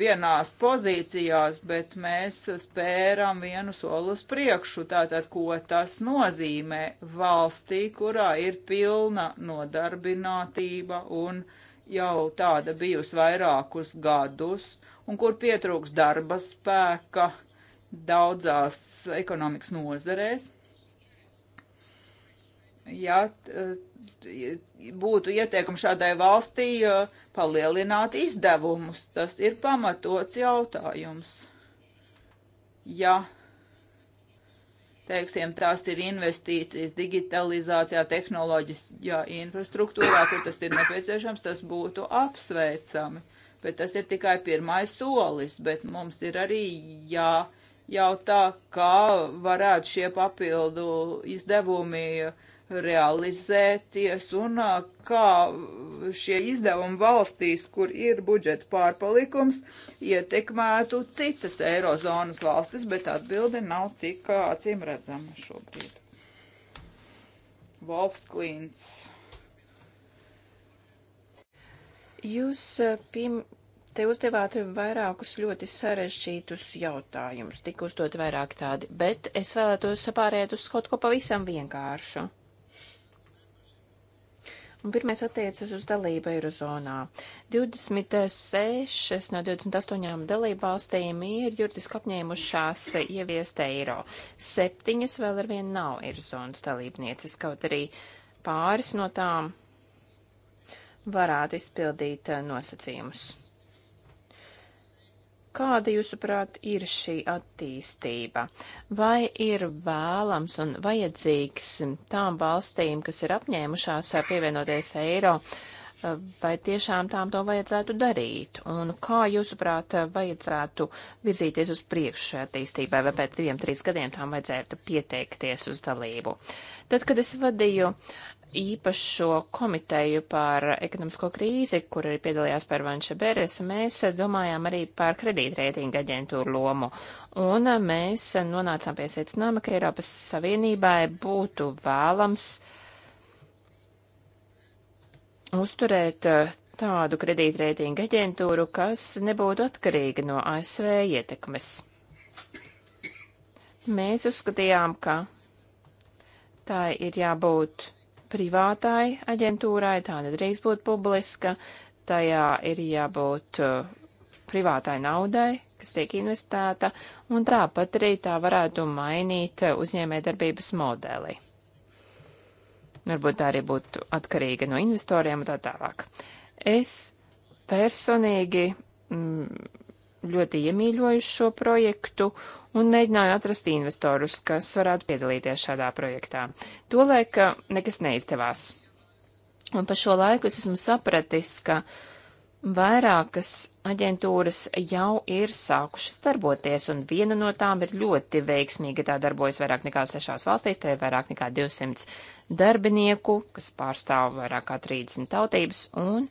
vienās pozīcijās, bet mēs spēram vienu soli uz priekšu. Tātad, ko tas nozīmē valstī, kurā ir pilna nodarbinātība un jau tāda bijusi vairākus gadus, un kur pietrūks darba spēka daudzās ekonomikas nozarēs ja eh, būtu ieteikumi šādai valstī eh, palielināt izdevumus. Tas ir pamatots jautājums. Ja, teiksim, tās ir investīcijas digitalizācijā, tehnoloģiskajā infrastruktūrā, kur tas ir nepieciešams, tas būtu apsveicami. Bet tas ir tikai pirmais solis, bet mums ir arī jā. Ja, jau tā, kā varētu šie papildu izdevumi uh, realizēties un kā šie izdevumi valstīs, kur ir budžeta pārpalikums, ietekmētu citas eirozonas valstis, bet atbildi nav tik acīm redzama šobrīd. Volfs Klīns. Jūs pim, te uzdevāt vairākus ļoti sarežģītus jautājumus, tik uzdot vairāk tādi, bet es vēlētos sapārēt uz kaut ko pavisam vienkāršu. Un pirmais attiecas uz dalību Eirozonā. 26 no 28 dalību valstīm ir juridiski apņēmušās ieviest eiro. Septiņas vēl ar vienu nav Eirozonas dalībnieces, kaut arī pāris no tām varētu izpildīt nosacījumus. Kāda, jūsuprāt, ir šī attīstība? Vai ir vēlams un vajadzīgs tām valstīm, kas ir apņēmušās pievienoties eiro, vai tiešām tām to vajadzētu darīt? Un kā, jūsuprāt, vajadzētu virzīties uz priekšu šajā attīstībai, vai pēc diviem, trīs gadiem tām vajadzētu pieteikties uz dalību? Tad, kad es vadīju uh, īpašo komiteju par ekonomisko krīzi, kur arī piedalījās Pervanša Beres, mēs domājām arī par kredītreitinga aģentūru lomu. Un mēs nonācām pie secinājuma, ka Eiropas Savienībai būtu vēlams uzturēt eh, tādu kredītreitinga aģentūru, kas nebūtu atkarīga no ASV ietekmes. Mēs uzskatījām, ka tā ir jābūt privātai aģentūrai, tā nedrīkst būt publiska, tajā ir jābūt uh, privātai naudai, kas tiek investēta, un tāpat arī tā varētu mainīt uh, uzņēmējdarbības modeli. Varbūt tā arī būtu atkarīga no investoriem un tā tālāk. Es personīgi mm, ļoti iemīļoju šo projektu un mēģināju atrast investorus, kas varētu piedalīties šādā projektā. Tolēk nekas neizdevās. Un pa šo laiku es esmu sapratis, ka vairākas aģentūras jau ir sākušas darboties, un viena no tām ir ļoti veiksmīga. Tā darbojas vairāk nekā sešās valstīs, tai ir vairāk nekā 200 darbinieku, kas pārstāv vairāk kā 30 tautības, un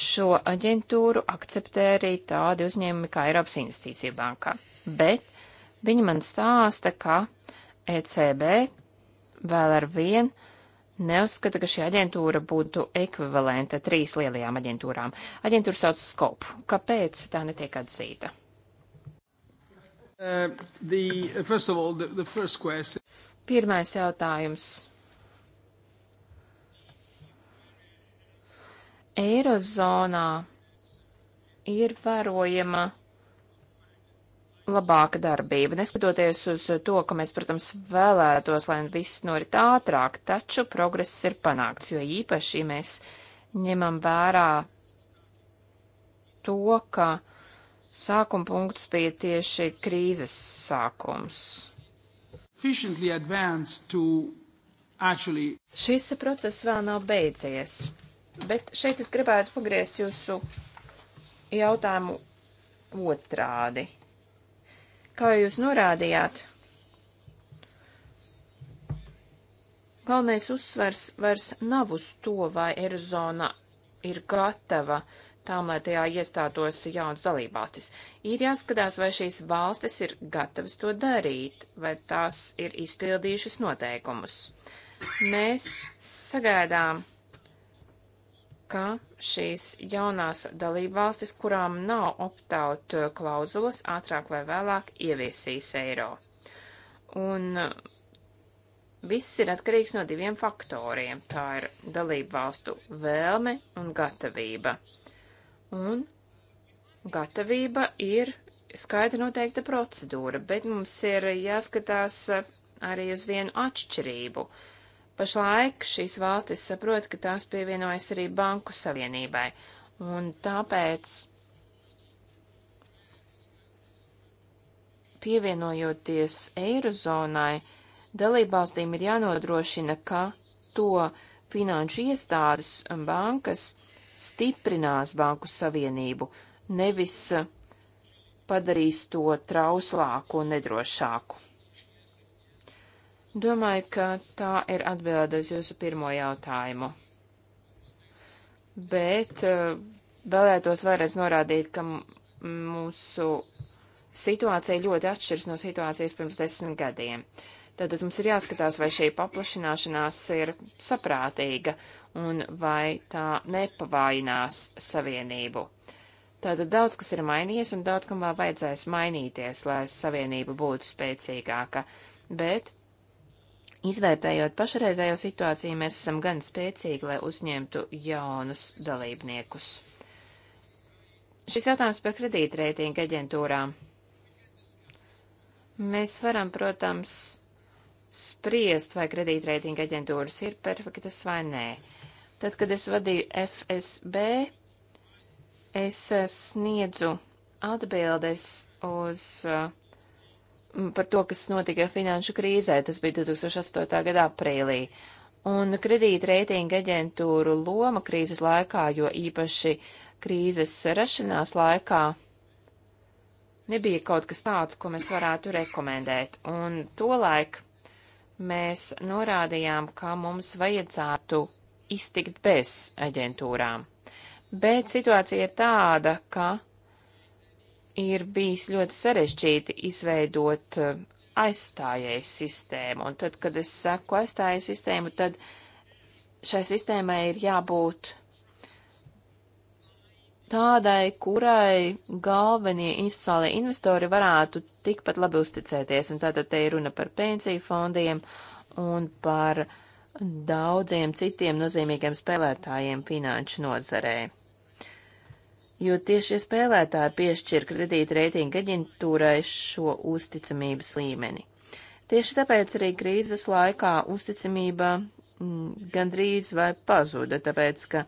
šo aģentūru akceptē arī tādi uzņēmumi kā Eiropas Investīcija bankā. Bet Viņi man stāsta, ka ECB vēl ar vienu neuzskata, ka šī aģentūra būtu ekvivalenta trīs lielajām aģentūrām. Aģentūra sauc Skop. Kāpēc tā netiek atzīta? Uh, the, uh, all, the, the Pirmais jautājums. Eirozonā ir vērojama labāka darbība. Neskatoties uz to, ka mēs, protams, vēlētos, lai viss norit ātrāk, taču progress ir panākts, jo īpaši mēs ņemam vērā to, ka sākuma punkts bija tieši krīzes sākums. Actually... Šis process vēl nav beidzies, bet šeit es gribētu pagriezt jūsu jautājumu otrādi. Kā jūs norādījāt, galvenais uzsvers vairs nav uz to, vai Eirozona ir gatava tām, lai tajā iestātos jaunas dalībvalstis. Ir jāskatās, vai šīs valstis ir gatavas to darīt, vai tās ir izpildījušas noteikumus. Mēs sagaidām ka šīs jaunās dalībvalstis, kurām nav optaut klauzulas, ātrāk vai vēlāk ieviesīs eiro. Un viss ir atkarīgs no diviem faktoriem. Tā ir dalībvalstu vēlme un gatavība. Un gatavība ir skaidri noteikta procedūra, bet mums ir jāskatās arī uz vienu atšķirību. Uh, Pašlaik šīs valstis saprot, ka tās pievienojas arī banku savienībai, un tāpēc pievienojoties eirozonai, dalībvalstīm ir jānodrošina, ka to finanšu iestādes un bankas stiprinās banku savienību, nevis padarīs to trauslāku un nedrošāku. Domāju, ka tā ir atbilde uz jūsu pirmo jautājumu. Bet eh, vēlētos vēlreiz norādīt, ka mūsu situācija ļoti atšķiras no situācijas pirms desmit gadiem. Tātad mums ir jāskatās, vai šī paplašināšanās ir saprātīga un vai tā nepavājinās savienību. Tātad daudz kas ir mainījies un daudz kam vēl vajadzēs mainīties, lai savienība būtu spēcīgāka, bet Izvērtējot pašreizējo situāciju, mēs esam gan spēcīgi, lai uzņemtu jaunus dalībniekus. Šis jautājums par kredītreitinga aģentūrām. Mēs varam, protams, spriest, vai kredītreitinga aģentūras ir perfektas vai nē. Tad, kad es vadīju FSB, es eh, sniedzu atbildes uz uh, par to, kas notika finanšu krīzē, tas bija 2008. gada aprīlī. Un kredītreitinga aģentūru loma krīzes laikā, jo īpaši krīzes rašanās laikā, nebija kaut kas tāds, ko mēs varētu rekomendēt. Un tolaik mēs norādījām, ka mums vajadzētu iztikt bez aģentūrām. Bet situācija ir tāda, ka ir bijis ļoti sarežģīti izveidot eh, aizstājēju sistēmu, un tad, kad es saku aizstājēju sistēmu, tad šai sistēmai ir jābūt tādai, kurai galvenie institucionālie investori varētu tikpat labi uzticēties, un tātad te ir runa par pensiju fondiem un par daudziem citiem nozīmīgiem spēlētājiem finanšu nozarē jo tieši spēlētāji piešķir kredītreitinga aģentūrai šo uzticamības līmeni. Tieši tāpēc arī krīzes laikā uzticamība m, mm, gandrīz vai pazuda, tāpēc ka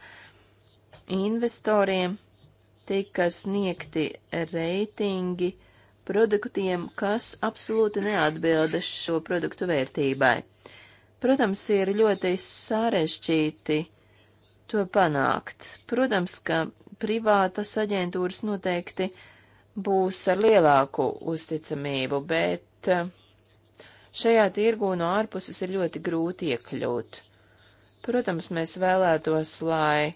investoriem tika sniegti reitingi produktiem, kas absolūti neatbilda šo produktu vērtībai. Protams, ir ļoti sarežģīti to panākt. Protams, ka privātas aģentūras noteikti būs ar lielāku uzticamību, bet eh, šajā tirgū no ārpuses ir ļoti grūti iekļūt. Protams, mēs vēlētos, lai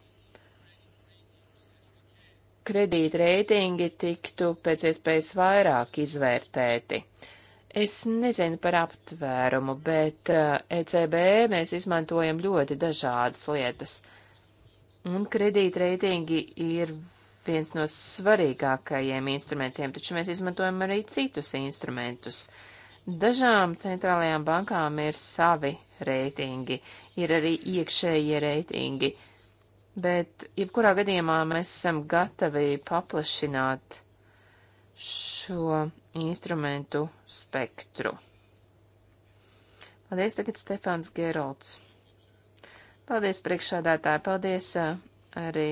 kredītreitingi tiktu pēc iespējas vairāk izvērtēti. Es nezinu par aptvērumu, bet ECB eh, e mēs izmantojam ļoti dažādas lietas. Uh, Un kredītreitingi ir viens no svarīgākajiem instrumentiem, taču mēs izmantojam arī citus instrumentus. Dažām centrālajām bankām ir savi reitingi, ir arī iekšējie reitingi, bet jebkurā gadījumā mēs esam gatavi paplašināt šo instrumentu spektru. Paldies tagad Stefāns Gerolds. Paldies priekšādātāji, paldies arī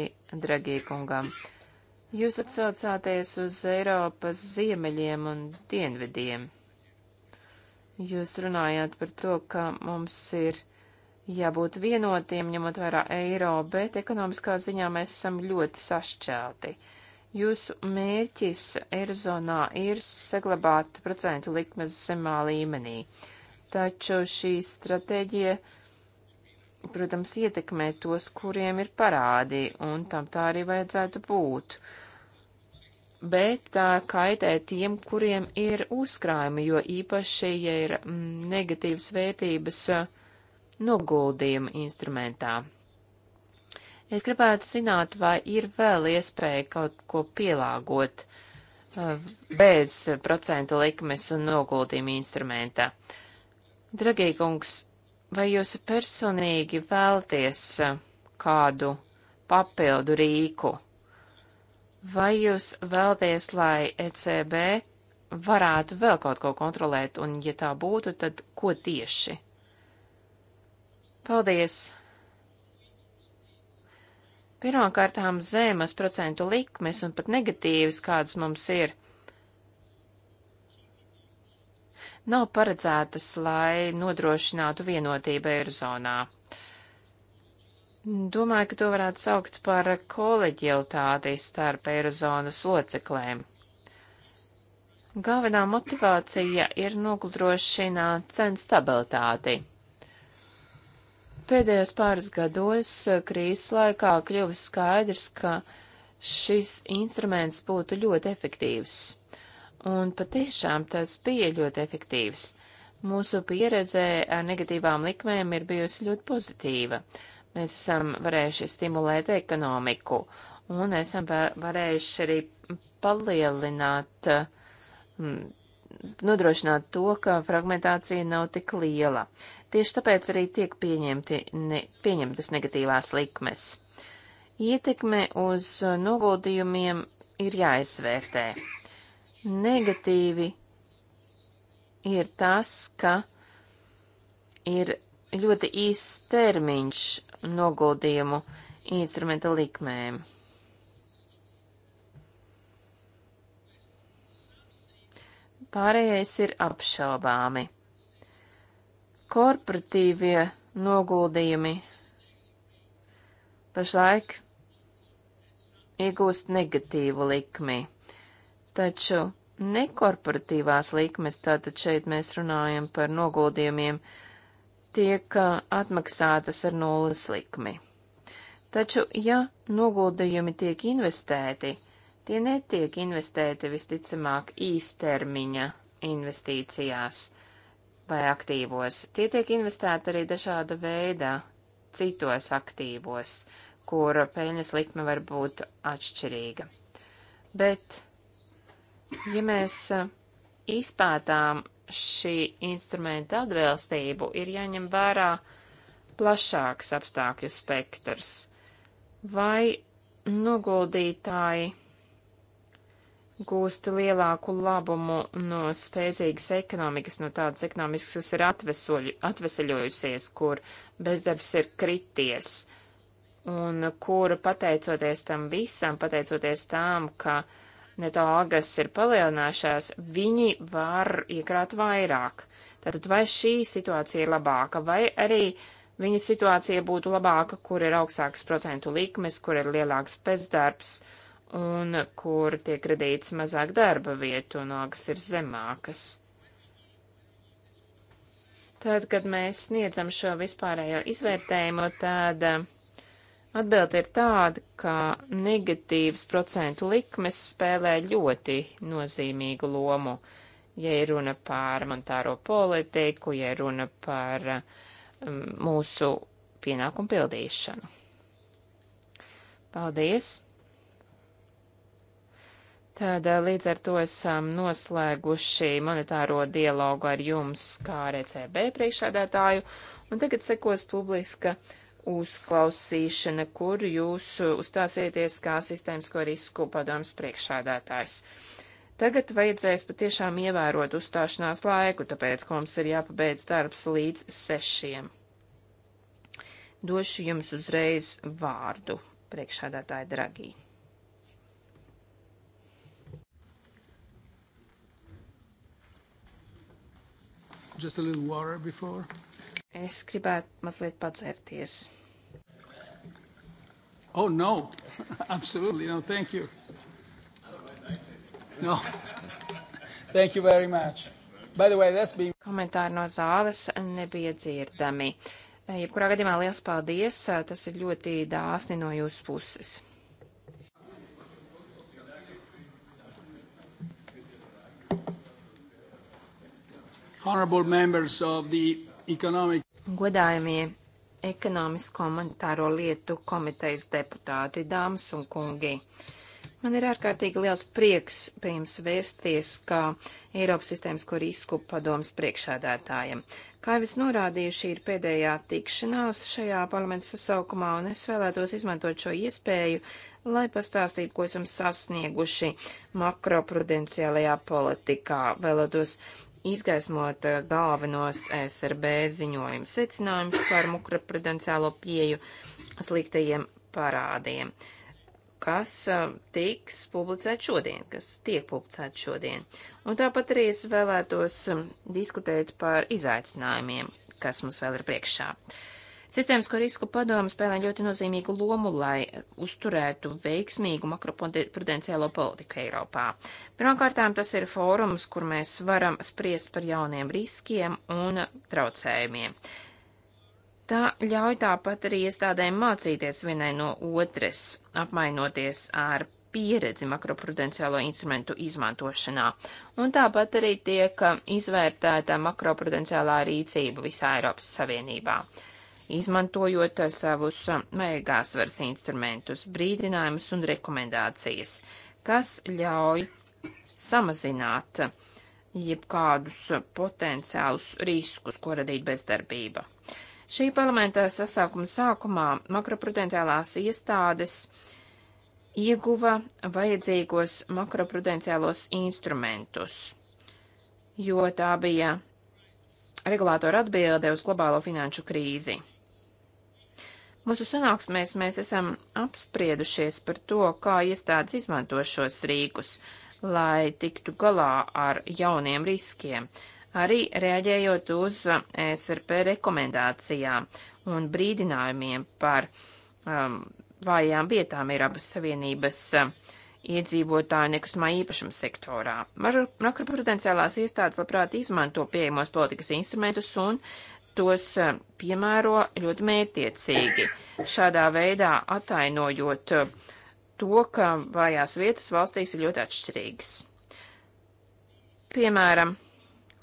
Dragī kungam. Jūs atsaucāties uz Eiropas ziemeļiem un dienvidiem. Jūs runājāt par to, ka mums ir jābūt vienotiem, ņemot vērā eiro, bet ekonomiskā ziņā mēs esam ļoti sašķelti. Jūsu mērķis Eirozonā ir saglabāt procentu likmes zemā līmenī, taču šī stratēģija protams, ietekmē tos, kuriem ir parādi, un tam tā arī vajadzētu būt. Bet tā kaitē tiem, kuriem ir uzkrājumi, jo īpaši, ja ir mm, negatīvas vērtības eh, noguldījuma instrumentā. Es gribētu zināt, vai ir vēl iespēja kaut ko pielāgot eh, bez procentu likmes un noguldījuma instrumenta. Dragīkungs, vai jūs personīgi vēlties eh, kādu papildu rīku? Vai jūs vēlties, lai ECB varētu vēl kaut ko kontrolēt, un ja tā būtu, tad ko tieši? Paldies! Pirmkārtām zemes procentu likmes un pat negatīvas, kādas mums ir nav paredzētas, lai nodrošinātu vienotību Eirozonā. Domāju, ka to varētu saukt par koleģialitāti starp Eirozonas loceklēm. Galvenā motivācija ir nodrošināt cenu stabilitāti. Pēdējos pāris gados krīzes laikā kļuvis skaidrs, ka šis instruments būtu ļoti efektīvs. Un patiešām tas bija ļoti efektīvs. Mūsu pieredze ar negatīvām likmēm ir bijusi ļoti pozitīva. Mēs esam varējuši stimulēt ekonomiku un esam varējuši arī palielināt, mm, nodrošināt to, ka fragmentācija nav tik liela. Tieši tāpēc arī tiek pieņemti, ne, pieņemtas negatīvās likmes. Ietekme uz noguldījumiem ir jāizvērtē. Negatīvi ir tas, ka ir ļoti īsts termiņš noguldījumu instrumenta likmēm. Pārējais ir apšaubāmi. Korporatīvie noguldījumi pašlaik iegūst negatīvu likmi. Taču nekorporatīvās likmes, tātad šeit mēs runājam par noguldījumiem, tiek atmaksātas ar nulles likmi. Taču, ja noguldījumi tiek investēti, tie netiek investēti visticamāk īstermiņa investīcijās vai aktīvos. Tie tiek investēti arī dažāda veida citos aktīvos, kur peļņas likme var būt atšķirīga. Bet Ja mēs izpētām šī instrumenta atbilstību, ir jāņem vērā plašāks apstākļu spektrs. Vai noguldītāji gūsti lielāku labumu no spēcīgas ekonomikas, no tādas ekonomikas, kas ir atveseļojusies, kur bezdarbs ir krities, un kura pateicoties tam visam, pateicoties tām, ka uh, net algas ir palielinājušās, viņi var iekrāt vairāk. Tātad vai šī situācija ir labāka, vai arī viņu situācija būtu labāka, kur ir augstākas procentu likmes, kur ir lielāks bezdarbs un kur tiek radīts mazāk darba vietu un algas ir zemākas. Tad, kad mēs sniedzam šo vispārējo izvērtējumu, tad uh, Atbilde ir tāda, ka negatīvas procentu likmes spēlē ļoti nozīmīgu lomu, ja ir runa par monetāro politiku, ja ir runa par um, mūsu pienākumu pildīšanu. Paldies! Tad uh, līdz ar to esam noslēguši monetāro dialogu ar jums kā RCB e priekšādātāju, un tagad sekos publiska uzklausīšana, kur jūs uzstāsieties kā sistēmisko risku padomas priekšādātājs. Tagad vajadzēs patiešām ievērot uzstāšanās laiku, tāpēc, ka mums ir jāpabeidz darbs līdz sešiem. Došu jums uzreiz vārdu, priekšādātāji dragī. Just a little water before. Es gribētu mazliet padzērties. Oh, no, absolutely, no, thank you. No, thank you very much. By the way, that's been... Komentāri no zāles nebija dzirdami. Jebkurā gadījumā liels paldies, tas ir ļoti dāsni no jūsu puses. Honorable members of the Economic Godājamie ekonomisko un monetāro lietu komitejas deputāti, dāmas un kungi! Man ir ārkārtīgi liels prieks pie jums vēsties, kā Eiropas sistēmas, ko risku padomas priekšādātājiem. Kā jau es norādīju, šī ir pēdējā tikšanās šajā parlamenta sasaukumā, un es vēlētos izmantot šo iespēju, lai pastāstītu, ko esam sasnieguši makroprudenciālajā politikā. Vēlētos izgaismot eh, galvenos SRB ziņojumu secinājumus par makroprudenciālo pieju sliktajiem parādiem, kas eh, tiks publicēt šodien, kas tiek publicēt šodien. Un tāpat arī es vēlētos eh, diskutēt par izaicinājumiem, kas mums vēl ir priekšā. Uh, Sistēmisko risku padomu spēlē ļoti nozīmīgu lomu, lai uzturētu veiksmīgu makroprudenciālo politiku Eiropā. Pirmkārtām tas ir fórums, kur mēs varam spriest par jauniem riskiem un traucējumiem. Tā ļauj tāpat arī iestādēm mācīties vienai no otras, apmainoties ar pieredzi makroprudenciālo instrumentu izmantošanā, un tāpat arī tiek izvērtēta makroprudenciālā rīcība visā Eiropas Savienībā. Uh, izmantojot eh, savus eh, mērgāsvars instrumentus, brīdinājumus un rekomendācijas, kas ļauj samazināt eh, jebkādus potenciālus riskus, ko radīt bezdarbība. Šī parlamenta sasākuma sākumā makroprudenciālās iestādes ieguva vajadzīgos makroprudenciālos instrumentus, jo tā bija regulātora atbilde uz globālo finanšu krīzi. Mūsu sanāksmēs mēs esam apspriedušies par to, kā iestādes izmanto šos rīkus, lai tiktu galā ar jauniem riskiem, arī reaģējot uz SRP rekomendācijām un brīdinājumiem par um, vājām vietām Eiropas Savienības uh, iedzīvotāju nekustamā īpašuma sektorā. Makroprudenciālās iestādes labprāt izmanto pieejamos politikas instrumentus un uh, tos eh, piemēro ļoti mētiecīgi, šādā veidā atainojot eh, to, ka vājās vietas valstīs ir ļoti atšķirīgas. Piemēram,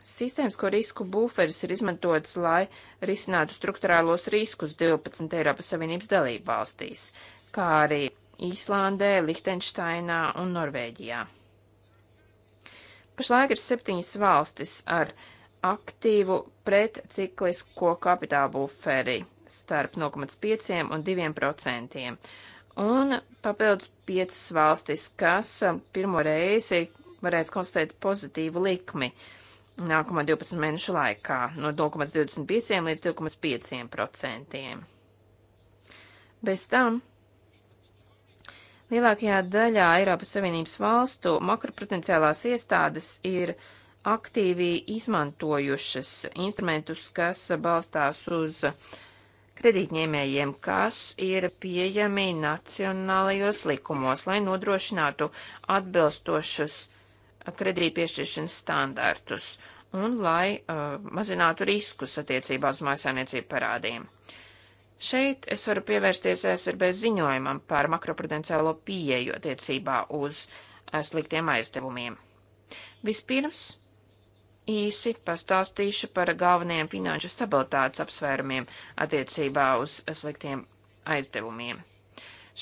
Sistēmas, ko risku buferis ir izmantotas, lai risinātu struktūrālos riskus 12 Eiropas Savienības dalību valstīs, kā arī Īslandē, Lihtenšteinā un Norvēģijā. Pašlaik ir septiņas valstis ar aktīvu pretciklisko kapitāla buferi starp 0,5 un 2 procentiem. Un papildus piecas valstis, kas um, pirmo reizi varēs konstatēt pozitīvu likmi nākamā 12 mēnešu laikā no 0,25 līdz 2,5 procentiem. Bez tam lielākajā daļā Eiropas Savienības valstu makroprudenciālās iestādes ir uh, aktīvi izmantojušas instrumentus, kas balstās uz kredītņēmējiem, kas ir pieejami nacionālajos likumos, lai nodrošinātu atbilstošus kredīt piešķiršanas standartus un lai uh, mazinātu riskus attiecībā uz mājasēmniecību parādiem. Šeit es varu pievērsties SRB ziņojumam par makroprudenciālo pieeju attiecībā uz uh, sliktiem aizdevumiem. Vispirms Īsi pastāstīšu par galvenajiem finanšu stabilitātes apsvērumiem attiecībā uz sliktiem aizdevumiem.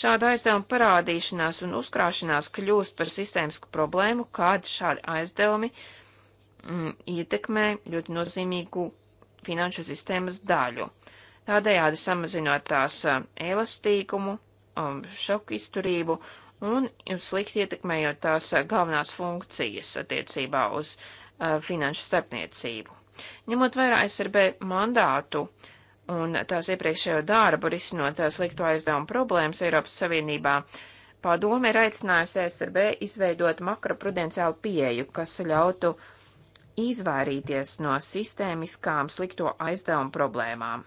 Šāda aizdevuma parādīšanās un uzkrāšanās kļūst par sistēmisku problēmu, kad šādi aizdevumi mm, ietekmē ļoti nozīmīgu finanšu sistēmas daļu. Tādējādi samazinot tās elastīgumu, šoku izturību un slikti ietekmējot tās galvenās funkcijas attiecībā uz uh, Uh, finanšu starpniecību. Ņemot vērā SRB mandātu un tās iepriekšējo darbu risinot slikto aizdevumu problēmas Eiropas Savienībā, padome ir aicinājusi SRB izveidot makroprudenciālu pieeju, kas ļautu izvairīties no sistēmiskām slikto aizdevumu problēmām.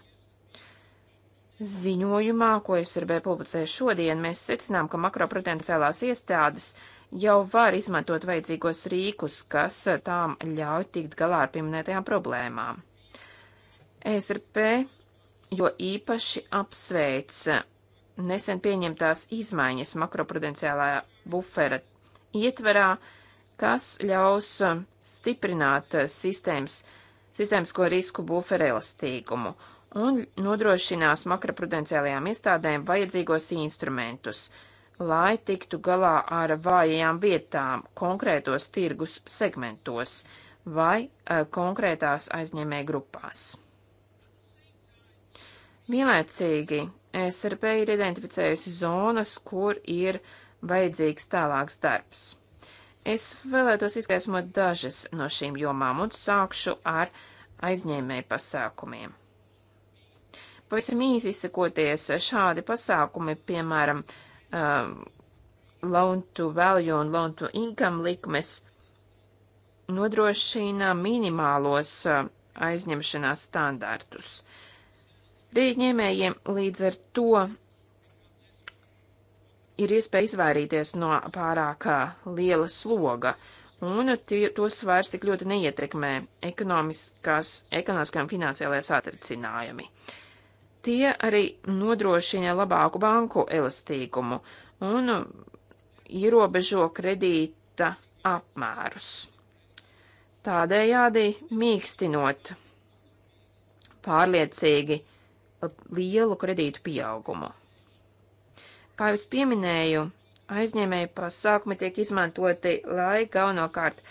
Ziņojumā, ko SRB publicēja šodien, mēs secinām, ka makroprudenciālās iestādes jau var izmantot vajadzīgos rīkus, kas tām ļauj tikt galā ar pieminētajām problēmām. ESRP jo īpaši apsveic nesen pieņemtās izmaiņas makroprudenciālajā bufera ietverā, kas ļaus stiprināt sistēmas, sistēmisko risku buferu elastīgumu un nodrošinās makroprudenciālajām iestādēm vajadzīgos instrumentus, lai tiktu galā ar vājajām vietām konkrētos tirgus segmentos vai e, konkrētās aizņēmē grupās. Vienlaicīgi SRP ir identificējusi zonas, kur ir vajadzīgs tālāks darbs. Es vēlētos izgaismot dažas no šīm jomām un sākšu ar aizņēmēju pasākumiem. Pavisam īsi izsakoties, šādi pasākumi, piemēram, uh, um, loan to value un loan to income likmes nodrošina minimālos uh, aizņemšanās standartus. Rīķņēmējiem līdz ar to ir iespēja izvairīties no pārāk uh, liela sloga, un tie, tos vairs tik ļoti neietekmē ekonomiskās, ekonomiskā un finansiālajā satricinājumi. Tie arī nodrošina labāku banku elastīgumu un ierobežo kredīta apmērus. Tādējādi mīkstinot pārliecīgi lielu kredītu pieaugumu. Kā jau es pieminēju, aizņēmēju pasākumi tiek izmantoti, lai galvenokārt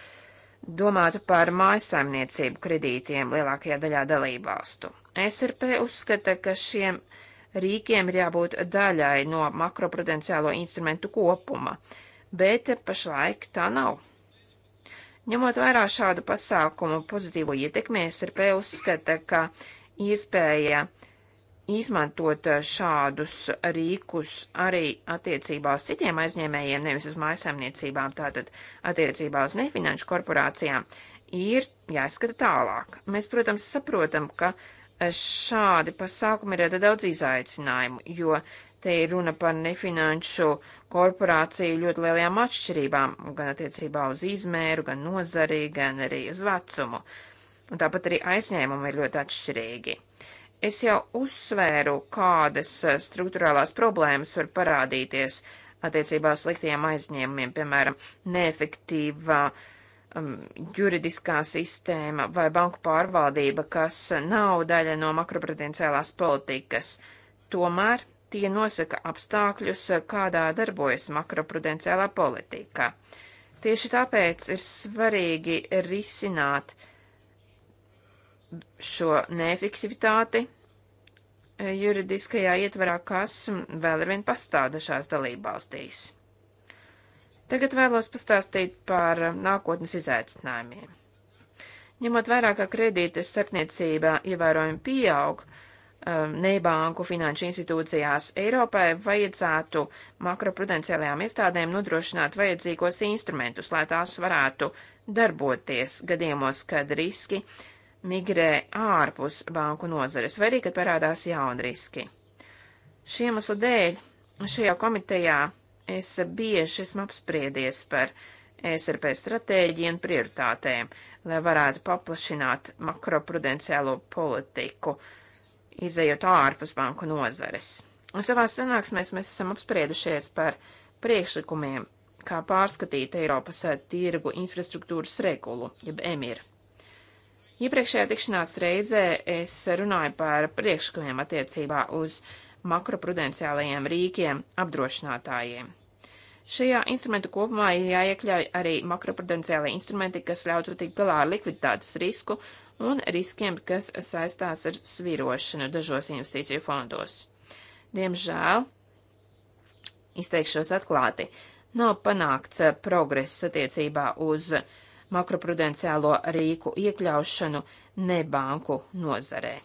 domātu par mājasaimniecību kredītiem lielākajā daļā dalībvalstu. SRP uzskata, ka šiem rīkiem ir jābūt daļai no makroprudenciālo instrumentu kopuma, bet pašlaik tā nav. Ņemot vērā šādu pasākumu pozitīvo ietekmi, SRP uzskata, ka iespēja izmantot šādus rīkus arī attiecībā uz citiem aizņēmējiem, nevis uz mājasemniecībām, tātad attiecībā uz nefinanšu korporācijām, ir jāskata tālāk. Mēs, protams, saprotam, ka šādi pasākumi rada daudz izaicinājumu, jo te ir runa par nefinanšu korporāciju ļoti lielajām atšķirībām, gan attiecībā uz izmēru, gan nozarī, gan arī uz vecumu. Un tāpat arī aizņēmumi ir ļoti atšķirīgi. Es jau uzsvēru, kādas eh, struktūrālās problēmas var parādīties attiecībā uz sliktiem aizņēmumiem, piemēram, neefektīvā uh, um, juridiskā sistēma vai banku pārvaldība, kas nav daļa no makroprudenciālās politikas. Tomēr tie nosaka apstākļus, kādā darbojas makroprudenciālā politika. Tieši tāpēc ir svarīgi risināt šo neefektivitāti eh, juridiskajā ietvarā, kas vēl ir vien pastāv dažās dalībvalstīs. Tagad vēlos pastāstīt par um, nākotnes izaicinājumiem. Ņemot vairāk, ka kredītes starpniecībā ievērojami pieaug, um, nebanku finanšu institūcijās Eiropai vajadzētu makroprudenciālajām iestādēm nodrošināt vajadzīgos instrumentus, lai tās varētu darboties gadījumos, kad riski migrē ārpus banku nozares vai arī, kad parādās jauni riski. Šiem asla dēļ šajā komitejā Es bieži esmu apspriedies par ESRP stratēģiju un prioritātēm, lai varētu paplašināt makroprudenciālo politiku, izējot ārpus banku nozares. Un savā sanāksmēs mēs esam apspriedušies par priekšlikumiem, kā pārskatīt Eiropas tirgu infrastruktūras regulu, jeb emir. Iepriekšējā tikšanās reizē es runāju par priekšlikumiem attiecībā uz makroprudenciālajiem rīkiem apdrošinātājiem. Šajā instrumentu kopumā ir jāiekļauj arī makroprudenciālie instrumenti, kas ļautu tikt galā ar likviditātes risku un riskiem, kas saistās ar svirošanu dažos investīciju fondos. Diemžēl, izteikšos atklāti, nav panākts eh, progress attiecībā uz makroprudenciālo rīku iekļaušanu nebanku nozarē.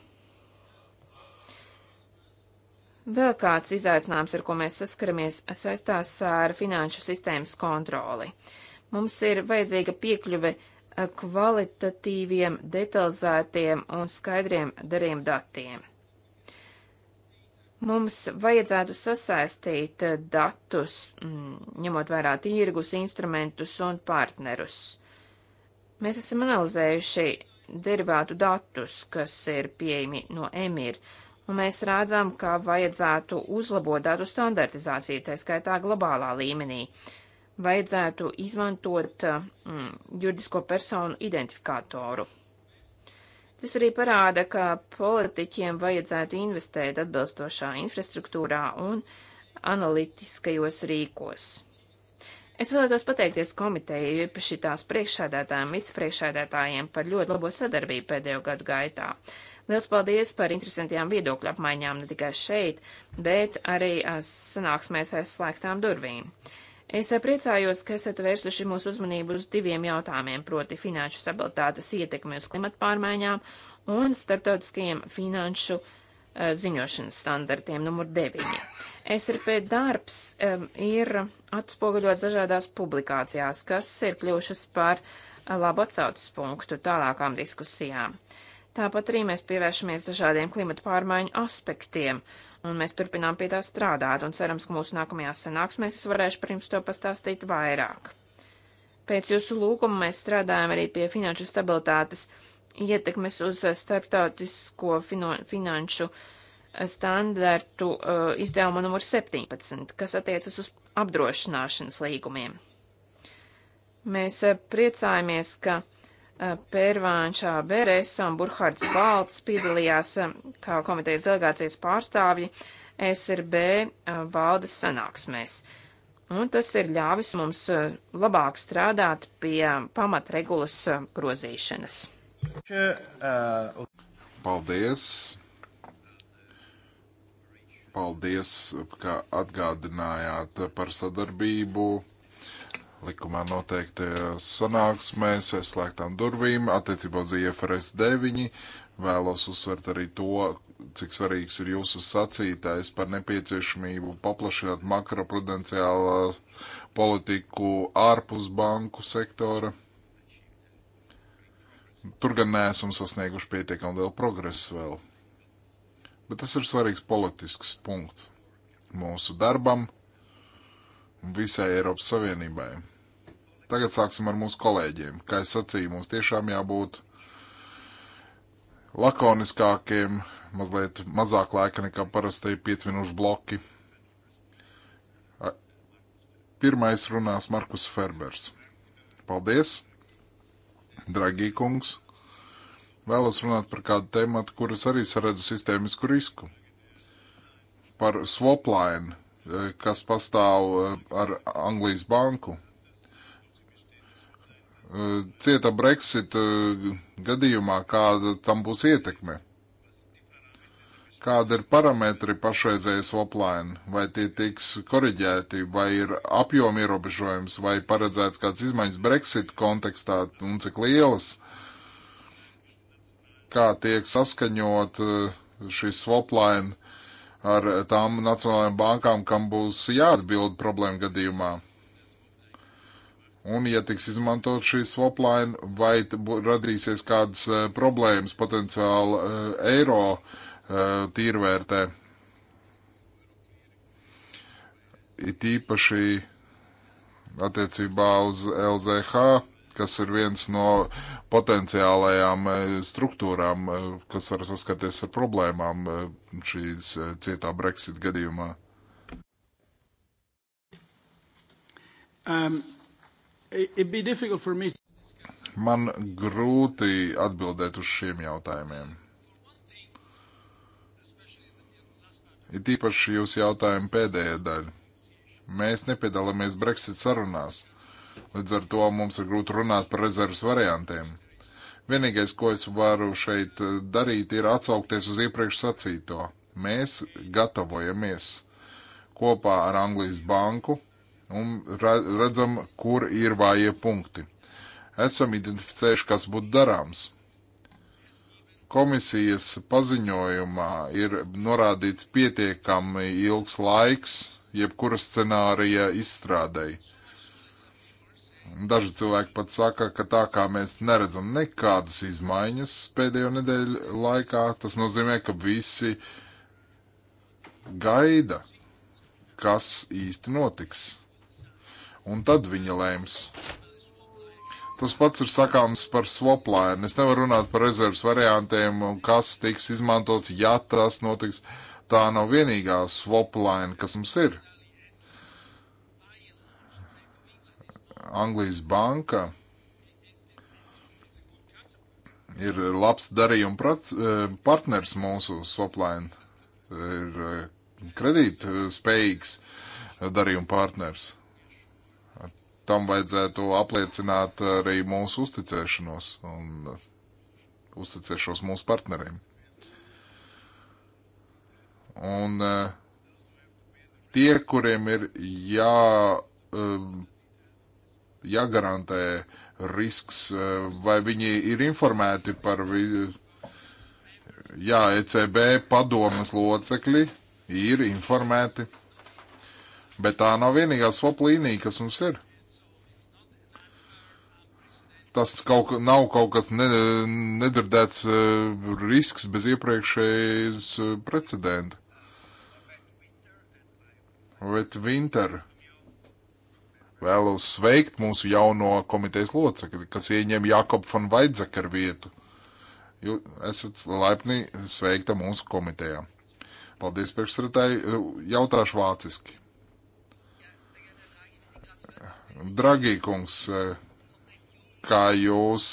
Vēl kāds izaicinājums, ar ko mēs saskaramies, saistās ar finanšu sistēmas kontroli. Mums ir vajadzīga piekļuve eh, kvalitatīviem, detalizētiem un skaidriem darījuma datiem. Mums vajadzētu sasaistīt eh, datus, mm, ņemot vērā tirgus, instrumentus un partnerus. Mēs esam analizējuši derivātu datus, kas ir pieejami no emīra un mēs redzam, ka vajadzētu uzlabot datu standartizāciju, tā skaitā globālā līmenī. Vajadzētu izmantot mm, juridisko personu identifikātoru. Tas arī parāda, ka politiķiem vajadzētu investēt atbilstošā infrastruktūrā un analītiskajos rīkos. Es vēlētos pateikties komiteju, īpaši tās priekšsēdētājiem, vicepriekšsēdētājiem par ļoti labo sadarbību pēdējo gadu gaitā. Liels paldies par interesantajām viedokļu apmaiņām ne tikai šeit, bet arī sanāksmēs aizslēgtām durvīm. Es priecājos, ka esat vērsuši mūsu uzmanību uz diviem jautājumiem, proti finanšu stabilitātes ietekmi uz klimatu pārmaiņām un starptautiskajiem finanšu uh, ziņošanas standartiem numur 9. SRP darbs um, ir atspoguļots dažādās publikācijās, kas ir kļuvušas par labu atsaucas punktu tālākām diskusijām. Uh, Tāpat arī mēs pievēršamies dažādiem klimatu pārmaiņu aspektiem, un mēs turpinām pie tā strādāt, un cerams, ka mūsu nākamajās sanāksmēs es varēšu par jums to pastāstīt vairāk. Pēc jūsu lūguma mēs strādājam arī pie finanšu stabilitātes ietekmes uz starptautisko fino, finanšu standartu uh, izdevuma numur 17, kas attiecas uz apdrošināšanas līgumiem. Mēs uh, priecājamies, ka Eh, Pērvāņš eh, Beresa un Burkhards Balts piedalījās eh, kā komitejas delegācijas pārstāvji SRB valdes sanāksmēs. Un tas ir ļāvis mums labāk strādāt pie pamatregulas grozīšanas. Paldies! Paldies, ka atgādinājāt par sadarbību likumā noteikti eh, sanāksmēs, slēgtām durvīm, attiecībā uz IFRS 9. Vēlos uzsvert arī to, cik svarīgs ir jūsu sacītais par nepieciešamību paplašināt makroprudenciālā politiku ārpus banku sektora. Tur gan neesam sasnieguši pietiekami lielu progresu vēl. Bet tas ir svarīgs politisks punkts mūsu darbam, visai Eiropas Savienībai. Tagad sāksim ar mūsu kolēģiem. Kā es sacīju, mums tiešām jābūt lakoniskākiem, mazliet mazāk laika nekā parasti 5 minūšu bloki. Pirmais runās Markus Ferbers. Paldies, Dragī kungs! Vēlos runāt par kādu tēmu, kuras arī saredzu sistēmisku risku. Par swapline Eh, kas pastāv eh, ar Anglijas banku. Eh, cieta Brexit gadījumā, kāda tam būs ietekme? Kāda ir parametri pašreizējas offline? Vai tie tiks koriģēti, vai ir apjoma ierobežojums, vai paredzēts kāds izmaiņas Brexit kontekstā un cik lielas? Kā tiek saskaņot šī swapline ar tām nacionālajām bankām, kam būs jāatbild problēma gadījumā. Un, ja tiks izmantot šī swap line, vai radīsies kādas eh, problēmas potenciāli eh, eiro eh, tīrvērtē? It īpaši attiecībā uz LZH kas ir viens no potenciālajām eh, struktūrām, eh, kas var saskarties ar problēmām eh, šīs cietā Brexit gadījumā? Um, Man grūti atbildēt uz šiem jautājumiem. Ir tīpaši jūsu jautājuma pēdējā daļa. Mēs nepiedalāmies Brexit sarunās. Līdz ar to mums ir grūti runāt par rezerves variantiem. Vienīgais, ko es varu šeit eh, darīt, ir atsaukties uz iepriekš sacīto. Mēs gatavojamies kopā ar Anglijas banku un redzam, kur ir vājie punkti. Esam identificējuši, kas būtu darāms komisijas paziņojumā ir norādīts pietiekami ilgs laiks jebkura scenārija izstrādēji. Daži cilvēki pat saka, ka tā kā mēs neredzam nekādas izmaiņas pēdējo nedēļu laikā, tas nozīmē, ka visi gaida, kas īsti notiks. Un tad viņa lēms. Tas pats ir sakāms par swap line. Es nevaru runāt par rezerves variantiem, kas tiks izmantots, ja tas notiks. Tā nav vienīgā swap line, kas mums ir. Anglijas banka ir labs darījuma e, partners mūsu Swapline, e, ir e, kredīt spējīgs darījuma partners. Tam vajadzētu apliecināt arī mūsu uzticēšanos un uzticēšos mūsu partneriem. Un tie, kuriem ir jā jāgarantē risks, eh, vai viņi ir informēti par, jā, ECB padomas locekļi ir informēti, bet tā nav vienīgā swap līnija, kas mums ir. Tas kaut, nav kaut kas ne, nedzirdēts eh, risks bez iepriekšējas eh, precedenta. Bet Winter Vēlos sveikt mūsu jauno komitejas locekli, kas ieņem Jakobu von Vaidzakaru vietu. Jūs esat laipni sveikta mūsu komitejā. Paldies, priekšsredētāji. Jautāšu vāciski. Dragī kungs, kā jūs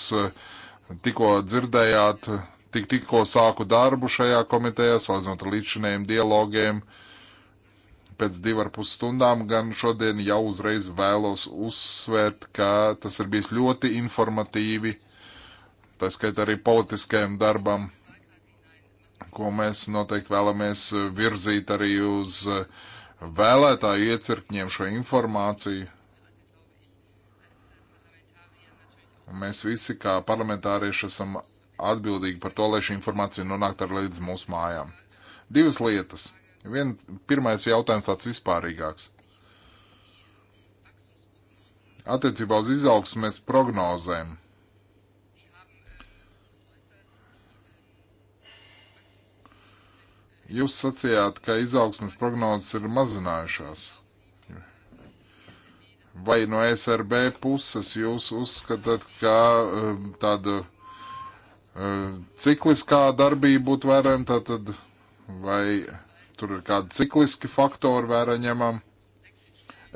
tikko dzirdējāt, tik tikko sāku darbu šajā komitejā, salīdzinot ar līdzinējiem dialogiem, uh, pēc divar pus stundām, gan šodien jau uzreiz vēlos uzsvērt, ka tas ir bijis ļoti informatīvi, tā skaitā arī politiskajam darbam, ko mēs noteikti vēlamies virzīt arī uz vēlētāju iecirkņiem šo informāciju. Mēs visi, kā parlamentārieši, esam atbildīgi par to, lai šī informācija nonāktu līdz mūsu mājām. Divas lietas Vien, pirmais jautājums tāds vispārīgāks. Attiecībā uz izaugsmēs prognozēm. Jūs sacījāt, ka izaugsmes prognozes ir mazinājušās. Vai no SRB puses jūs uzskatāt, ka um, tāda um, cikliskā darbība būtu vērojama, tātad vai tur ir kādi cikliski faktori vērā ņemam.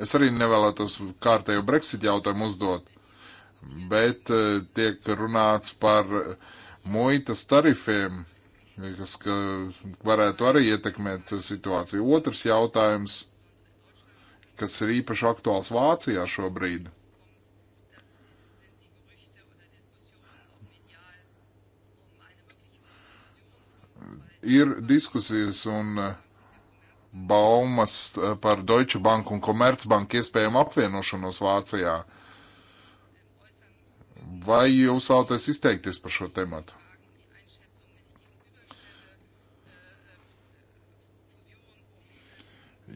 Es arī nevēlētos kārtējo Brexit jautājumu uzdot, bet e, tiek runāts par muitas tarifiem, kas ka varētu arī ietekmēt situāciju. Otrs jautājums, kas ir īpaši aktuāls Vācijā šobrīd. Ir diskusijas un uh, baumas eh, par Deutsche Bank un Commerzbank iespējamu apvienošanos Vācijā. Vai jūs vēlaties izteikties par šo tematu?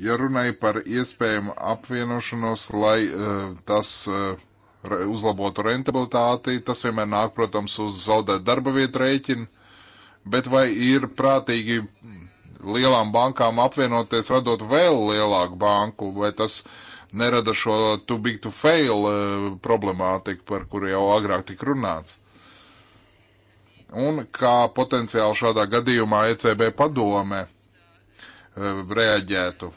Ja runāja par iespējamu apvienošanos, lai uh, tas uh, uzlabotu rentabilitāti, tas vienmēr nāk, protams, uz zaudēt darba vietu rēķinu, bet vai ir prātīgi lielām bankām apvienoties, radot vēl lielāku banku, vai tas nerada šo too big to fail eh, problemātiku, par kuru jau agrāk tik runāts? Un kā potenciāli šādā gadījumā ECB padome eh, reaģētu?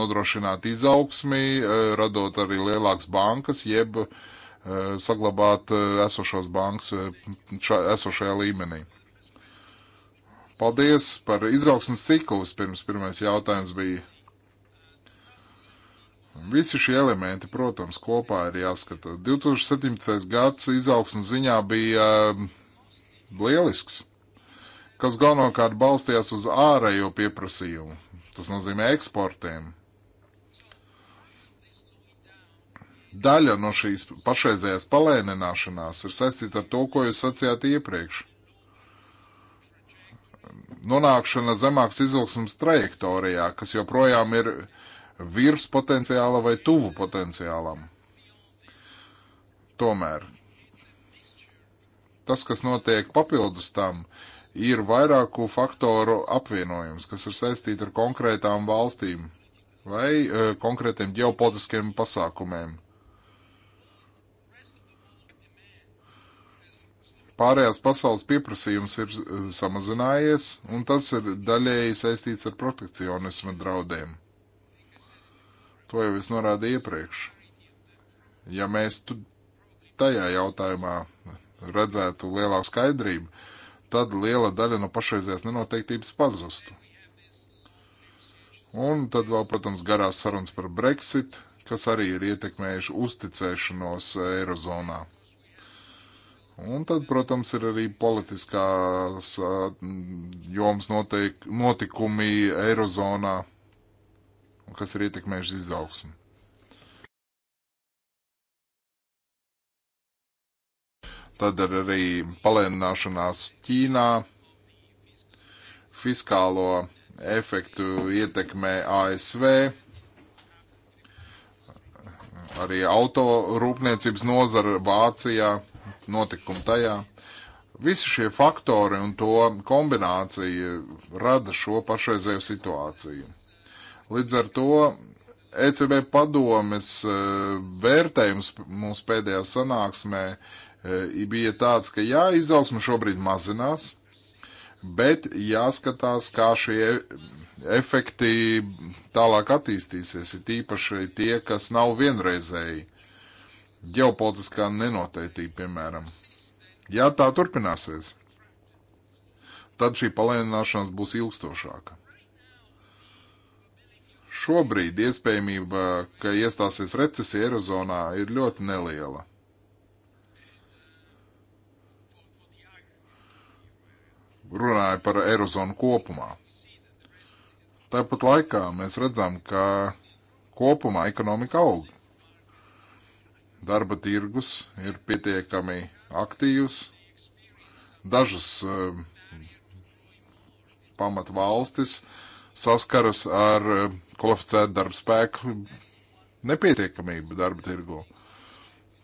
Nodrošināt izaugsmī, eh, radot arī lielākas bankas, jeb saglabāt esošos bankas esošajā līmenī. Paldies par izaugsmas ciklus, pirms pirmais jautājums bija. Visi šie elementi, protams, kopā ir jāskata. 2017. gads izaugsmas ziņā bija um, lielisks, kas galvenokārt balstījās uz ārējo pieprasījumu. Tas nozīmē eksportiem. Daļa no šīs pašreizējās palēnināšanās ir saistīta ar to, ko jūs sacījāt iepriekš nonākšana zemākas izaugsmas trajektorijā, kas joprojām ir virs potenciāla vai tuvu potenciālam. Tomēr tas, kas notiek papildus tam, ir vairāku faktoru apvienojums, kas ir saistīti ar konkrētām valstīm vai e, konkrētiem ģeopolitiskiem pasākumiem. Pārējās pasaules pieprasījums ir eh, samazinājies, un tas ir daļēji saistīts ar protekcionismu draudiem. To jau es norādīju iepriekš. Ja mēs tajā jautājumā redzētu lielāku skaidrību, tad liela daļa no pašreizējās nenoteiktības pazustu. Un tad vēl, protams, garās sarunas par Brexit, kas arī ir ietekmējuši uzticēšanos Eirozonā. Un tad, protams, ir arī politiskās jomas noteik, notikumi Eirozonā, kas ir ietekmējuši izaugsmu. Tad ir arī palēnināšanās Ķīnā, fiskālo efektu ietekmē ASV, arī auto rūpniecības nozara Vācijā notikumu tajā. Visi šie faktori un to kombinācija rada šo pašreizēju situāciju. Līdz ar to ECB padomes e, vērtējums mūsu pēdējā sanāksmē e, bija tāds, ka jā, izaugsme šobrīd mazinās, bet jāskatās, kā šie efekti tālāk attīstīsies, ir tīpaši tie, kas nav vienreizēji ģeopolitiskā nenoteiktība, piemēram. Ja tā turpināsies, tad šī palēnināšanās būs ilgstošāka. Šobrīd iespējamība, ka iestāsies recesija Eirozonā, ir ļoti neliela. Runāju par Eirozonu kopumā. Tāpat laikā mēs redzam, ka kopumā ekonomika aug. Darba tirgus ir pietiekami aktīvs. Dažas uh, um, pamat valstis saskaras ar uh, kvalificētu darba spēku nepietiekamību darba tirgu.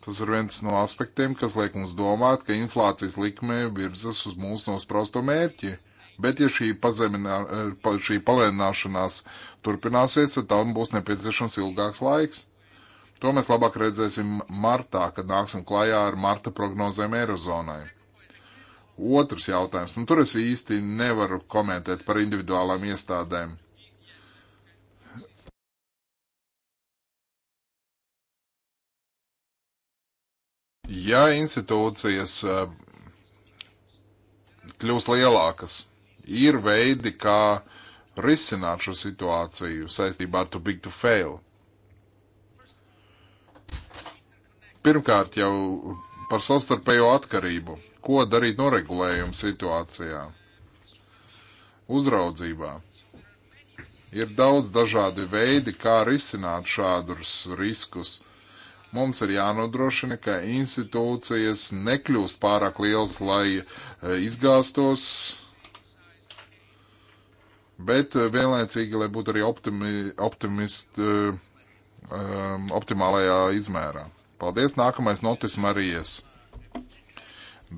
Tas ir viens no aspektiem, kas liek mums domāt, ka inflācijas likme virzas uz mūsu nospraustu mērķi. Bet, ja šī, pa, šī palēnināšanās turpināsies, tad tam būs nepieciešams ilgāks laiks. To mēs labāk redzēsim martā, kad nāksim klajā ar marta prognozēm Eirozonai. Otrs jautājums, un nu, tur es īsti nevaru komentēt par individuālām iestādēm. Ja institūcijas eh, kļūs lielākas, ir veidi, kā risināt šo situāciju saistībā ar too big to fail. Pirmkārt jau par savstarpējo atkarību. Ko darīt noregulējuma situācijā? Uzraudzībā. Ir daudz dažādi veidi, kā risināt šādus riskus. Mums ir jānodrošina, ka institūcijas nekļūst pārāk liels, lai e, izgāstos, bet e, vienlaicīgi, lai būtu arī optimi, optimist, um, optimālajā izmērā. Paldies, nākamais notis Marijas.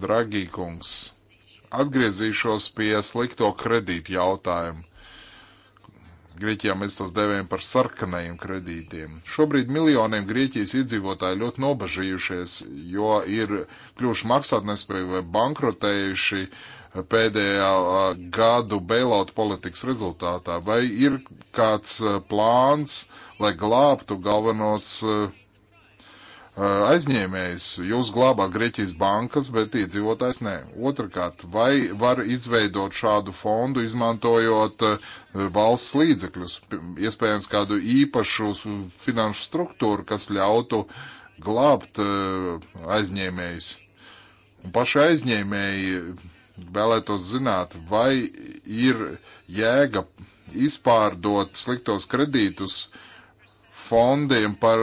Dragī kungs, atgriezīšos pie slikto kredītu jautājumu. Grieķijā mēs tos devējam par sarkanajiem kredītiem. Šobrīd miljoniem Grieķijas iedzīvotāji ļoti nobažījušies, jo ir kļuvuši maksātnespēju vai bankrotējuši pēdējā gadu bailout politikas rezultātā. Vai ir kāds plāns, lai glābtu galvenos uh, Eh, aizņēmējs. Jūs glābāt Grieķijas bankas, bet iedzīvotājs nē. Otrakārt, vai var izveidot šādu fondu, izmantojot eh, valsts līdzekļus, iespējams kādu īpašu finanšu struktūru, kas ļautu glābt eh, aizņēmējus. Un paši aizņēmēji vēlētos zināt, vai ir jēga izpārdot sliktos kredītus uh, fondiem par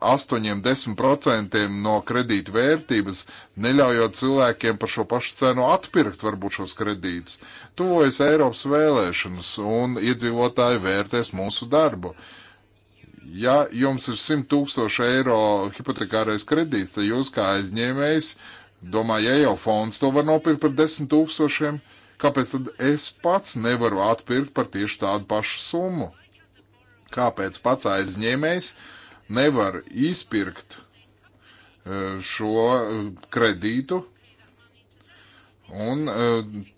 8-10% eh, no kredīta vērtības, neļaujot cilvēkiem par šo pašu cenu atpirkt varbūt šos kredītus. Tuvojas Eiropas vēlēšanas un iedzīvotāji vērtēs mūsu darbu. Ja jums ir 100 tūkstoši eiro hipotekārais kredīts, tad jūs kā aizņēmējs domājat, ja jau fonds to var nopirkt par 10 tūkstošiem, kāpēc tad es pats nevaru atpirkt par tieši tādu pašu summu? Kāpēc pats aizņēmējs nevar izpirkt e, šo e, kredītu un e,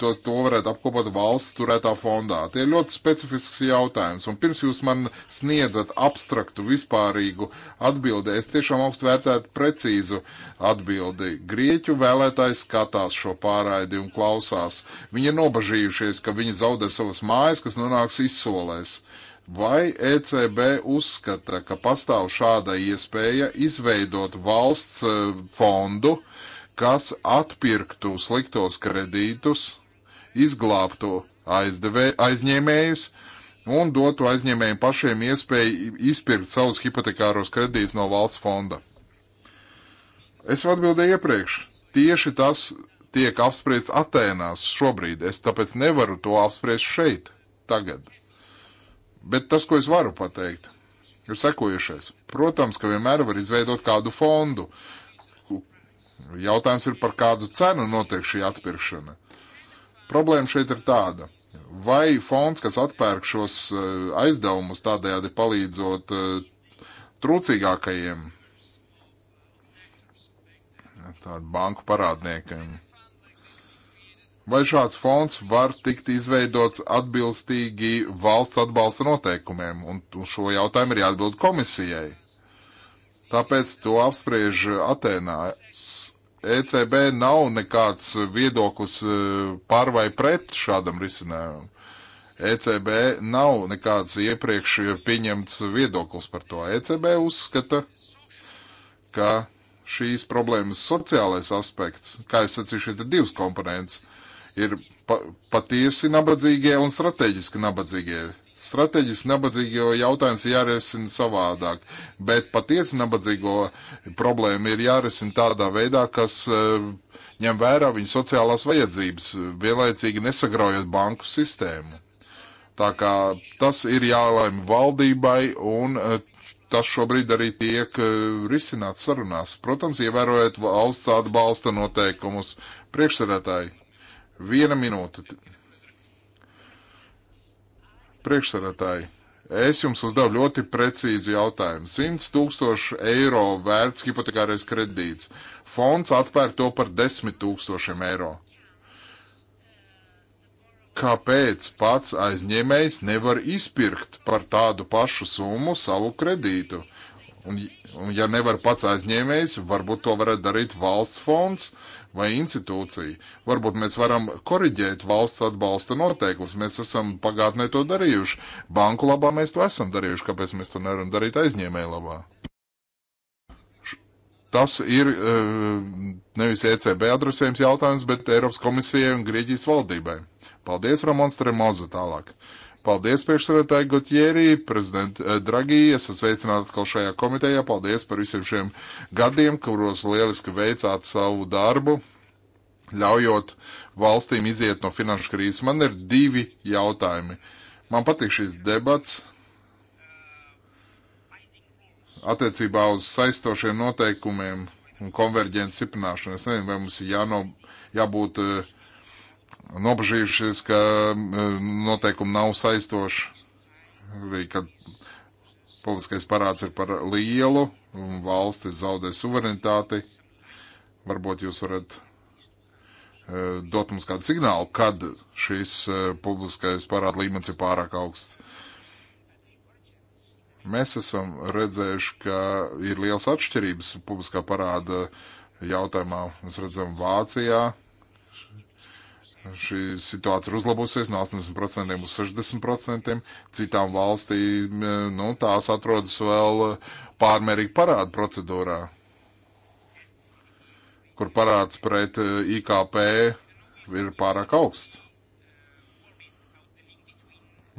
to, to varētu apkopot valsts turētā fondā? Tie ir ļoti specifisks jautājums, un pirms jūs man sniedzat abstraktu, vispārīgu atbildi, es tiešām augstu vērtētu precīzu atbildi. Grieķu vēlētājs skatās šo pārraidi un klausās. Viņi ir nobažījušies, ka viņi zaudē savas mājas, kas nonāks izsolēs Vai ECB uzskata, ka pastāv šāda iespēja izveidot valsts e, fondu, kas atpirktu sliktos kredītus, izglābtu aizdevē, aizņēmējus un dotu aizņēmējiem pašiem iespēju izpirkt savus hipotekāros kredītus no valsts fonda? Es atbildēju iepriekš. Tieši tas tiek apspriests Atēnās šobrīd. Es tāpēc nevaru to apspriest šeit, tagad. Bet tas, ko es varu pateikt, ir sekojušais. Protams, ka vienmēr var izveidot kādu fondu. Jautājums ir par kādu cenu notiek šī atpirkšana. Problēma šeit ir tāda. Vai fonds, kas atpērk šos eh, aizdevumus tādējādi palīdzot eh, trūcīgākajiem, tādu banku parādniekiem, Vai šāds fonds var tikt izveidots atbilstīgi valsts atbalsta noteikumiem? Un šo jautājumu ir jāatbild komisijai. Tāpēc to apspriež Atenā. ECB nav nekāds viedoklis e, par vai pret šādam risinājumam. ECB nav nekāds iepriekš pieņemts viedoklis par to. ECB uzskata, ka šīs problēmas sociālais aspekts, kā es sacīju, šeit ir divas komponentes ir pa, patiesi nabadzīgie un strateģiski nabadzīgie. Strateģiski nabadzīgo jautājums ir jārisina savādāk, bet patiesi nabadzīgo problēmu ir jārisina tādā veidā, kas uh, ņem vērā viņu sociālās vajadzības, vienlaicīgi nesagraujot banku sistēmu. Tā kā tas ir jālēma valdībai un uh, tas šobrīd arī tiek uh, risināts sarunās. Protams, ievērojot valsts atbalsta noteikumus priekšsarētāji Viena minūte. Priekšsarētāji, es jums uzdevu ļoti precīzi jautājumu. 100 tūkstoši eiro vērts hipotekārais kredīts. Fonds atpērk to par 10 tūkstošiem eiro. Kāpēc pats aizņēmējs nevar izpirkt par tādu pašu summu savu kredītu? Un, un ja nevar pats aizņēmējs, varbūt to varētu darīt valsts fonds, uh, vai institūcija. Varbūt mēs varam koriģēt valsts atbalsta noteikumus. Mēs esam pagātnē to darījuši. Banku labā mēs to esam darījuši. Kāpēc mēs to nevaram darīt aizņēmēju labā? Tas ir eh, nevis ECB adresējums jautājums, bet Eiropas komisijai un Grieķijas valdībai. Paldies, Ramons Tremoza, tālāk. Uh, Paldies, priekšsarētāji Gotjērī, prezident eh, Dragī, esat sveicināti atkal šajā komitejā. Paldies par visiem šiem gadiem, kuros lieliski veicāt savu darbu, ļaujot valstīm iziet no finanšu krīzes. Man ir divi jautājumi. Man patīk šīs debats attiecībā uz saistošiem noteikumiem un konverģences stiprināšanu. Es nezinu, vai mums ir jāno, jābūt uh, nobežījušies, ka mm, noteikumi nav saistoši, arī kad publiskais parāds ir par lielu un valstis zaudē suverenitāti. Varbūt jūs varat e, dot mums kādu signālu, kad šis e, publiskais parāda līmenis ir pārāk augsts. Mēs esam redzējuši, ka ir liels atšķirības publiskā parāda jautājumā. Mēs redzam Vācijā, šī situācija ir uzlabusies no 80% uz 60%. Citām valstīm eh, nu, tās atrodas vēl eh, pārmērīgi parāda procedūrā, kur parāds pret eh, IKP ir pārāk augsts.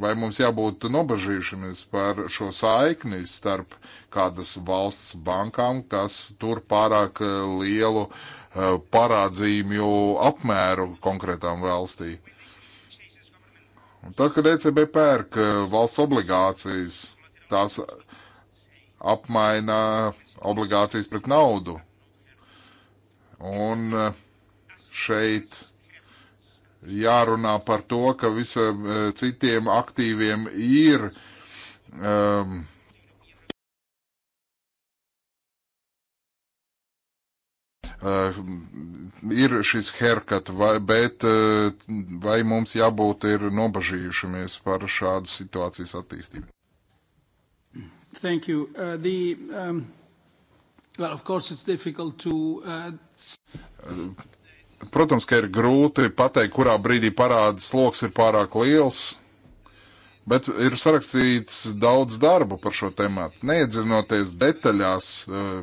Vai mums jābūt nobežījušamies par šo saikni starp kādas valsts bankām, kas tur pārāk lielu uh, Eh, parādzīmju apmēru konkrētām valstī. Un tad, kad ECB pērk eh, valsts obligācijas, tās apmaina obligācijas pret naudu. Un eh, šeit jārunā par to, ka visiem citiem aktīviem ir um, Uh, ir šis herkat, vai, bet uh, vai mums jābūt ir nobažījušamies par šādu situācijas attīstību? Thank you. Uh, the, um, well, of course it's difficult to... Uh, Protams, ka ir grūti pateikt, kurā brīdī parādas sloks ir pārāk liels, bet ir sarakstīts daudz darbu par šo tēmātu. Neiedzinoties detaļās, uh,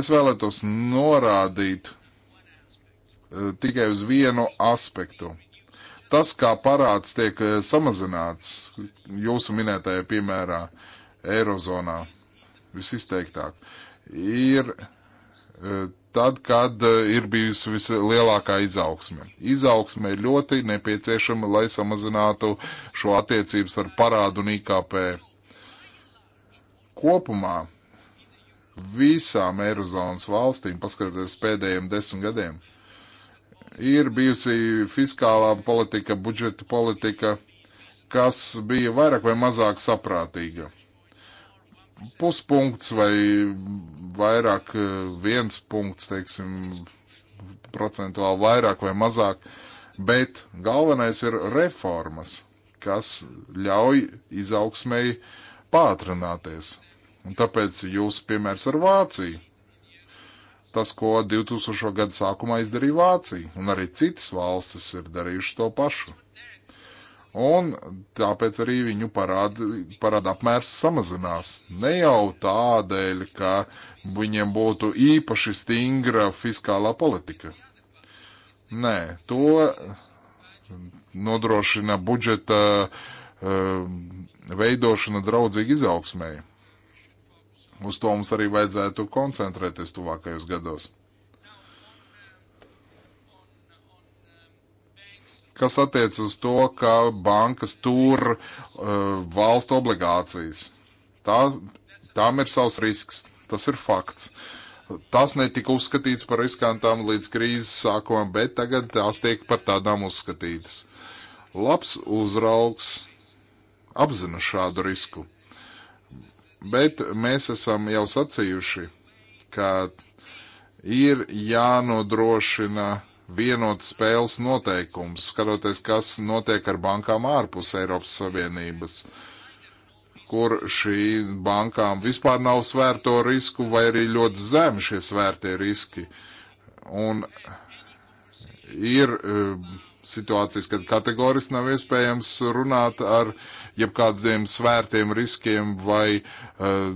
Es vēlētos norādīt e, tikai uz vienu aspektu. Tas, kā parāds tiek e, samazināts jūsu minētajā piemērā, Eirozonā visizteiktāk, ir e, tad, kad ir bijusi vislielākā izaugsme. Izaugsme ir ļoti nepieciešama, lai samazinātu šo attiecības ar parādu un IKP. Kopumā visām Eirozonas valstīm, paskatoties pēdējiem desmit gadiem, ir bijusi fiskālā politika, budžeta politika, kas bija vairāk vai mazāk saprātīga. Puspunkts vai vairāk viens punkts, teiksim, procentuāli vairāk vai mazāk, bet galvenais ir reformas, kas ļauj izaugsmēji pātrināties. Un tāpēc jūsu piemērs ar Vāciju. Tas, ko 2000. gada sākumā izdarīja Vācija, un arī citas valstis ir darījušas to pašu. Un tāpēc arī viņu parāda, parāda apmērs samazinās. Ne jau tādēļ, ka viņiem būtu īpaši stingra fiskālā politika. Nē, to nodrošina budžeta uh, veidošana draudzīgi izaugsmēji. Uz to mums arī vajadzētu koncentrēties tuvākajos gados. Kas attiec uz to, ka bankas tur uh, valstu obligācijas. Tā, tām ir savs risks. Tas ir fakts. Uh, Tas netika uzskatīts par riskantām līdz krīzes sākumam, bet tagad tās tiek par tādām uzskatītas. Labs uzraugs apzina šādu risku. Bet mēs esam jau sacījuši, ka ir jānodrošina vienot spēles noteikums, skatoties, kas notiek ar bankām ārpus Eiropas Savienības, kur šī bankām vispār nav svērto risku vai arī ļoti zemi šie svērtie riski. Un ir uh, situācijas, kad kategoriski nav iespējams runāt ar jebkādiem svērtiem riskiem vai uh,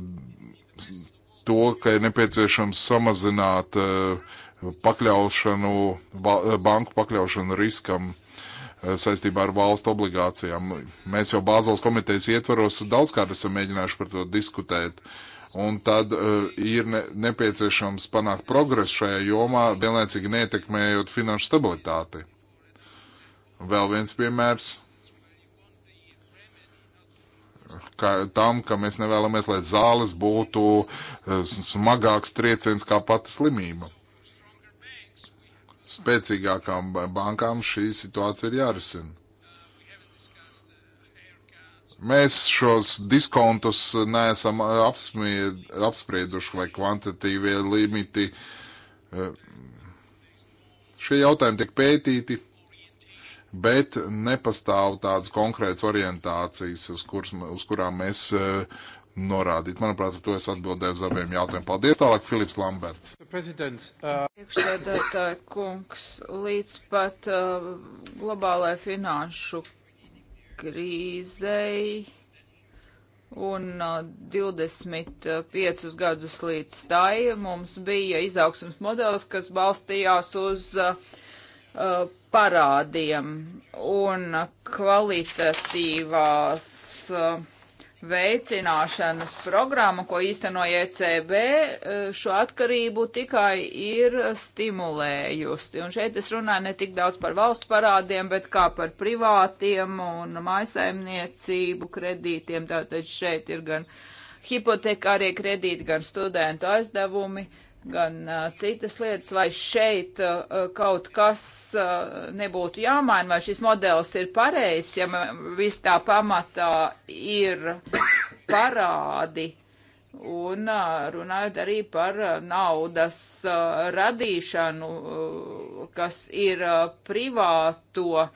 to, ka ir nepieciešams samazināt uh, pakļaušanu, ba banku pakļaušanu riskam uh, saistībā ar valstu obligācijām. Mēs jau Bāzels komitejas ietvaros daudzkārt esam mēģinājuši par to diskutēt. Un tad uh, ir ne, nepieciešams panākt progresu šajā jomā, vienlaicīgi neietekmējot finanšu stabilitāti. Vēl viens piemērs kā, tam, ka mēs nevēlamies, lai zāles būtu eh, smagāks trieciens kā pati slimība. Spēcīgākām bankām šī situācija ir jārisina. Mēs šos diskontus neesam apsmied, apsprieduši vai kvantitīvie limiti. Eh, šie jautājumi tiek pētīti bet nepastāv tādas konkrētas orientācijas, uz, kurs, uz kurām mēs uh, norādīt. Manuprāt, to es atbildēju uz abiem jautājumiem. Paldies, tālāk Filips Lamberts. Uh, Priekšsēdētāji uh... kungs, līdz pat uh, globālai finanšu krīzei un uh, 25 gadus līdz tai mums bija izaugsmas modelis, kas balstījās uz uh, uh parādiem un kvalitatīvās eh, veicināšanas programma, ko īstenoja ECB, eh, šo atkarību tikai ir stimulējusi. Un šeit es runāju ne tik daudz par valstu parādiem, bet kā par privātiem un maisaimniecību kredītiem. Tātad šeit ir gan hipotekārie kredīti, gan studentu aizdevumi. Uh, gan uh, citas lietas, vai šeit uh, kaut kas uh, nebūtu jāmaina, vai šis modelis ir pareizs, ja viss tā pamatā ir parādi. Un runājot arī par naudas radīšanu, kas ir privāto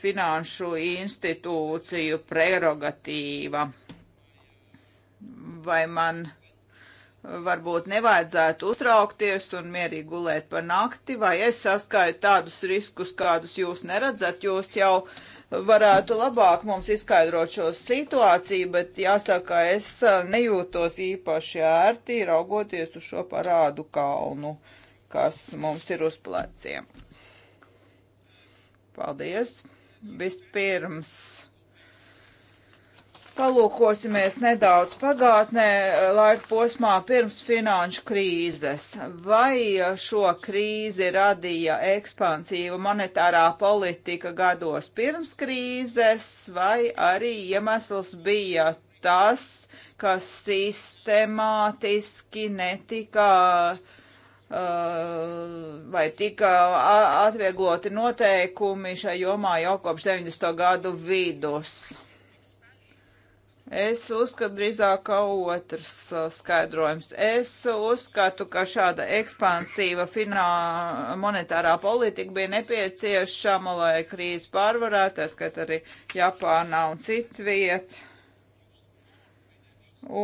finanšu institūciju prerogatīva. Vai man uh, varbūt nevajadzētu uztraukties un mierīgi gulēt par nakti, vai es saskaitu tādus riskus, kādus jūs neredzat, jūs jau varētu labāk mums izskaidrot šo situāciju, bet jāsaka, es eh, nejūtos īpaši ērti raugoties uz šo parādu kalnu, kas mums ir uz pleciem. Paldies! Vispirms Palūkosimies nedaudz pagātnē, eh, laika posmā pirms finanšu krīzes. Vai eh, šo krīzi radīja ekspansīva monetārā politika gados pirms krīzes, vai arī iemesls bija tas, ka sistemātiski netika eh, vai tika atviegloti noteikumi šajā jomā jau kopš 90. gadu vidus. Es uzskatu drīzāk otrs uh, skaidrojums. Es uzskatu, ka šāda ekspansīva finā, monetārā politika bija nepieciešama, lai krīze pārvarētos, kad arī Japānā un citviet.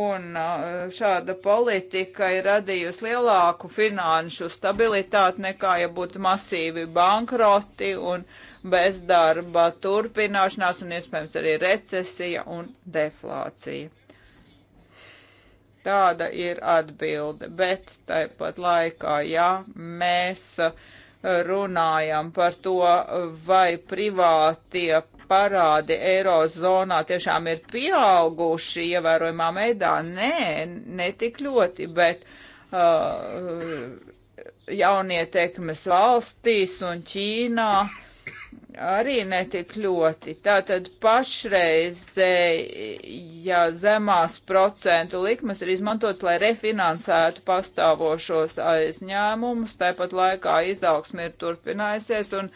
Un uh, šāda politika ir radījusi lielāku finanšu stabilitāti nekā, ja būtu masīvi bankroti un uh, bezdarba turpināšanās un iespējams arī recesija un deflācija. Tāda ir atbilde, bet tāpat laikā, ja mēs runājam par to, vai privātie parādi Eirozonā tiešām ir pieauguši ievērojumā meidā, nē, netik ļoti, bet uh, jaunietekmes valstīs un Ķīnā uh, arī netik ļoti. Tātad pašreizējā zemās procentu likmes ir izmantots, lai refinansētu pastāvošos aizņēmumus, tāpat laikā izaugsme ir turpinājusies un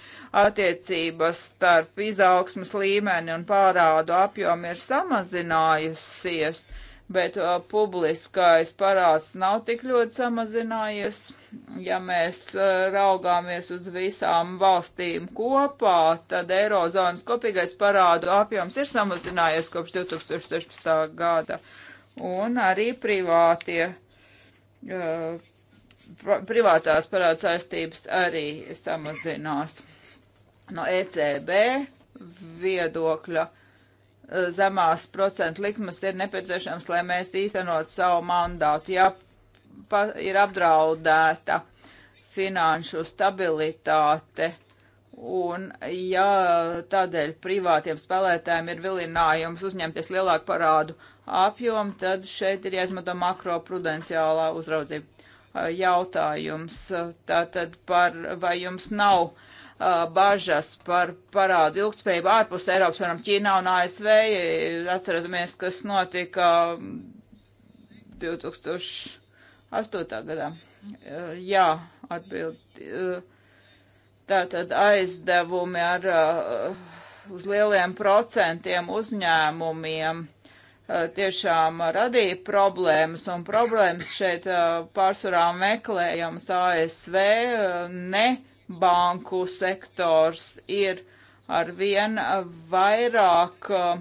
attiecības starp izaugsmas līmeni un pārādu apjomu ir samazinājusies bet uh, publiskais parāds nav tik ļoti samazinājies. Ja mēs uh, raugāmies uz visām valstīm kopā, tad Eirozonas kopīgais parādu apjoms ir samazinājies kopš 2016. gada. Un arī privātie, uh, privātās parāda saistības arī samazinās. No ECB viedokļa uh, zemās procentu likmes ir nepieciešams, lai mēs īstenot savu mandātu. Ja pa, ir apdraudēta finanšu stabilitāte un ja tādēļ privātiem spēlētājiem ir vilinājums uzņemties lielāku parādu apjomu, tad šeit ir jāizmanto makroprudenciālā uzraudzība jautājums. Tātad par vai jums nav bažas par parādu ilgspējību ārpus Eiropas, varam Ķīnā un ASV. Atceramies, kas notika 2008. Mm, gadā. Jā, atbild. Tātad aizdevumi ar uz lieliem procentiem uzņēmumiem tiešām radīja problēmas, un problēmas šeit pārsvarā meklējams ASV ne banku sektors ir arvien vairāk uh,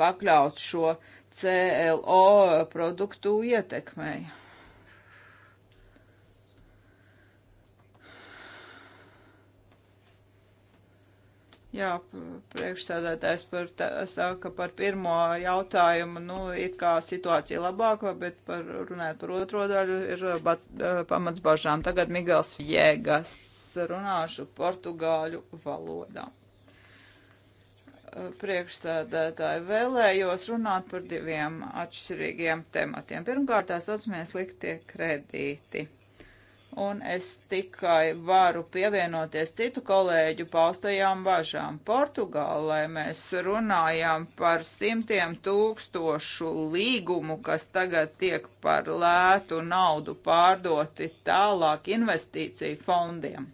pakļauts šo CLO produktu ietekmei. Jā, priekšstādātājs par tā, saka par pirmo jautājumu, nu, it kā situācija labāka, bet par runāt par otro daļu ir uh, bats, uh, pamats bažām. Tagad Migels Viegas runāšu portugāļu valodā. Uh, priekšstādātāji vēlējos runāt par diviem atšķirīgiem tematiem. Pirmkārt, tās atzīmēs liktie kredīti un es tikai varu pievienoties citu kolēģu paustajām bažām. Portugālē mēs runājām par simtiem tūkstošu līgumu, kas tagad tiek par lētu naudu pārdoti tālāk investīciju fondiem.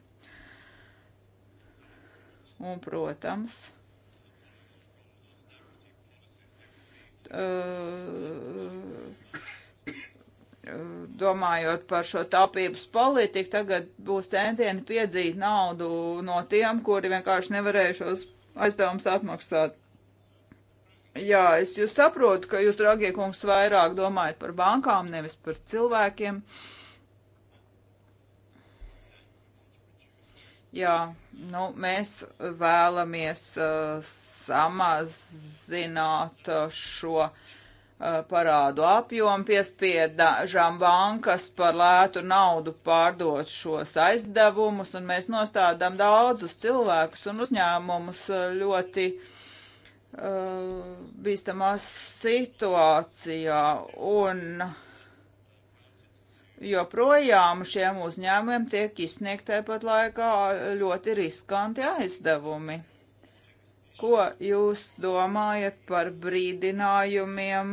Un, protams, uh, domājot par šo taupības politiku, tagad būs centieni piedzīt naudu no tiem, kuri vienkārši nevarēja šos aizdevumus atmaksāt. Jā, es jūs saprotu, ka jūs, dragie kungs, vairāk domājat par bankām, nevis par cilvēkiem. Jā, nu, mēs vēlamies uh, samazināt uh, šo uh, Uh, parādu apjomu, piespieda žambankas par lētu naudu pārdot šos aizdevumus, un mēs nostādām daudzus cilvēkus un uzņēmumus uh, ļoti uh, bīstamā situācijā, un joprojām šiem uzņēmumiem tiek izsniegt tāpat laikā ļoti riskanti aizdevumi. Ko jūs domājat par brīdinājumiem,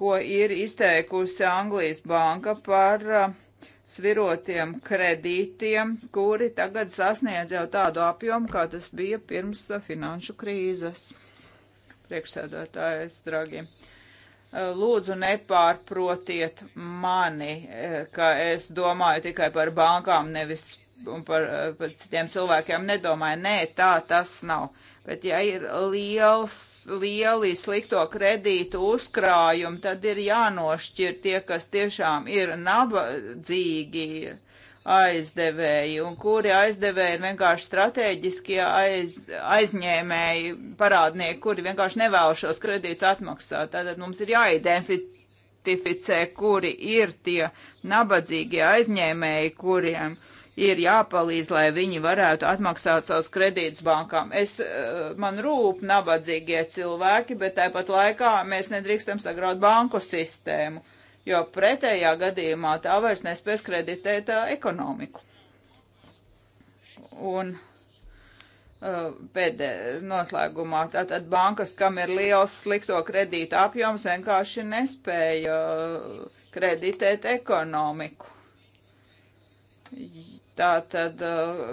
ko ir izteikusi Anglijas banka par svirotiem kredītiem, kuri tagad sasniedz jau tādu apjomu, kā tas bija pirms finanšu krīzes? Priekšsēdētājs, dragie lūdzu nepārprotiet mani, ka es domāju tikai par bankām, nevis un par, eh, par citiem cilvēkiem nedomāju. Nē, tā tas nav. Bet ja ir liels, lieli slikto kredītu uzkrājumi, tad ir jānošķir tie, kas tiešām ir nabadzīgi aizdevēji, un kuri aizdevēji ir vienkārši strateģiskie aiz, aizņēmēji, parādnieki, kuri vienkārši nevēl šos kredītus atmaksāt. Tātad mums ir jāidentificē, kuri ir tie nabadzīgie aizņēmēji, kuriem uh, ir jāpalīdz, lai viņi varētu atmaksāt savus kredītus bankām. Es, eh, man rūp nabadzīgie cilvēki, bet tāpat laikā mēs nedrīkstam sagraut banku sistēmu, jo pretējā gadījumā tā vairs nespēs kreditēt eh, ekonomiku. Un eh, pēdē, noslēgumā. Tātad bankas, kam ir liels slikto kredītu apjoms, vienkārši nespēja kreditēt ekonomiku. Tātad uh,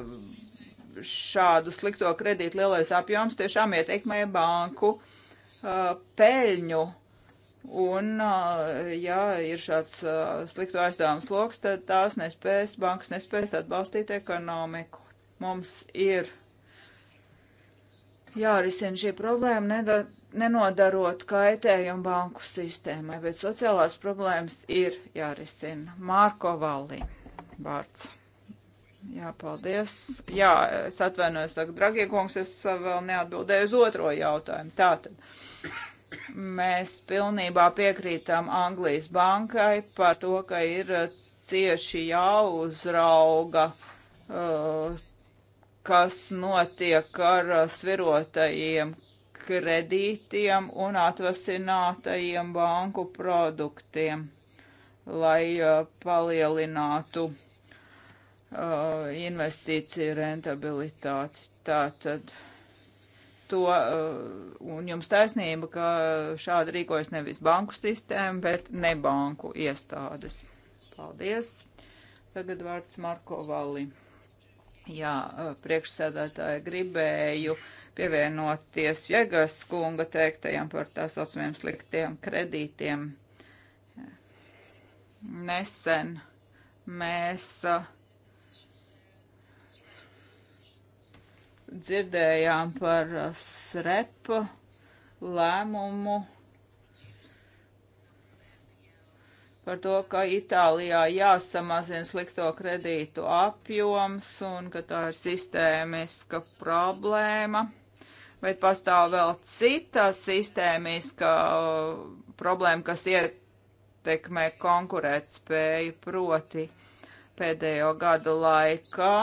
šādu slikto kredītu lielais apjoms tiešām ietekmē banku uh, peļņu. Un, uh, ja ir šāds slikto aizdevums loks, tad tās nespēs, bankas nespēs atbalstīt ekonomiku. Mums ir jārisina šī problēma, nedar, nenodarot kaitējumu banku sistēmai, bet sociālās problēmas ir jārisina. Mārko Vallī vārds. Jā, paldies. Jā, es atvainojos, saka, dragie kungs, es uh, vēl neatbildēju uz otro jautājumu. Tātad, mēs pilnībā piekrītam Anglijas bankai par to, ka ir uh, cieši jāuzrauga, uh, kas notiek ar svirotajiem kredītiem un atvasinātajiem banku produktiem, lai palielinātu uh, uh, investīciju rentabilitāti. Tātad to, uh, un jums taisnība, ka šādi rīkojas nevis banku sistēma, bet ne banku iestādes. Paldies! Tagad vārds Marko Valli. Jā, uh, priekšsēdētāji gribēju pievienoties Jēgas kunga teiktajam par tā saucamiem sliktiem kredītiem. Nesen mēs uh, dzirdējām par uh, SREP lēmumu par to, ka Itālijā jāsamazina slikto kredītu apjoms un ka tā ir sistēmiska problēma. Bet pastāv vēl cita sistēmiska uh, problēma, kas ietekmē konkurētspēju proti pēdējo gadu laikā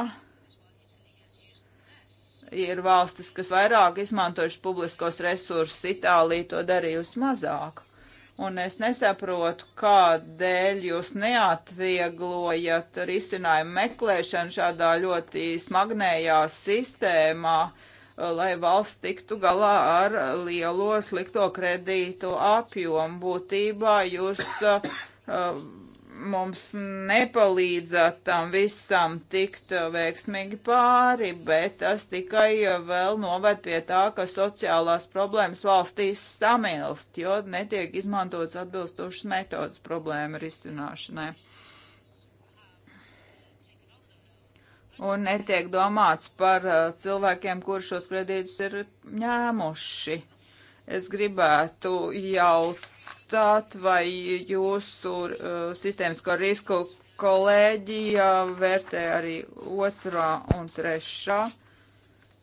ir valstis, kas vairāk izmantojuši publiskos resursus, Itālija to darījusi mazāk. Un es nesaprotu, kādēļ jūs neatvieglojat risinājumu meklēšanu šādā ļoti smagnējā sistēmā, lai valsts tiktu galā ar lielo slikto kredītu apjomu. Būtībā jūs uh, mums nepalīdzat tam visam tikt veiksmīgi pāri, bet tas tikai vēl noved pie tā, ka sociālās problēmas valstīs samilst, jo netiek izmantots atbilstošas metodas problēmu risināšanai. Un netiek domāts par uh, cilvēkiem, kur šos kredītus ir ņēmuši. Es gribētu jautāt uzskatāt, vai jūsu uh, sistēmisko risku kolēģija vērtē arī otrā un trešā,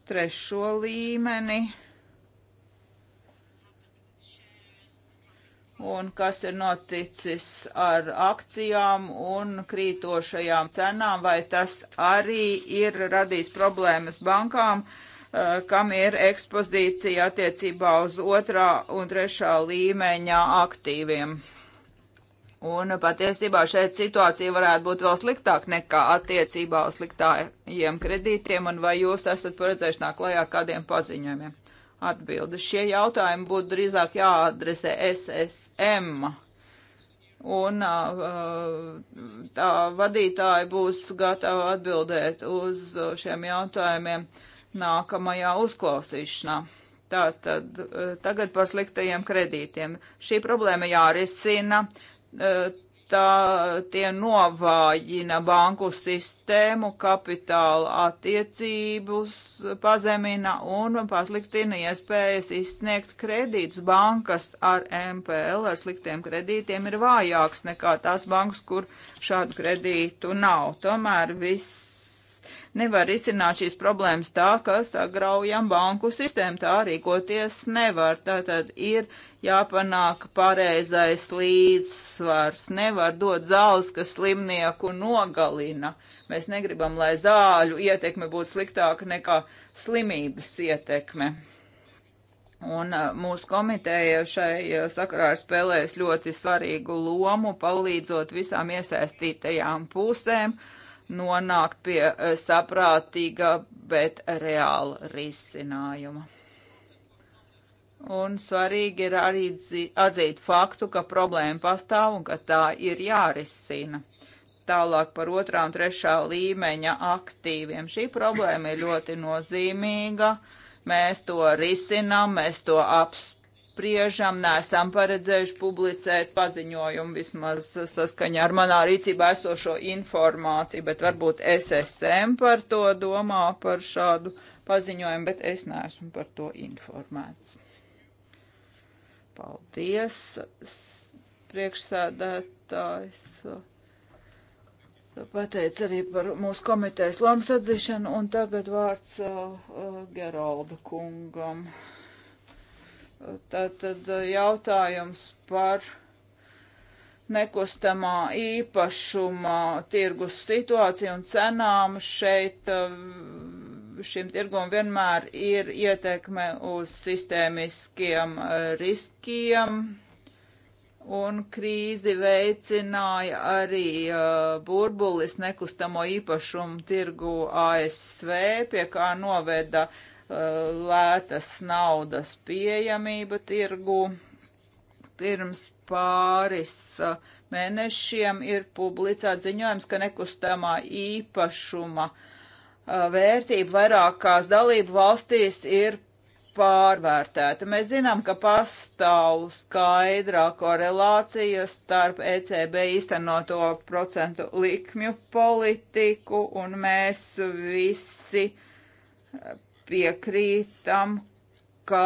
trešo līmeni. Un kas ir noticis ar akcijām un krītošajām cenām, vai tas arī ir radījis problēmas bankām? Uh, kam ir ekspozīcija attiecībā uz otrā un trešā līmeņa aktīviem. Un patiesībā šeit situācija varētu būt vēl sliktāk nekā attiecībā uz sliktajiem kredītiem, un vai jūs esat paredzējuši nāk klajā kādiem paziņojumiem? Atbildi. Šie jautājumi būtu drīzāk jāadresē SSM. Un uh, tā vadītāji būs gatavi atbildēt uz šiem jautājumiem. Uh, nākamajā uzklausīšanā. Tātad e, tagad par sliktajiem kredītiem. Šī problēma jārisina, e, tā tie novājina banku sistēmu, kapitāla attiecības pazemina un pasliktina iespējas izsniegt kredītus. Bankas ar MPL, ar sliktiem kredītiem ir vājāks nekā tās bankas, kur šādu kredītu nav. Tomēr viss Nevar izcināt šīs problēmas tā, ka sagraujam banku sistēmu, tā rīkoties nevar. Tātad ir jāpanāk pareizais līdzsvars, nevar dot zāles, kas slimnieku nogalina. Mēs negribam, lai zāļu ietekme būtu sliktāka nekā slimības ietekme. Un uh, mūsu komiteja šai uh, sakarā ir spēlējusi ļoti svarīgu lomu, palīdzot visām iesaistītajām pusēm. Uh, nonākt pie eh, saprātīga, bet reāla risinājuma. Un svarīgi ir arī atzīt faktu, ka problēma pastāv un ka tā ir jārisina. Tālāk par otrā un trešā līmeņa aktīviem. Šī problēma ir ļoti nozīmīga. Mēs to risinām, mēs to apspriežam spriežam, nesam paredzējuši publicēt paziņojumu vismaz saskaņā ar manā rīcībā esošo informāciju, bet varbūt SSM par to domā par šādu paziņojumu, bet es neesmu par to informēts. Paldies, priekšsēdētājs. Pateic arī par mūsu komitejas lomas atzīšanu, un tagad vārds uh, Geralda kungam. Uh, Tātad eh, jautājums par nekustamā īpašuma tirgus situāciju un cenām šeit eh, šim tirgum vienmēr ir ietekme uz sistēmiskiem eh, riskiem un krīzi veicināja arī uh, burbulis nekustamo īpašumu tirgu ASV, pie kā noveda uh, lētas naudas pieejamība tirgu. Pirms pāris mēnešiem ir publicēts ziņojums, ka nekustamā īpašuma vērtība vairākās dalību valstīs ir pārvērtēta. Mēs zinām, ka pastāv skaidrā korelācija starp ECB īstenoto procentu likmju politiku, un mēs visi piekrītam, ka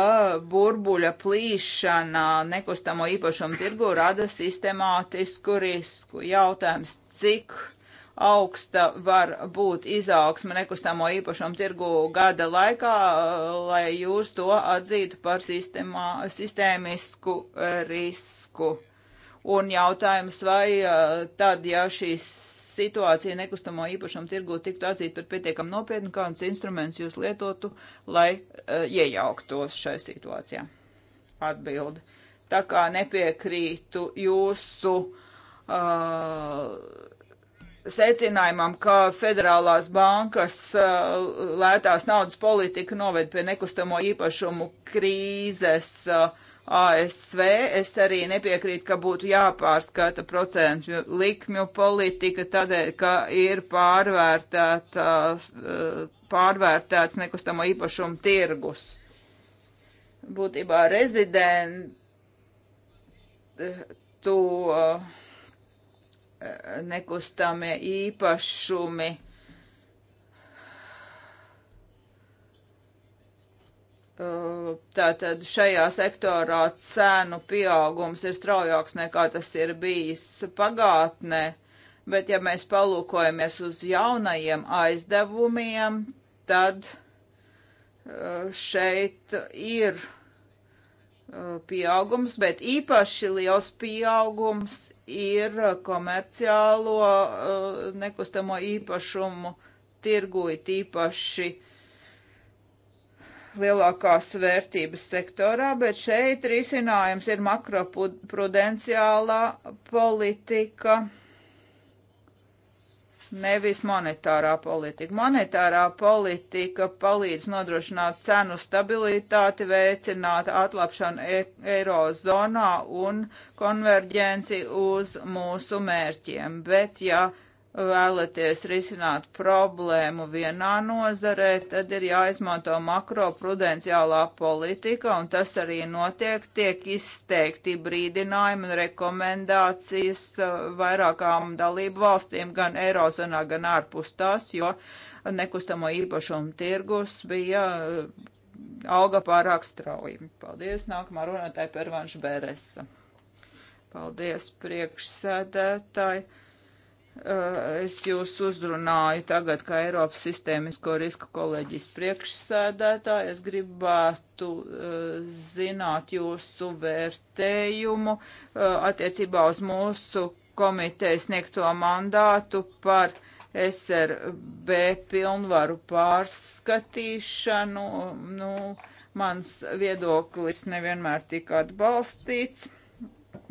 burbuļa plīšana nekustamo īpašumu tirgu rada sistemātisku risku. Jautājums, cik augsta var būt izaugsme nekustamo īpašumu tirgu gada laikā, lai jūs to atzītu par sistemā, sistēmisku risku. Un jautājums, vai eh, tad, ja šīs situācija nekustamo īpašumu tirgu tiktu atzīt par pietiekam nopietnu, kādus instrumentus jūs lietotu, lai uh, iejauktos šai situācijā? Atbildi. Tā kā nepiekrītu jūsu uh, secinājumam, ka federālās bankas uh, lētās naudas politika noved pie nekustamo īpašumu krīzes. Uh, ASV. Es arī nepiekrītu, ka būtu jāpārskata procentu likmju politika tādēļ, ka ir pārvērtētās, uh, pārvērtēts nekustamo īpašumu tirgus. Būtībā rezidentu uh, nekustamie īpašumi Uh, tātad šajā sektorā cēnu pieaugums ir straujāks nekā tas ir bijis pagātnē, bet ja mēs palūkojamies uz jaunajiem aizdevumiem, tad uh, šeit ir uh, pieaugums, bet īpaši liels pieaugums ir komerciālo nekustamo īpašumu tirgu, it īpaši uh, lielākās vērtības sektorā, bet šeit risinājums ir makroprudenciālā politika, nevis monetārā politika. Monetārā politika palīdz nodrošināt cenu stabilitāti, veicināt atlapšanu e eirozonā un konverģenci uz mūsu mērķiem, bet ja vēlaties risināt problēmu vienā nozarē, tad ir jāizmanto makroprudenciālā politika, un tas arī notiek, tiek izteikti brīdinājumi un rekomendācijas uh, vairākām dalību valstīm, gan Eirozonā, gan ārpus tās, jo nekustamo īpašumu tirgus bija uh, auga pārāk strauji. Paldies, nākamā runātāja Pervanša Beresa. Paldies, priekšsēdētāji Eh, es jūs uzrunāju tagad, kā Eiropas sistēmisko risku kolēģis priekšsēdētāji. Es gribētu uh, zināt jūsu vērtējumu uh, attiecībā uz mūsu komitejas sniegto mandātu par SRB pilnvaru pārskatīšanu. Nu, mans viedoklis nevienmēr tika atbalstīts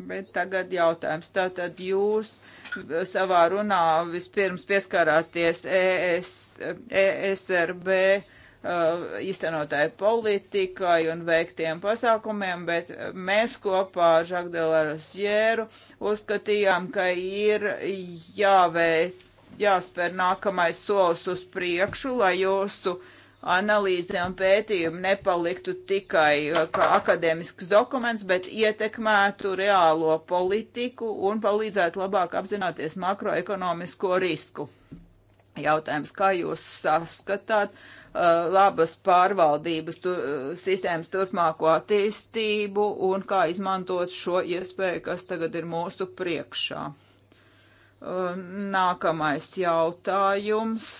Bet tagad jautājums. Tātad jūs savā runā vispirms pieskarāties ES, ESRB uh, īstenotāju politikai un veiktiem pasākumiem, bet mēs kopā ar Žakdelaras Jēru uzskatījām, ka ir jāveic, jāspēr nākamais solis uz priekšu, lai jūsu uh, analīze un pētījumi nepaliktu tikai uh, kā akadēmisks dokuments, bet ietekmētu reālo politiku un palīdzētu labāk apzināties makroekonomisko risku. Jautājums, kā jūs saskatāt uh, labas pārvaldības tu, uh, sistēmas turpmāko attīstību un kā izmantot šo iespēju, kas tagad ir mūsu priekšā? Uh, nākamais jautājums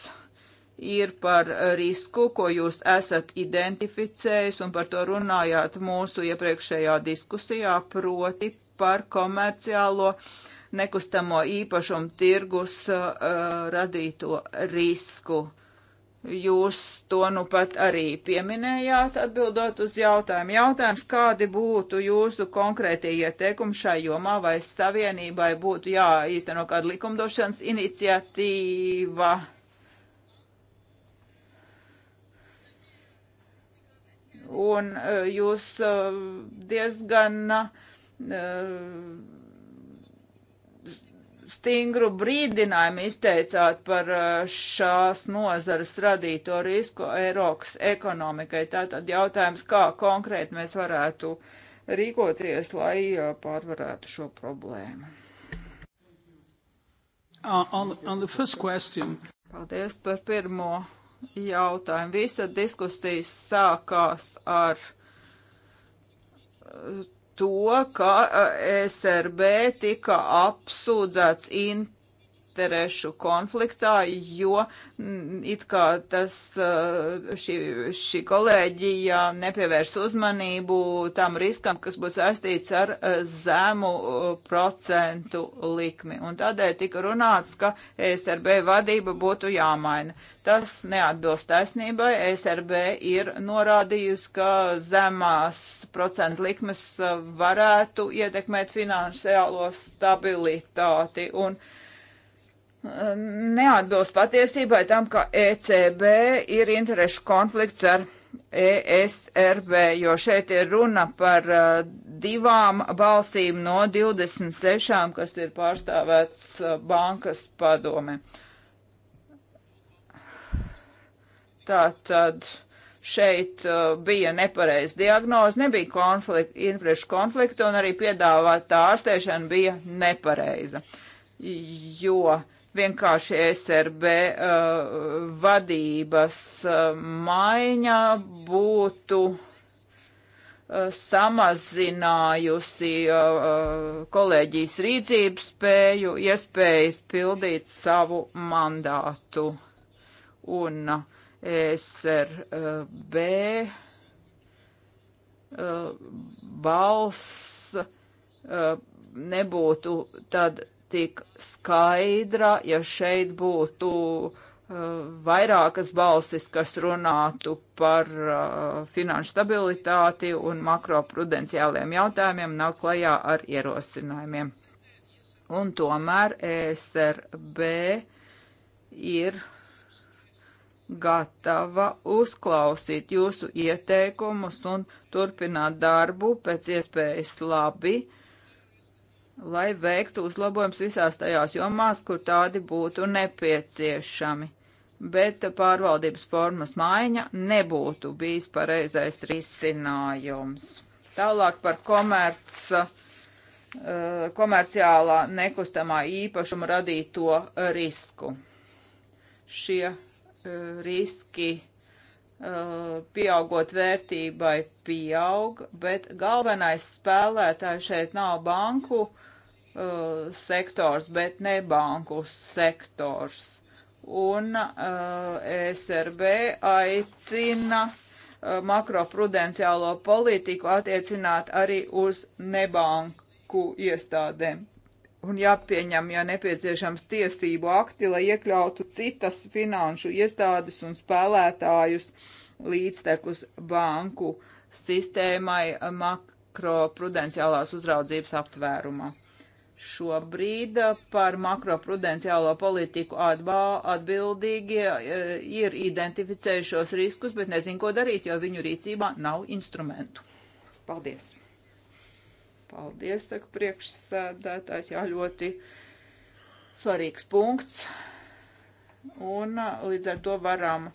ir par risku, ko jūs esat identificējis, un par to runājāt mūsu iepriekšējā diskusijā, proti par komerciālo nekustamo īpašumu tirgus uh, radīto risku. Jūs to nu pat arī pieminējāt, atbildot uz jautājumu. Jautājums, kādi būtu jūsu konkrētie ieteikumi šai jomā, vai savienībai būtu jāīsteno kāda likumdošanas iniciatīva? Uh, un e, jūs e, diezgan e, stingru brīdinājumu izteicāt par šās nozares radīto risku Eiropas ekonomikai. Tātad jautājums, kā konkrēti mēs varētu rīkoties, lai pārvarētu šo problēmu. Uh, on, on the first question. Paldies par pirmo jautājumu. Visa diskusijas sākās ar eh, to, ka eh, SRB tika apsūdzēts in interešu konfliktā, jo mm, it kā tas, eh, šī, šī kolēģija nepievērs uzmanību tam riskam, kas būs saistīts ar eh, zemu eh, procentu likmi. Un tādēļ tika runāts, ka ESRB vadība būtu jāmaina. Tas neatbilst taisnībai. ESRB ir norādījusi, ka zemās procentu likmes varētu ietekmēt finansiālo stabilitāti. Un, uh, neatbilst patiesībai tam, ka ECB ir interešu konflikts ar ESRB, jo šeit ir runa par uh, divām balsīm no 26, kas ir pārstāvēts uh, bankas padome. Tātad šeit uh, bija nepareiz diagnoze, nebija konflikt, interešu konflikta un arī piedāvāta ārstēšana bija nepareiza, jo uh, vienkārši SRB uh, vadības uh, maiņa būtu uh, samazinājusi uh, uh, kolēģijas rīcību spēju, iespējas pildīt savu mandātu. Un uh, SRB balss nebūtu tad tik skaidra, ja šeit būtu uh, vairākas balsis, kas runātu par uh, finanšu stabilitāti un makroprudenciāliem jautājumiem, nav klajā ar ierosinājumiem. Un tomēr ESRB ir gatava uzklausīt jūsu ieteikumus un turpināt darbu pēc iespējas labi, uh, lai veiktu uzlabojums visās tajās jomās, kur tādi būtu nepieciešami. Bet pārvaldības formas maiņa nebūtu bijis pareizais risinājums. Tālāk par komerca, eh, komerciālā nekustamā īpašuma radīto risku. Šie eh, riski eh, pieaugot vērtībai pieaug, bet galvenais spēlētājs šeit nav banku uh, uh, sektors, bet ne banku sektors. Un uh, SRB aicina uh, makroprudenciālo politiku attiecināt arī uz nebanku iestādēm. Un jāpieņem, ja nepieciešams, tiesību akti, lai iekļautu citas finanšu iestādes un spēlētājus līdztekus banku sistēmai makroprudenciālās uzraudzības aptvērumā. Šobrīd eh, par makroprudenciālo politiku atbildīgie eh, ir identificējušos riskus, bet nezin, ko darīt, jo viņu rīcībā nav instrumentu. Paldies! Paldies, saka priekšsēdētājs, jā, ļoti svarīgs punkts. Un eh, līdz ar to varam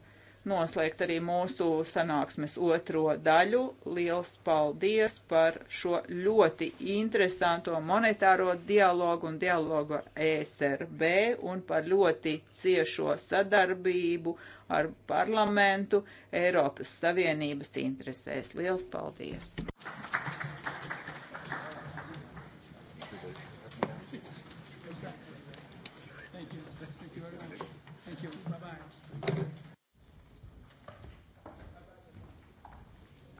noslēgt arī mūsu sanāksmes otro daļu. Liels paldies par šo ļoti interesanto monetāro dialogu un dialogu ar ESRB un par ļoti ciešo sadarbību ar parlamentu Eiropas Savienības interesēs. Liels paldies! Thank you.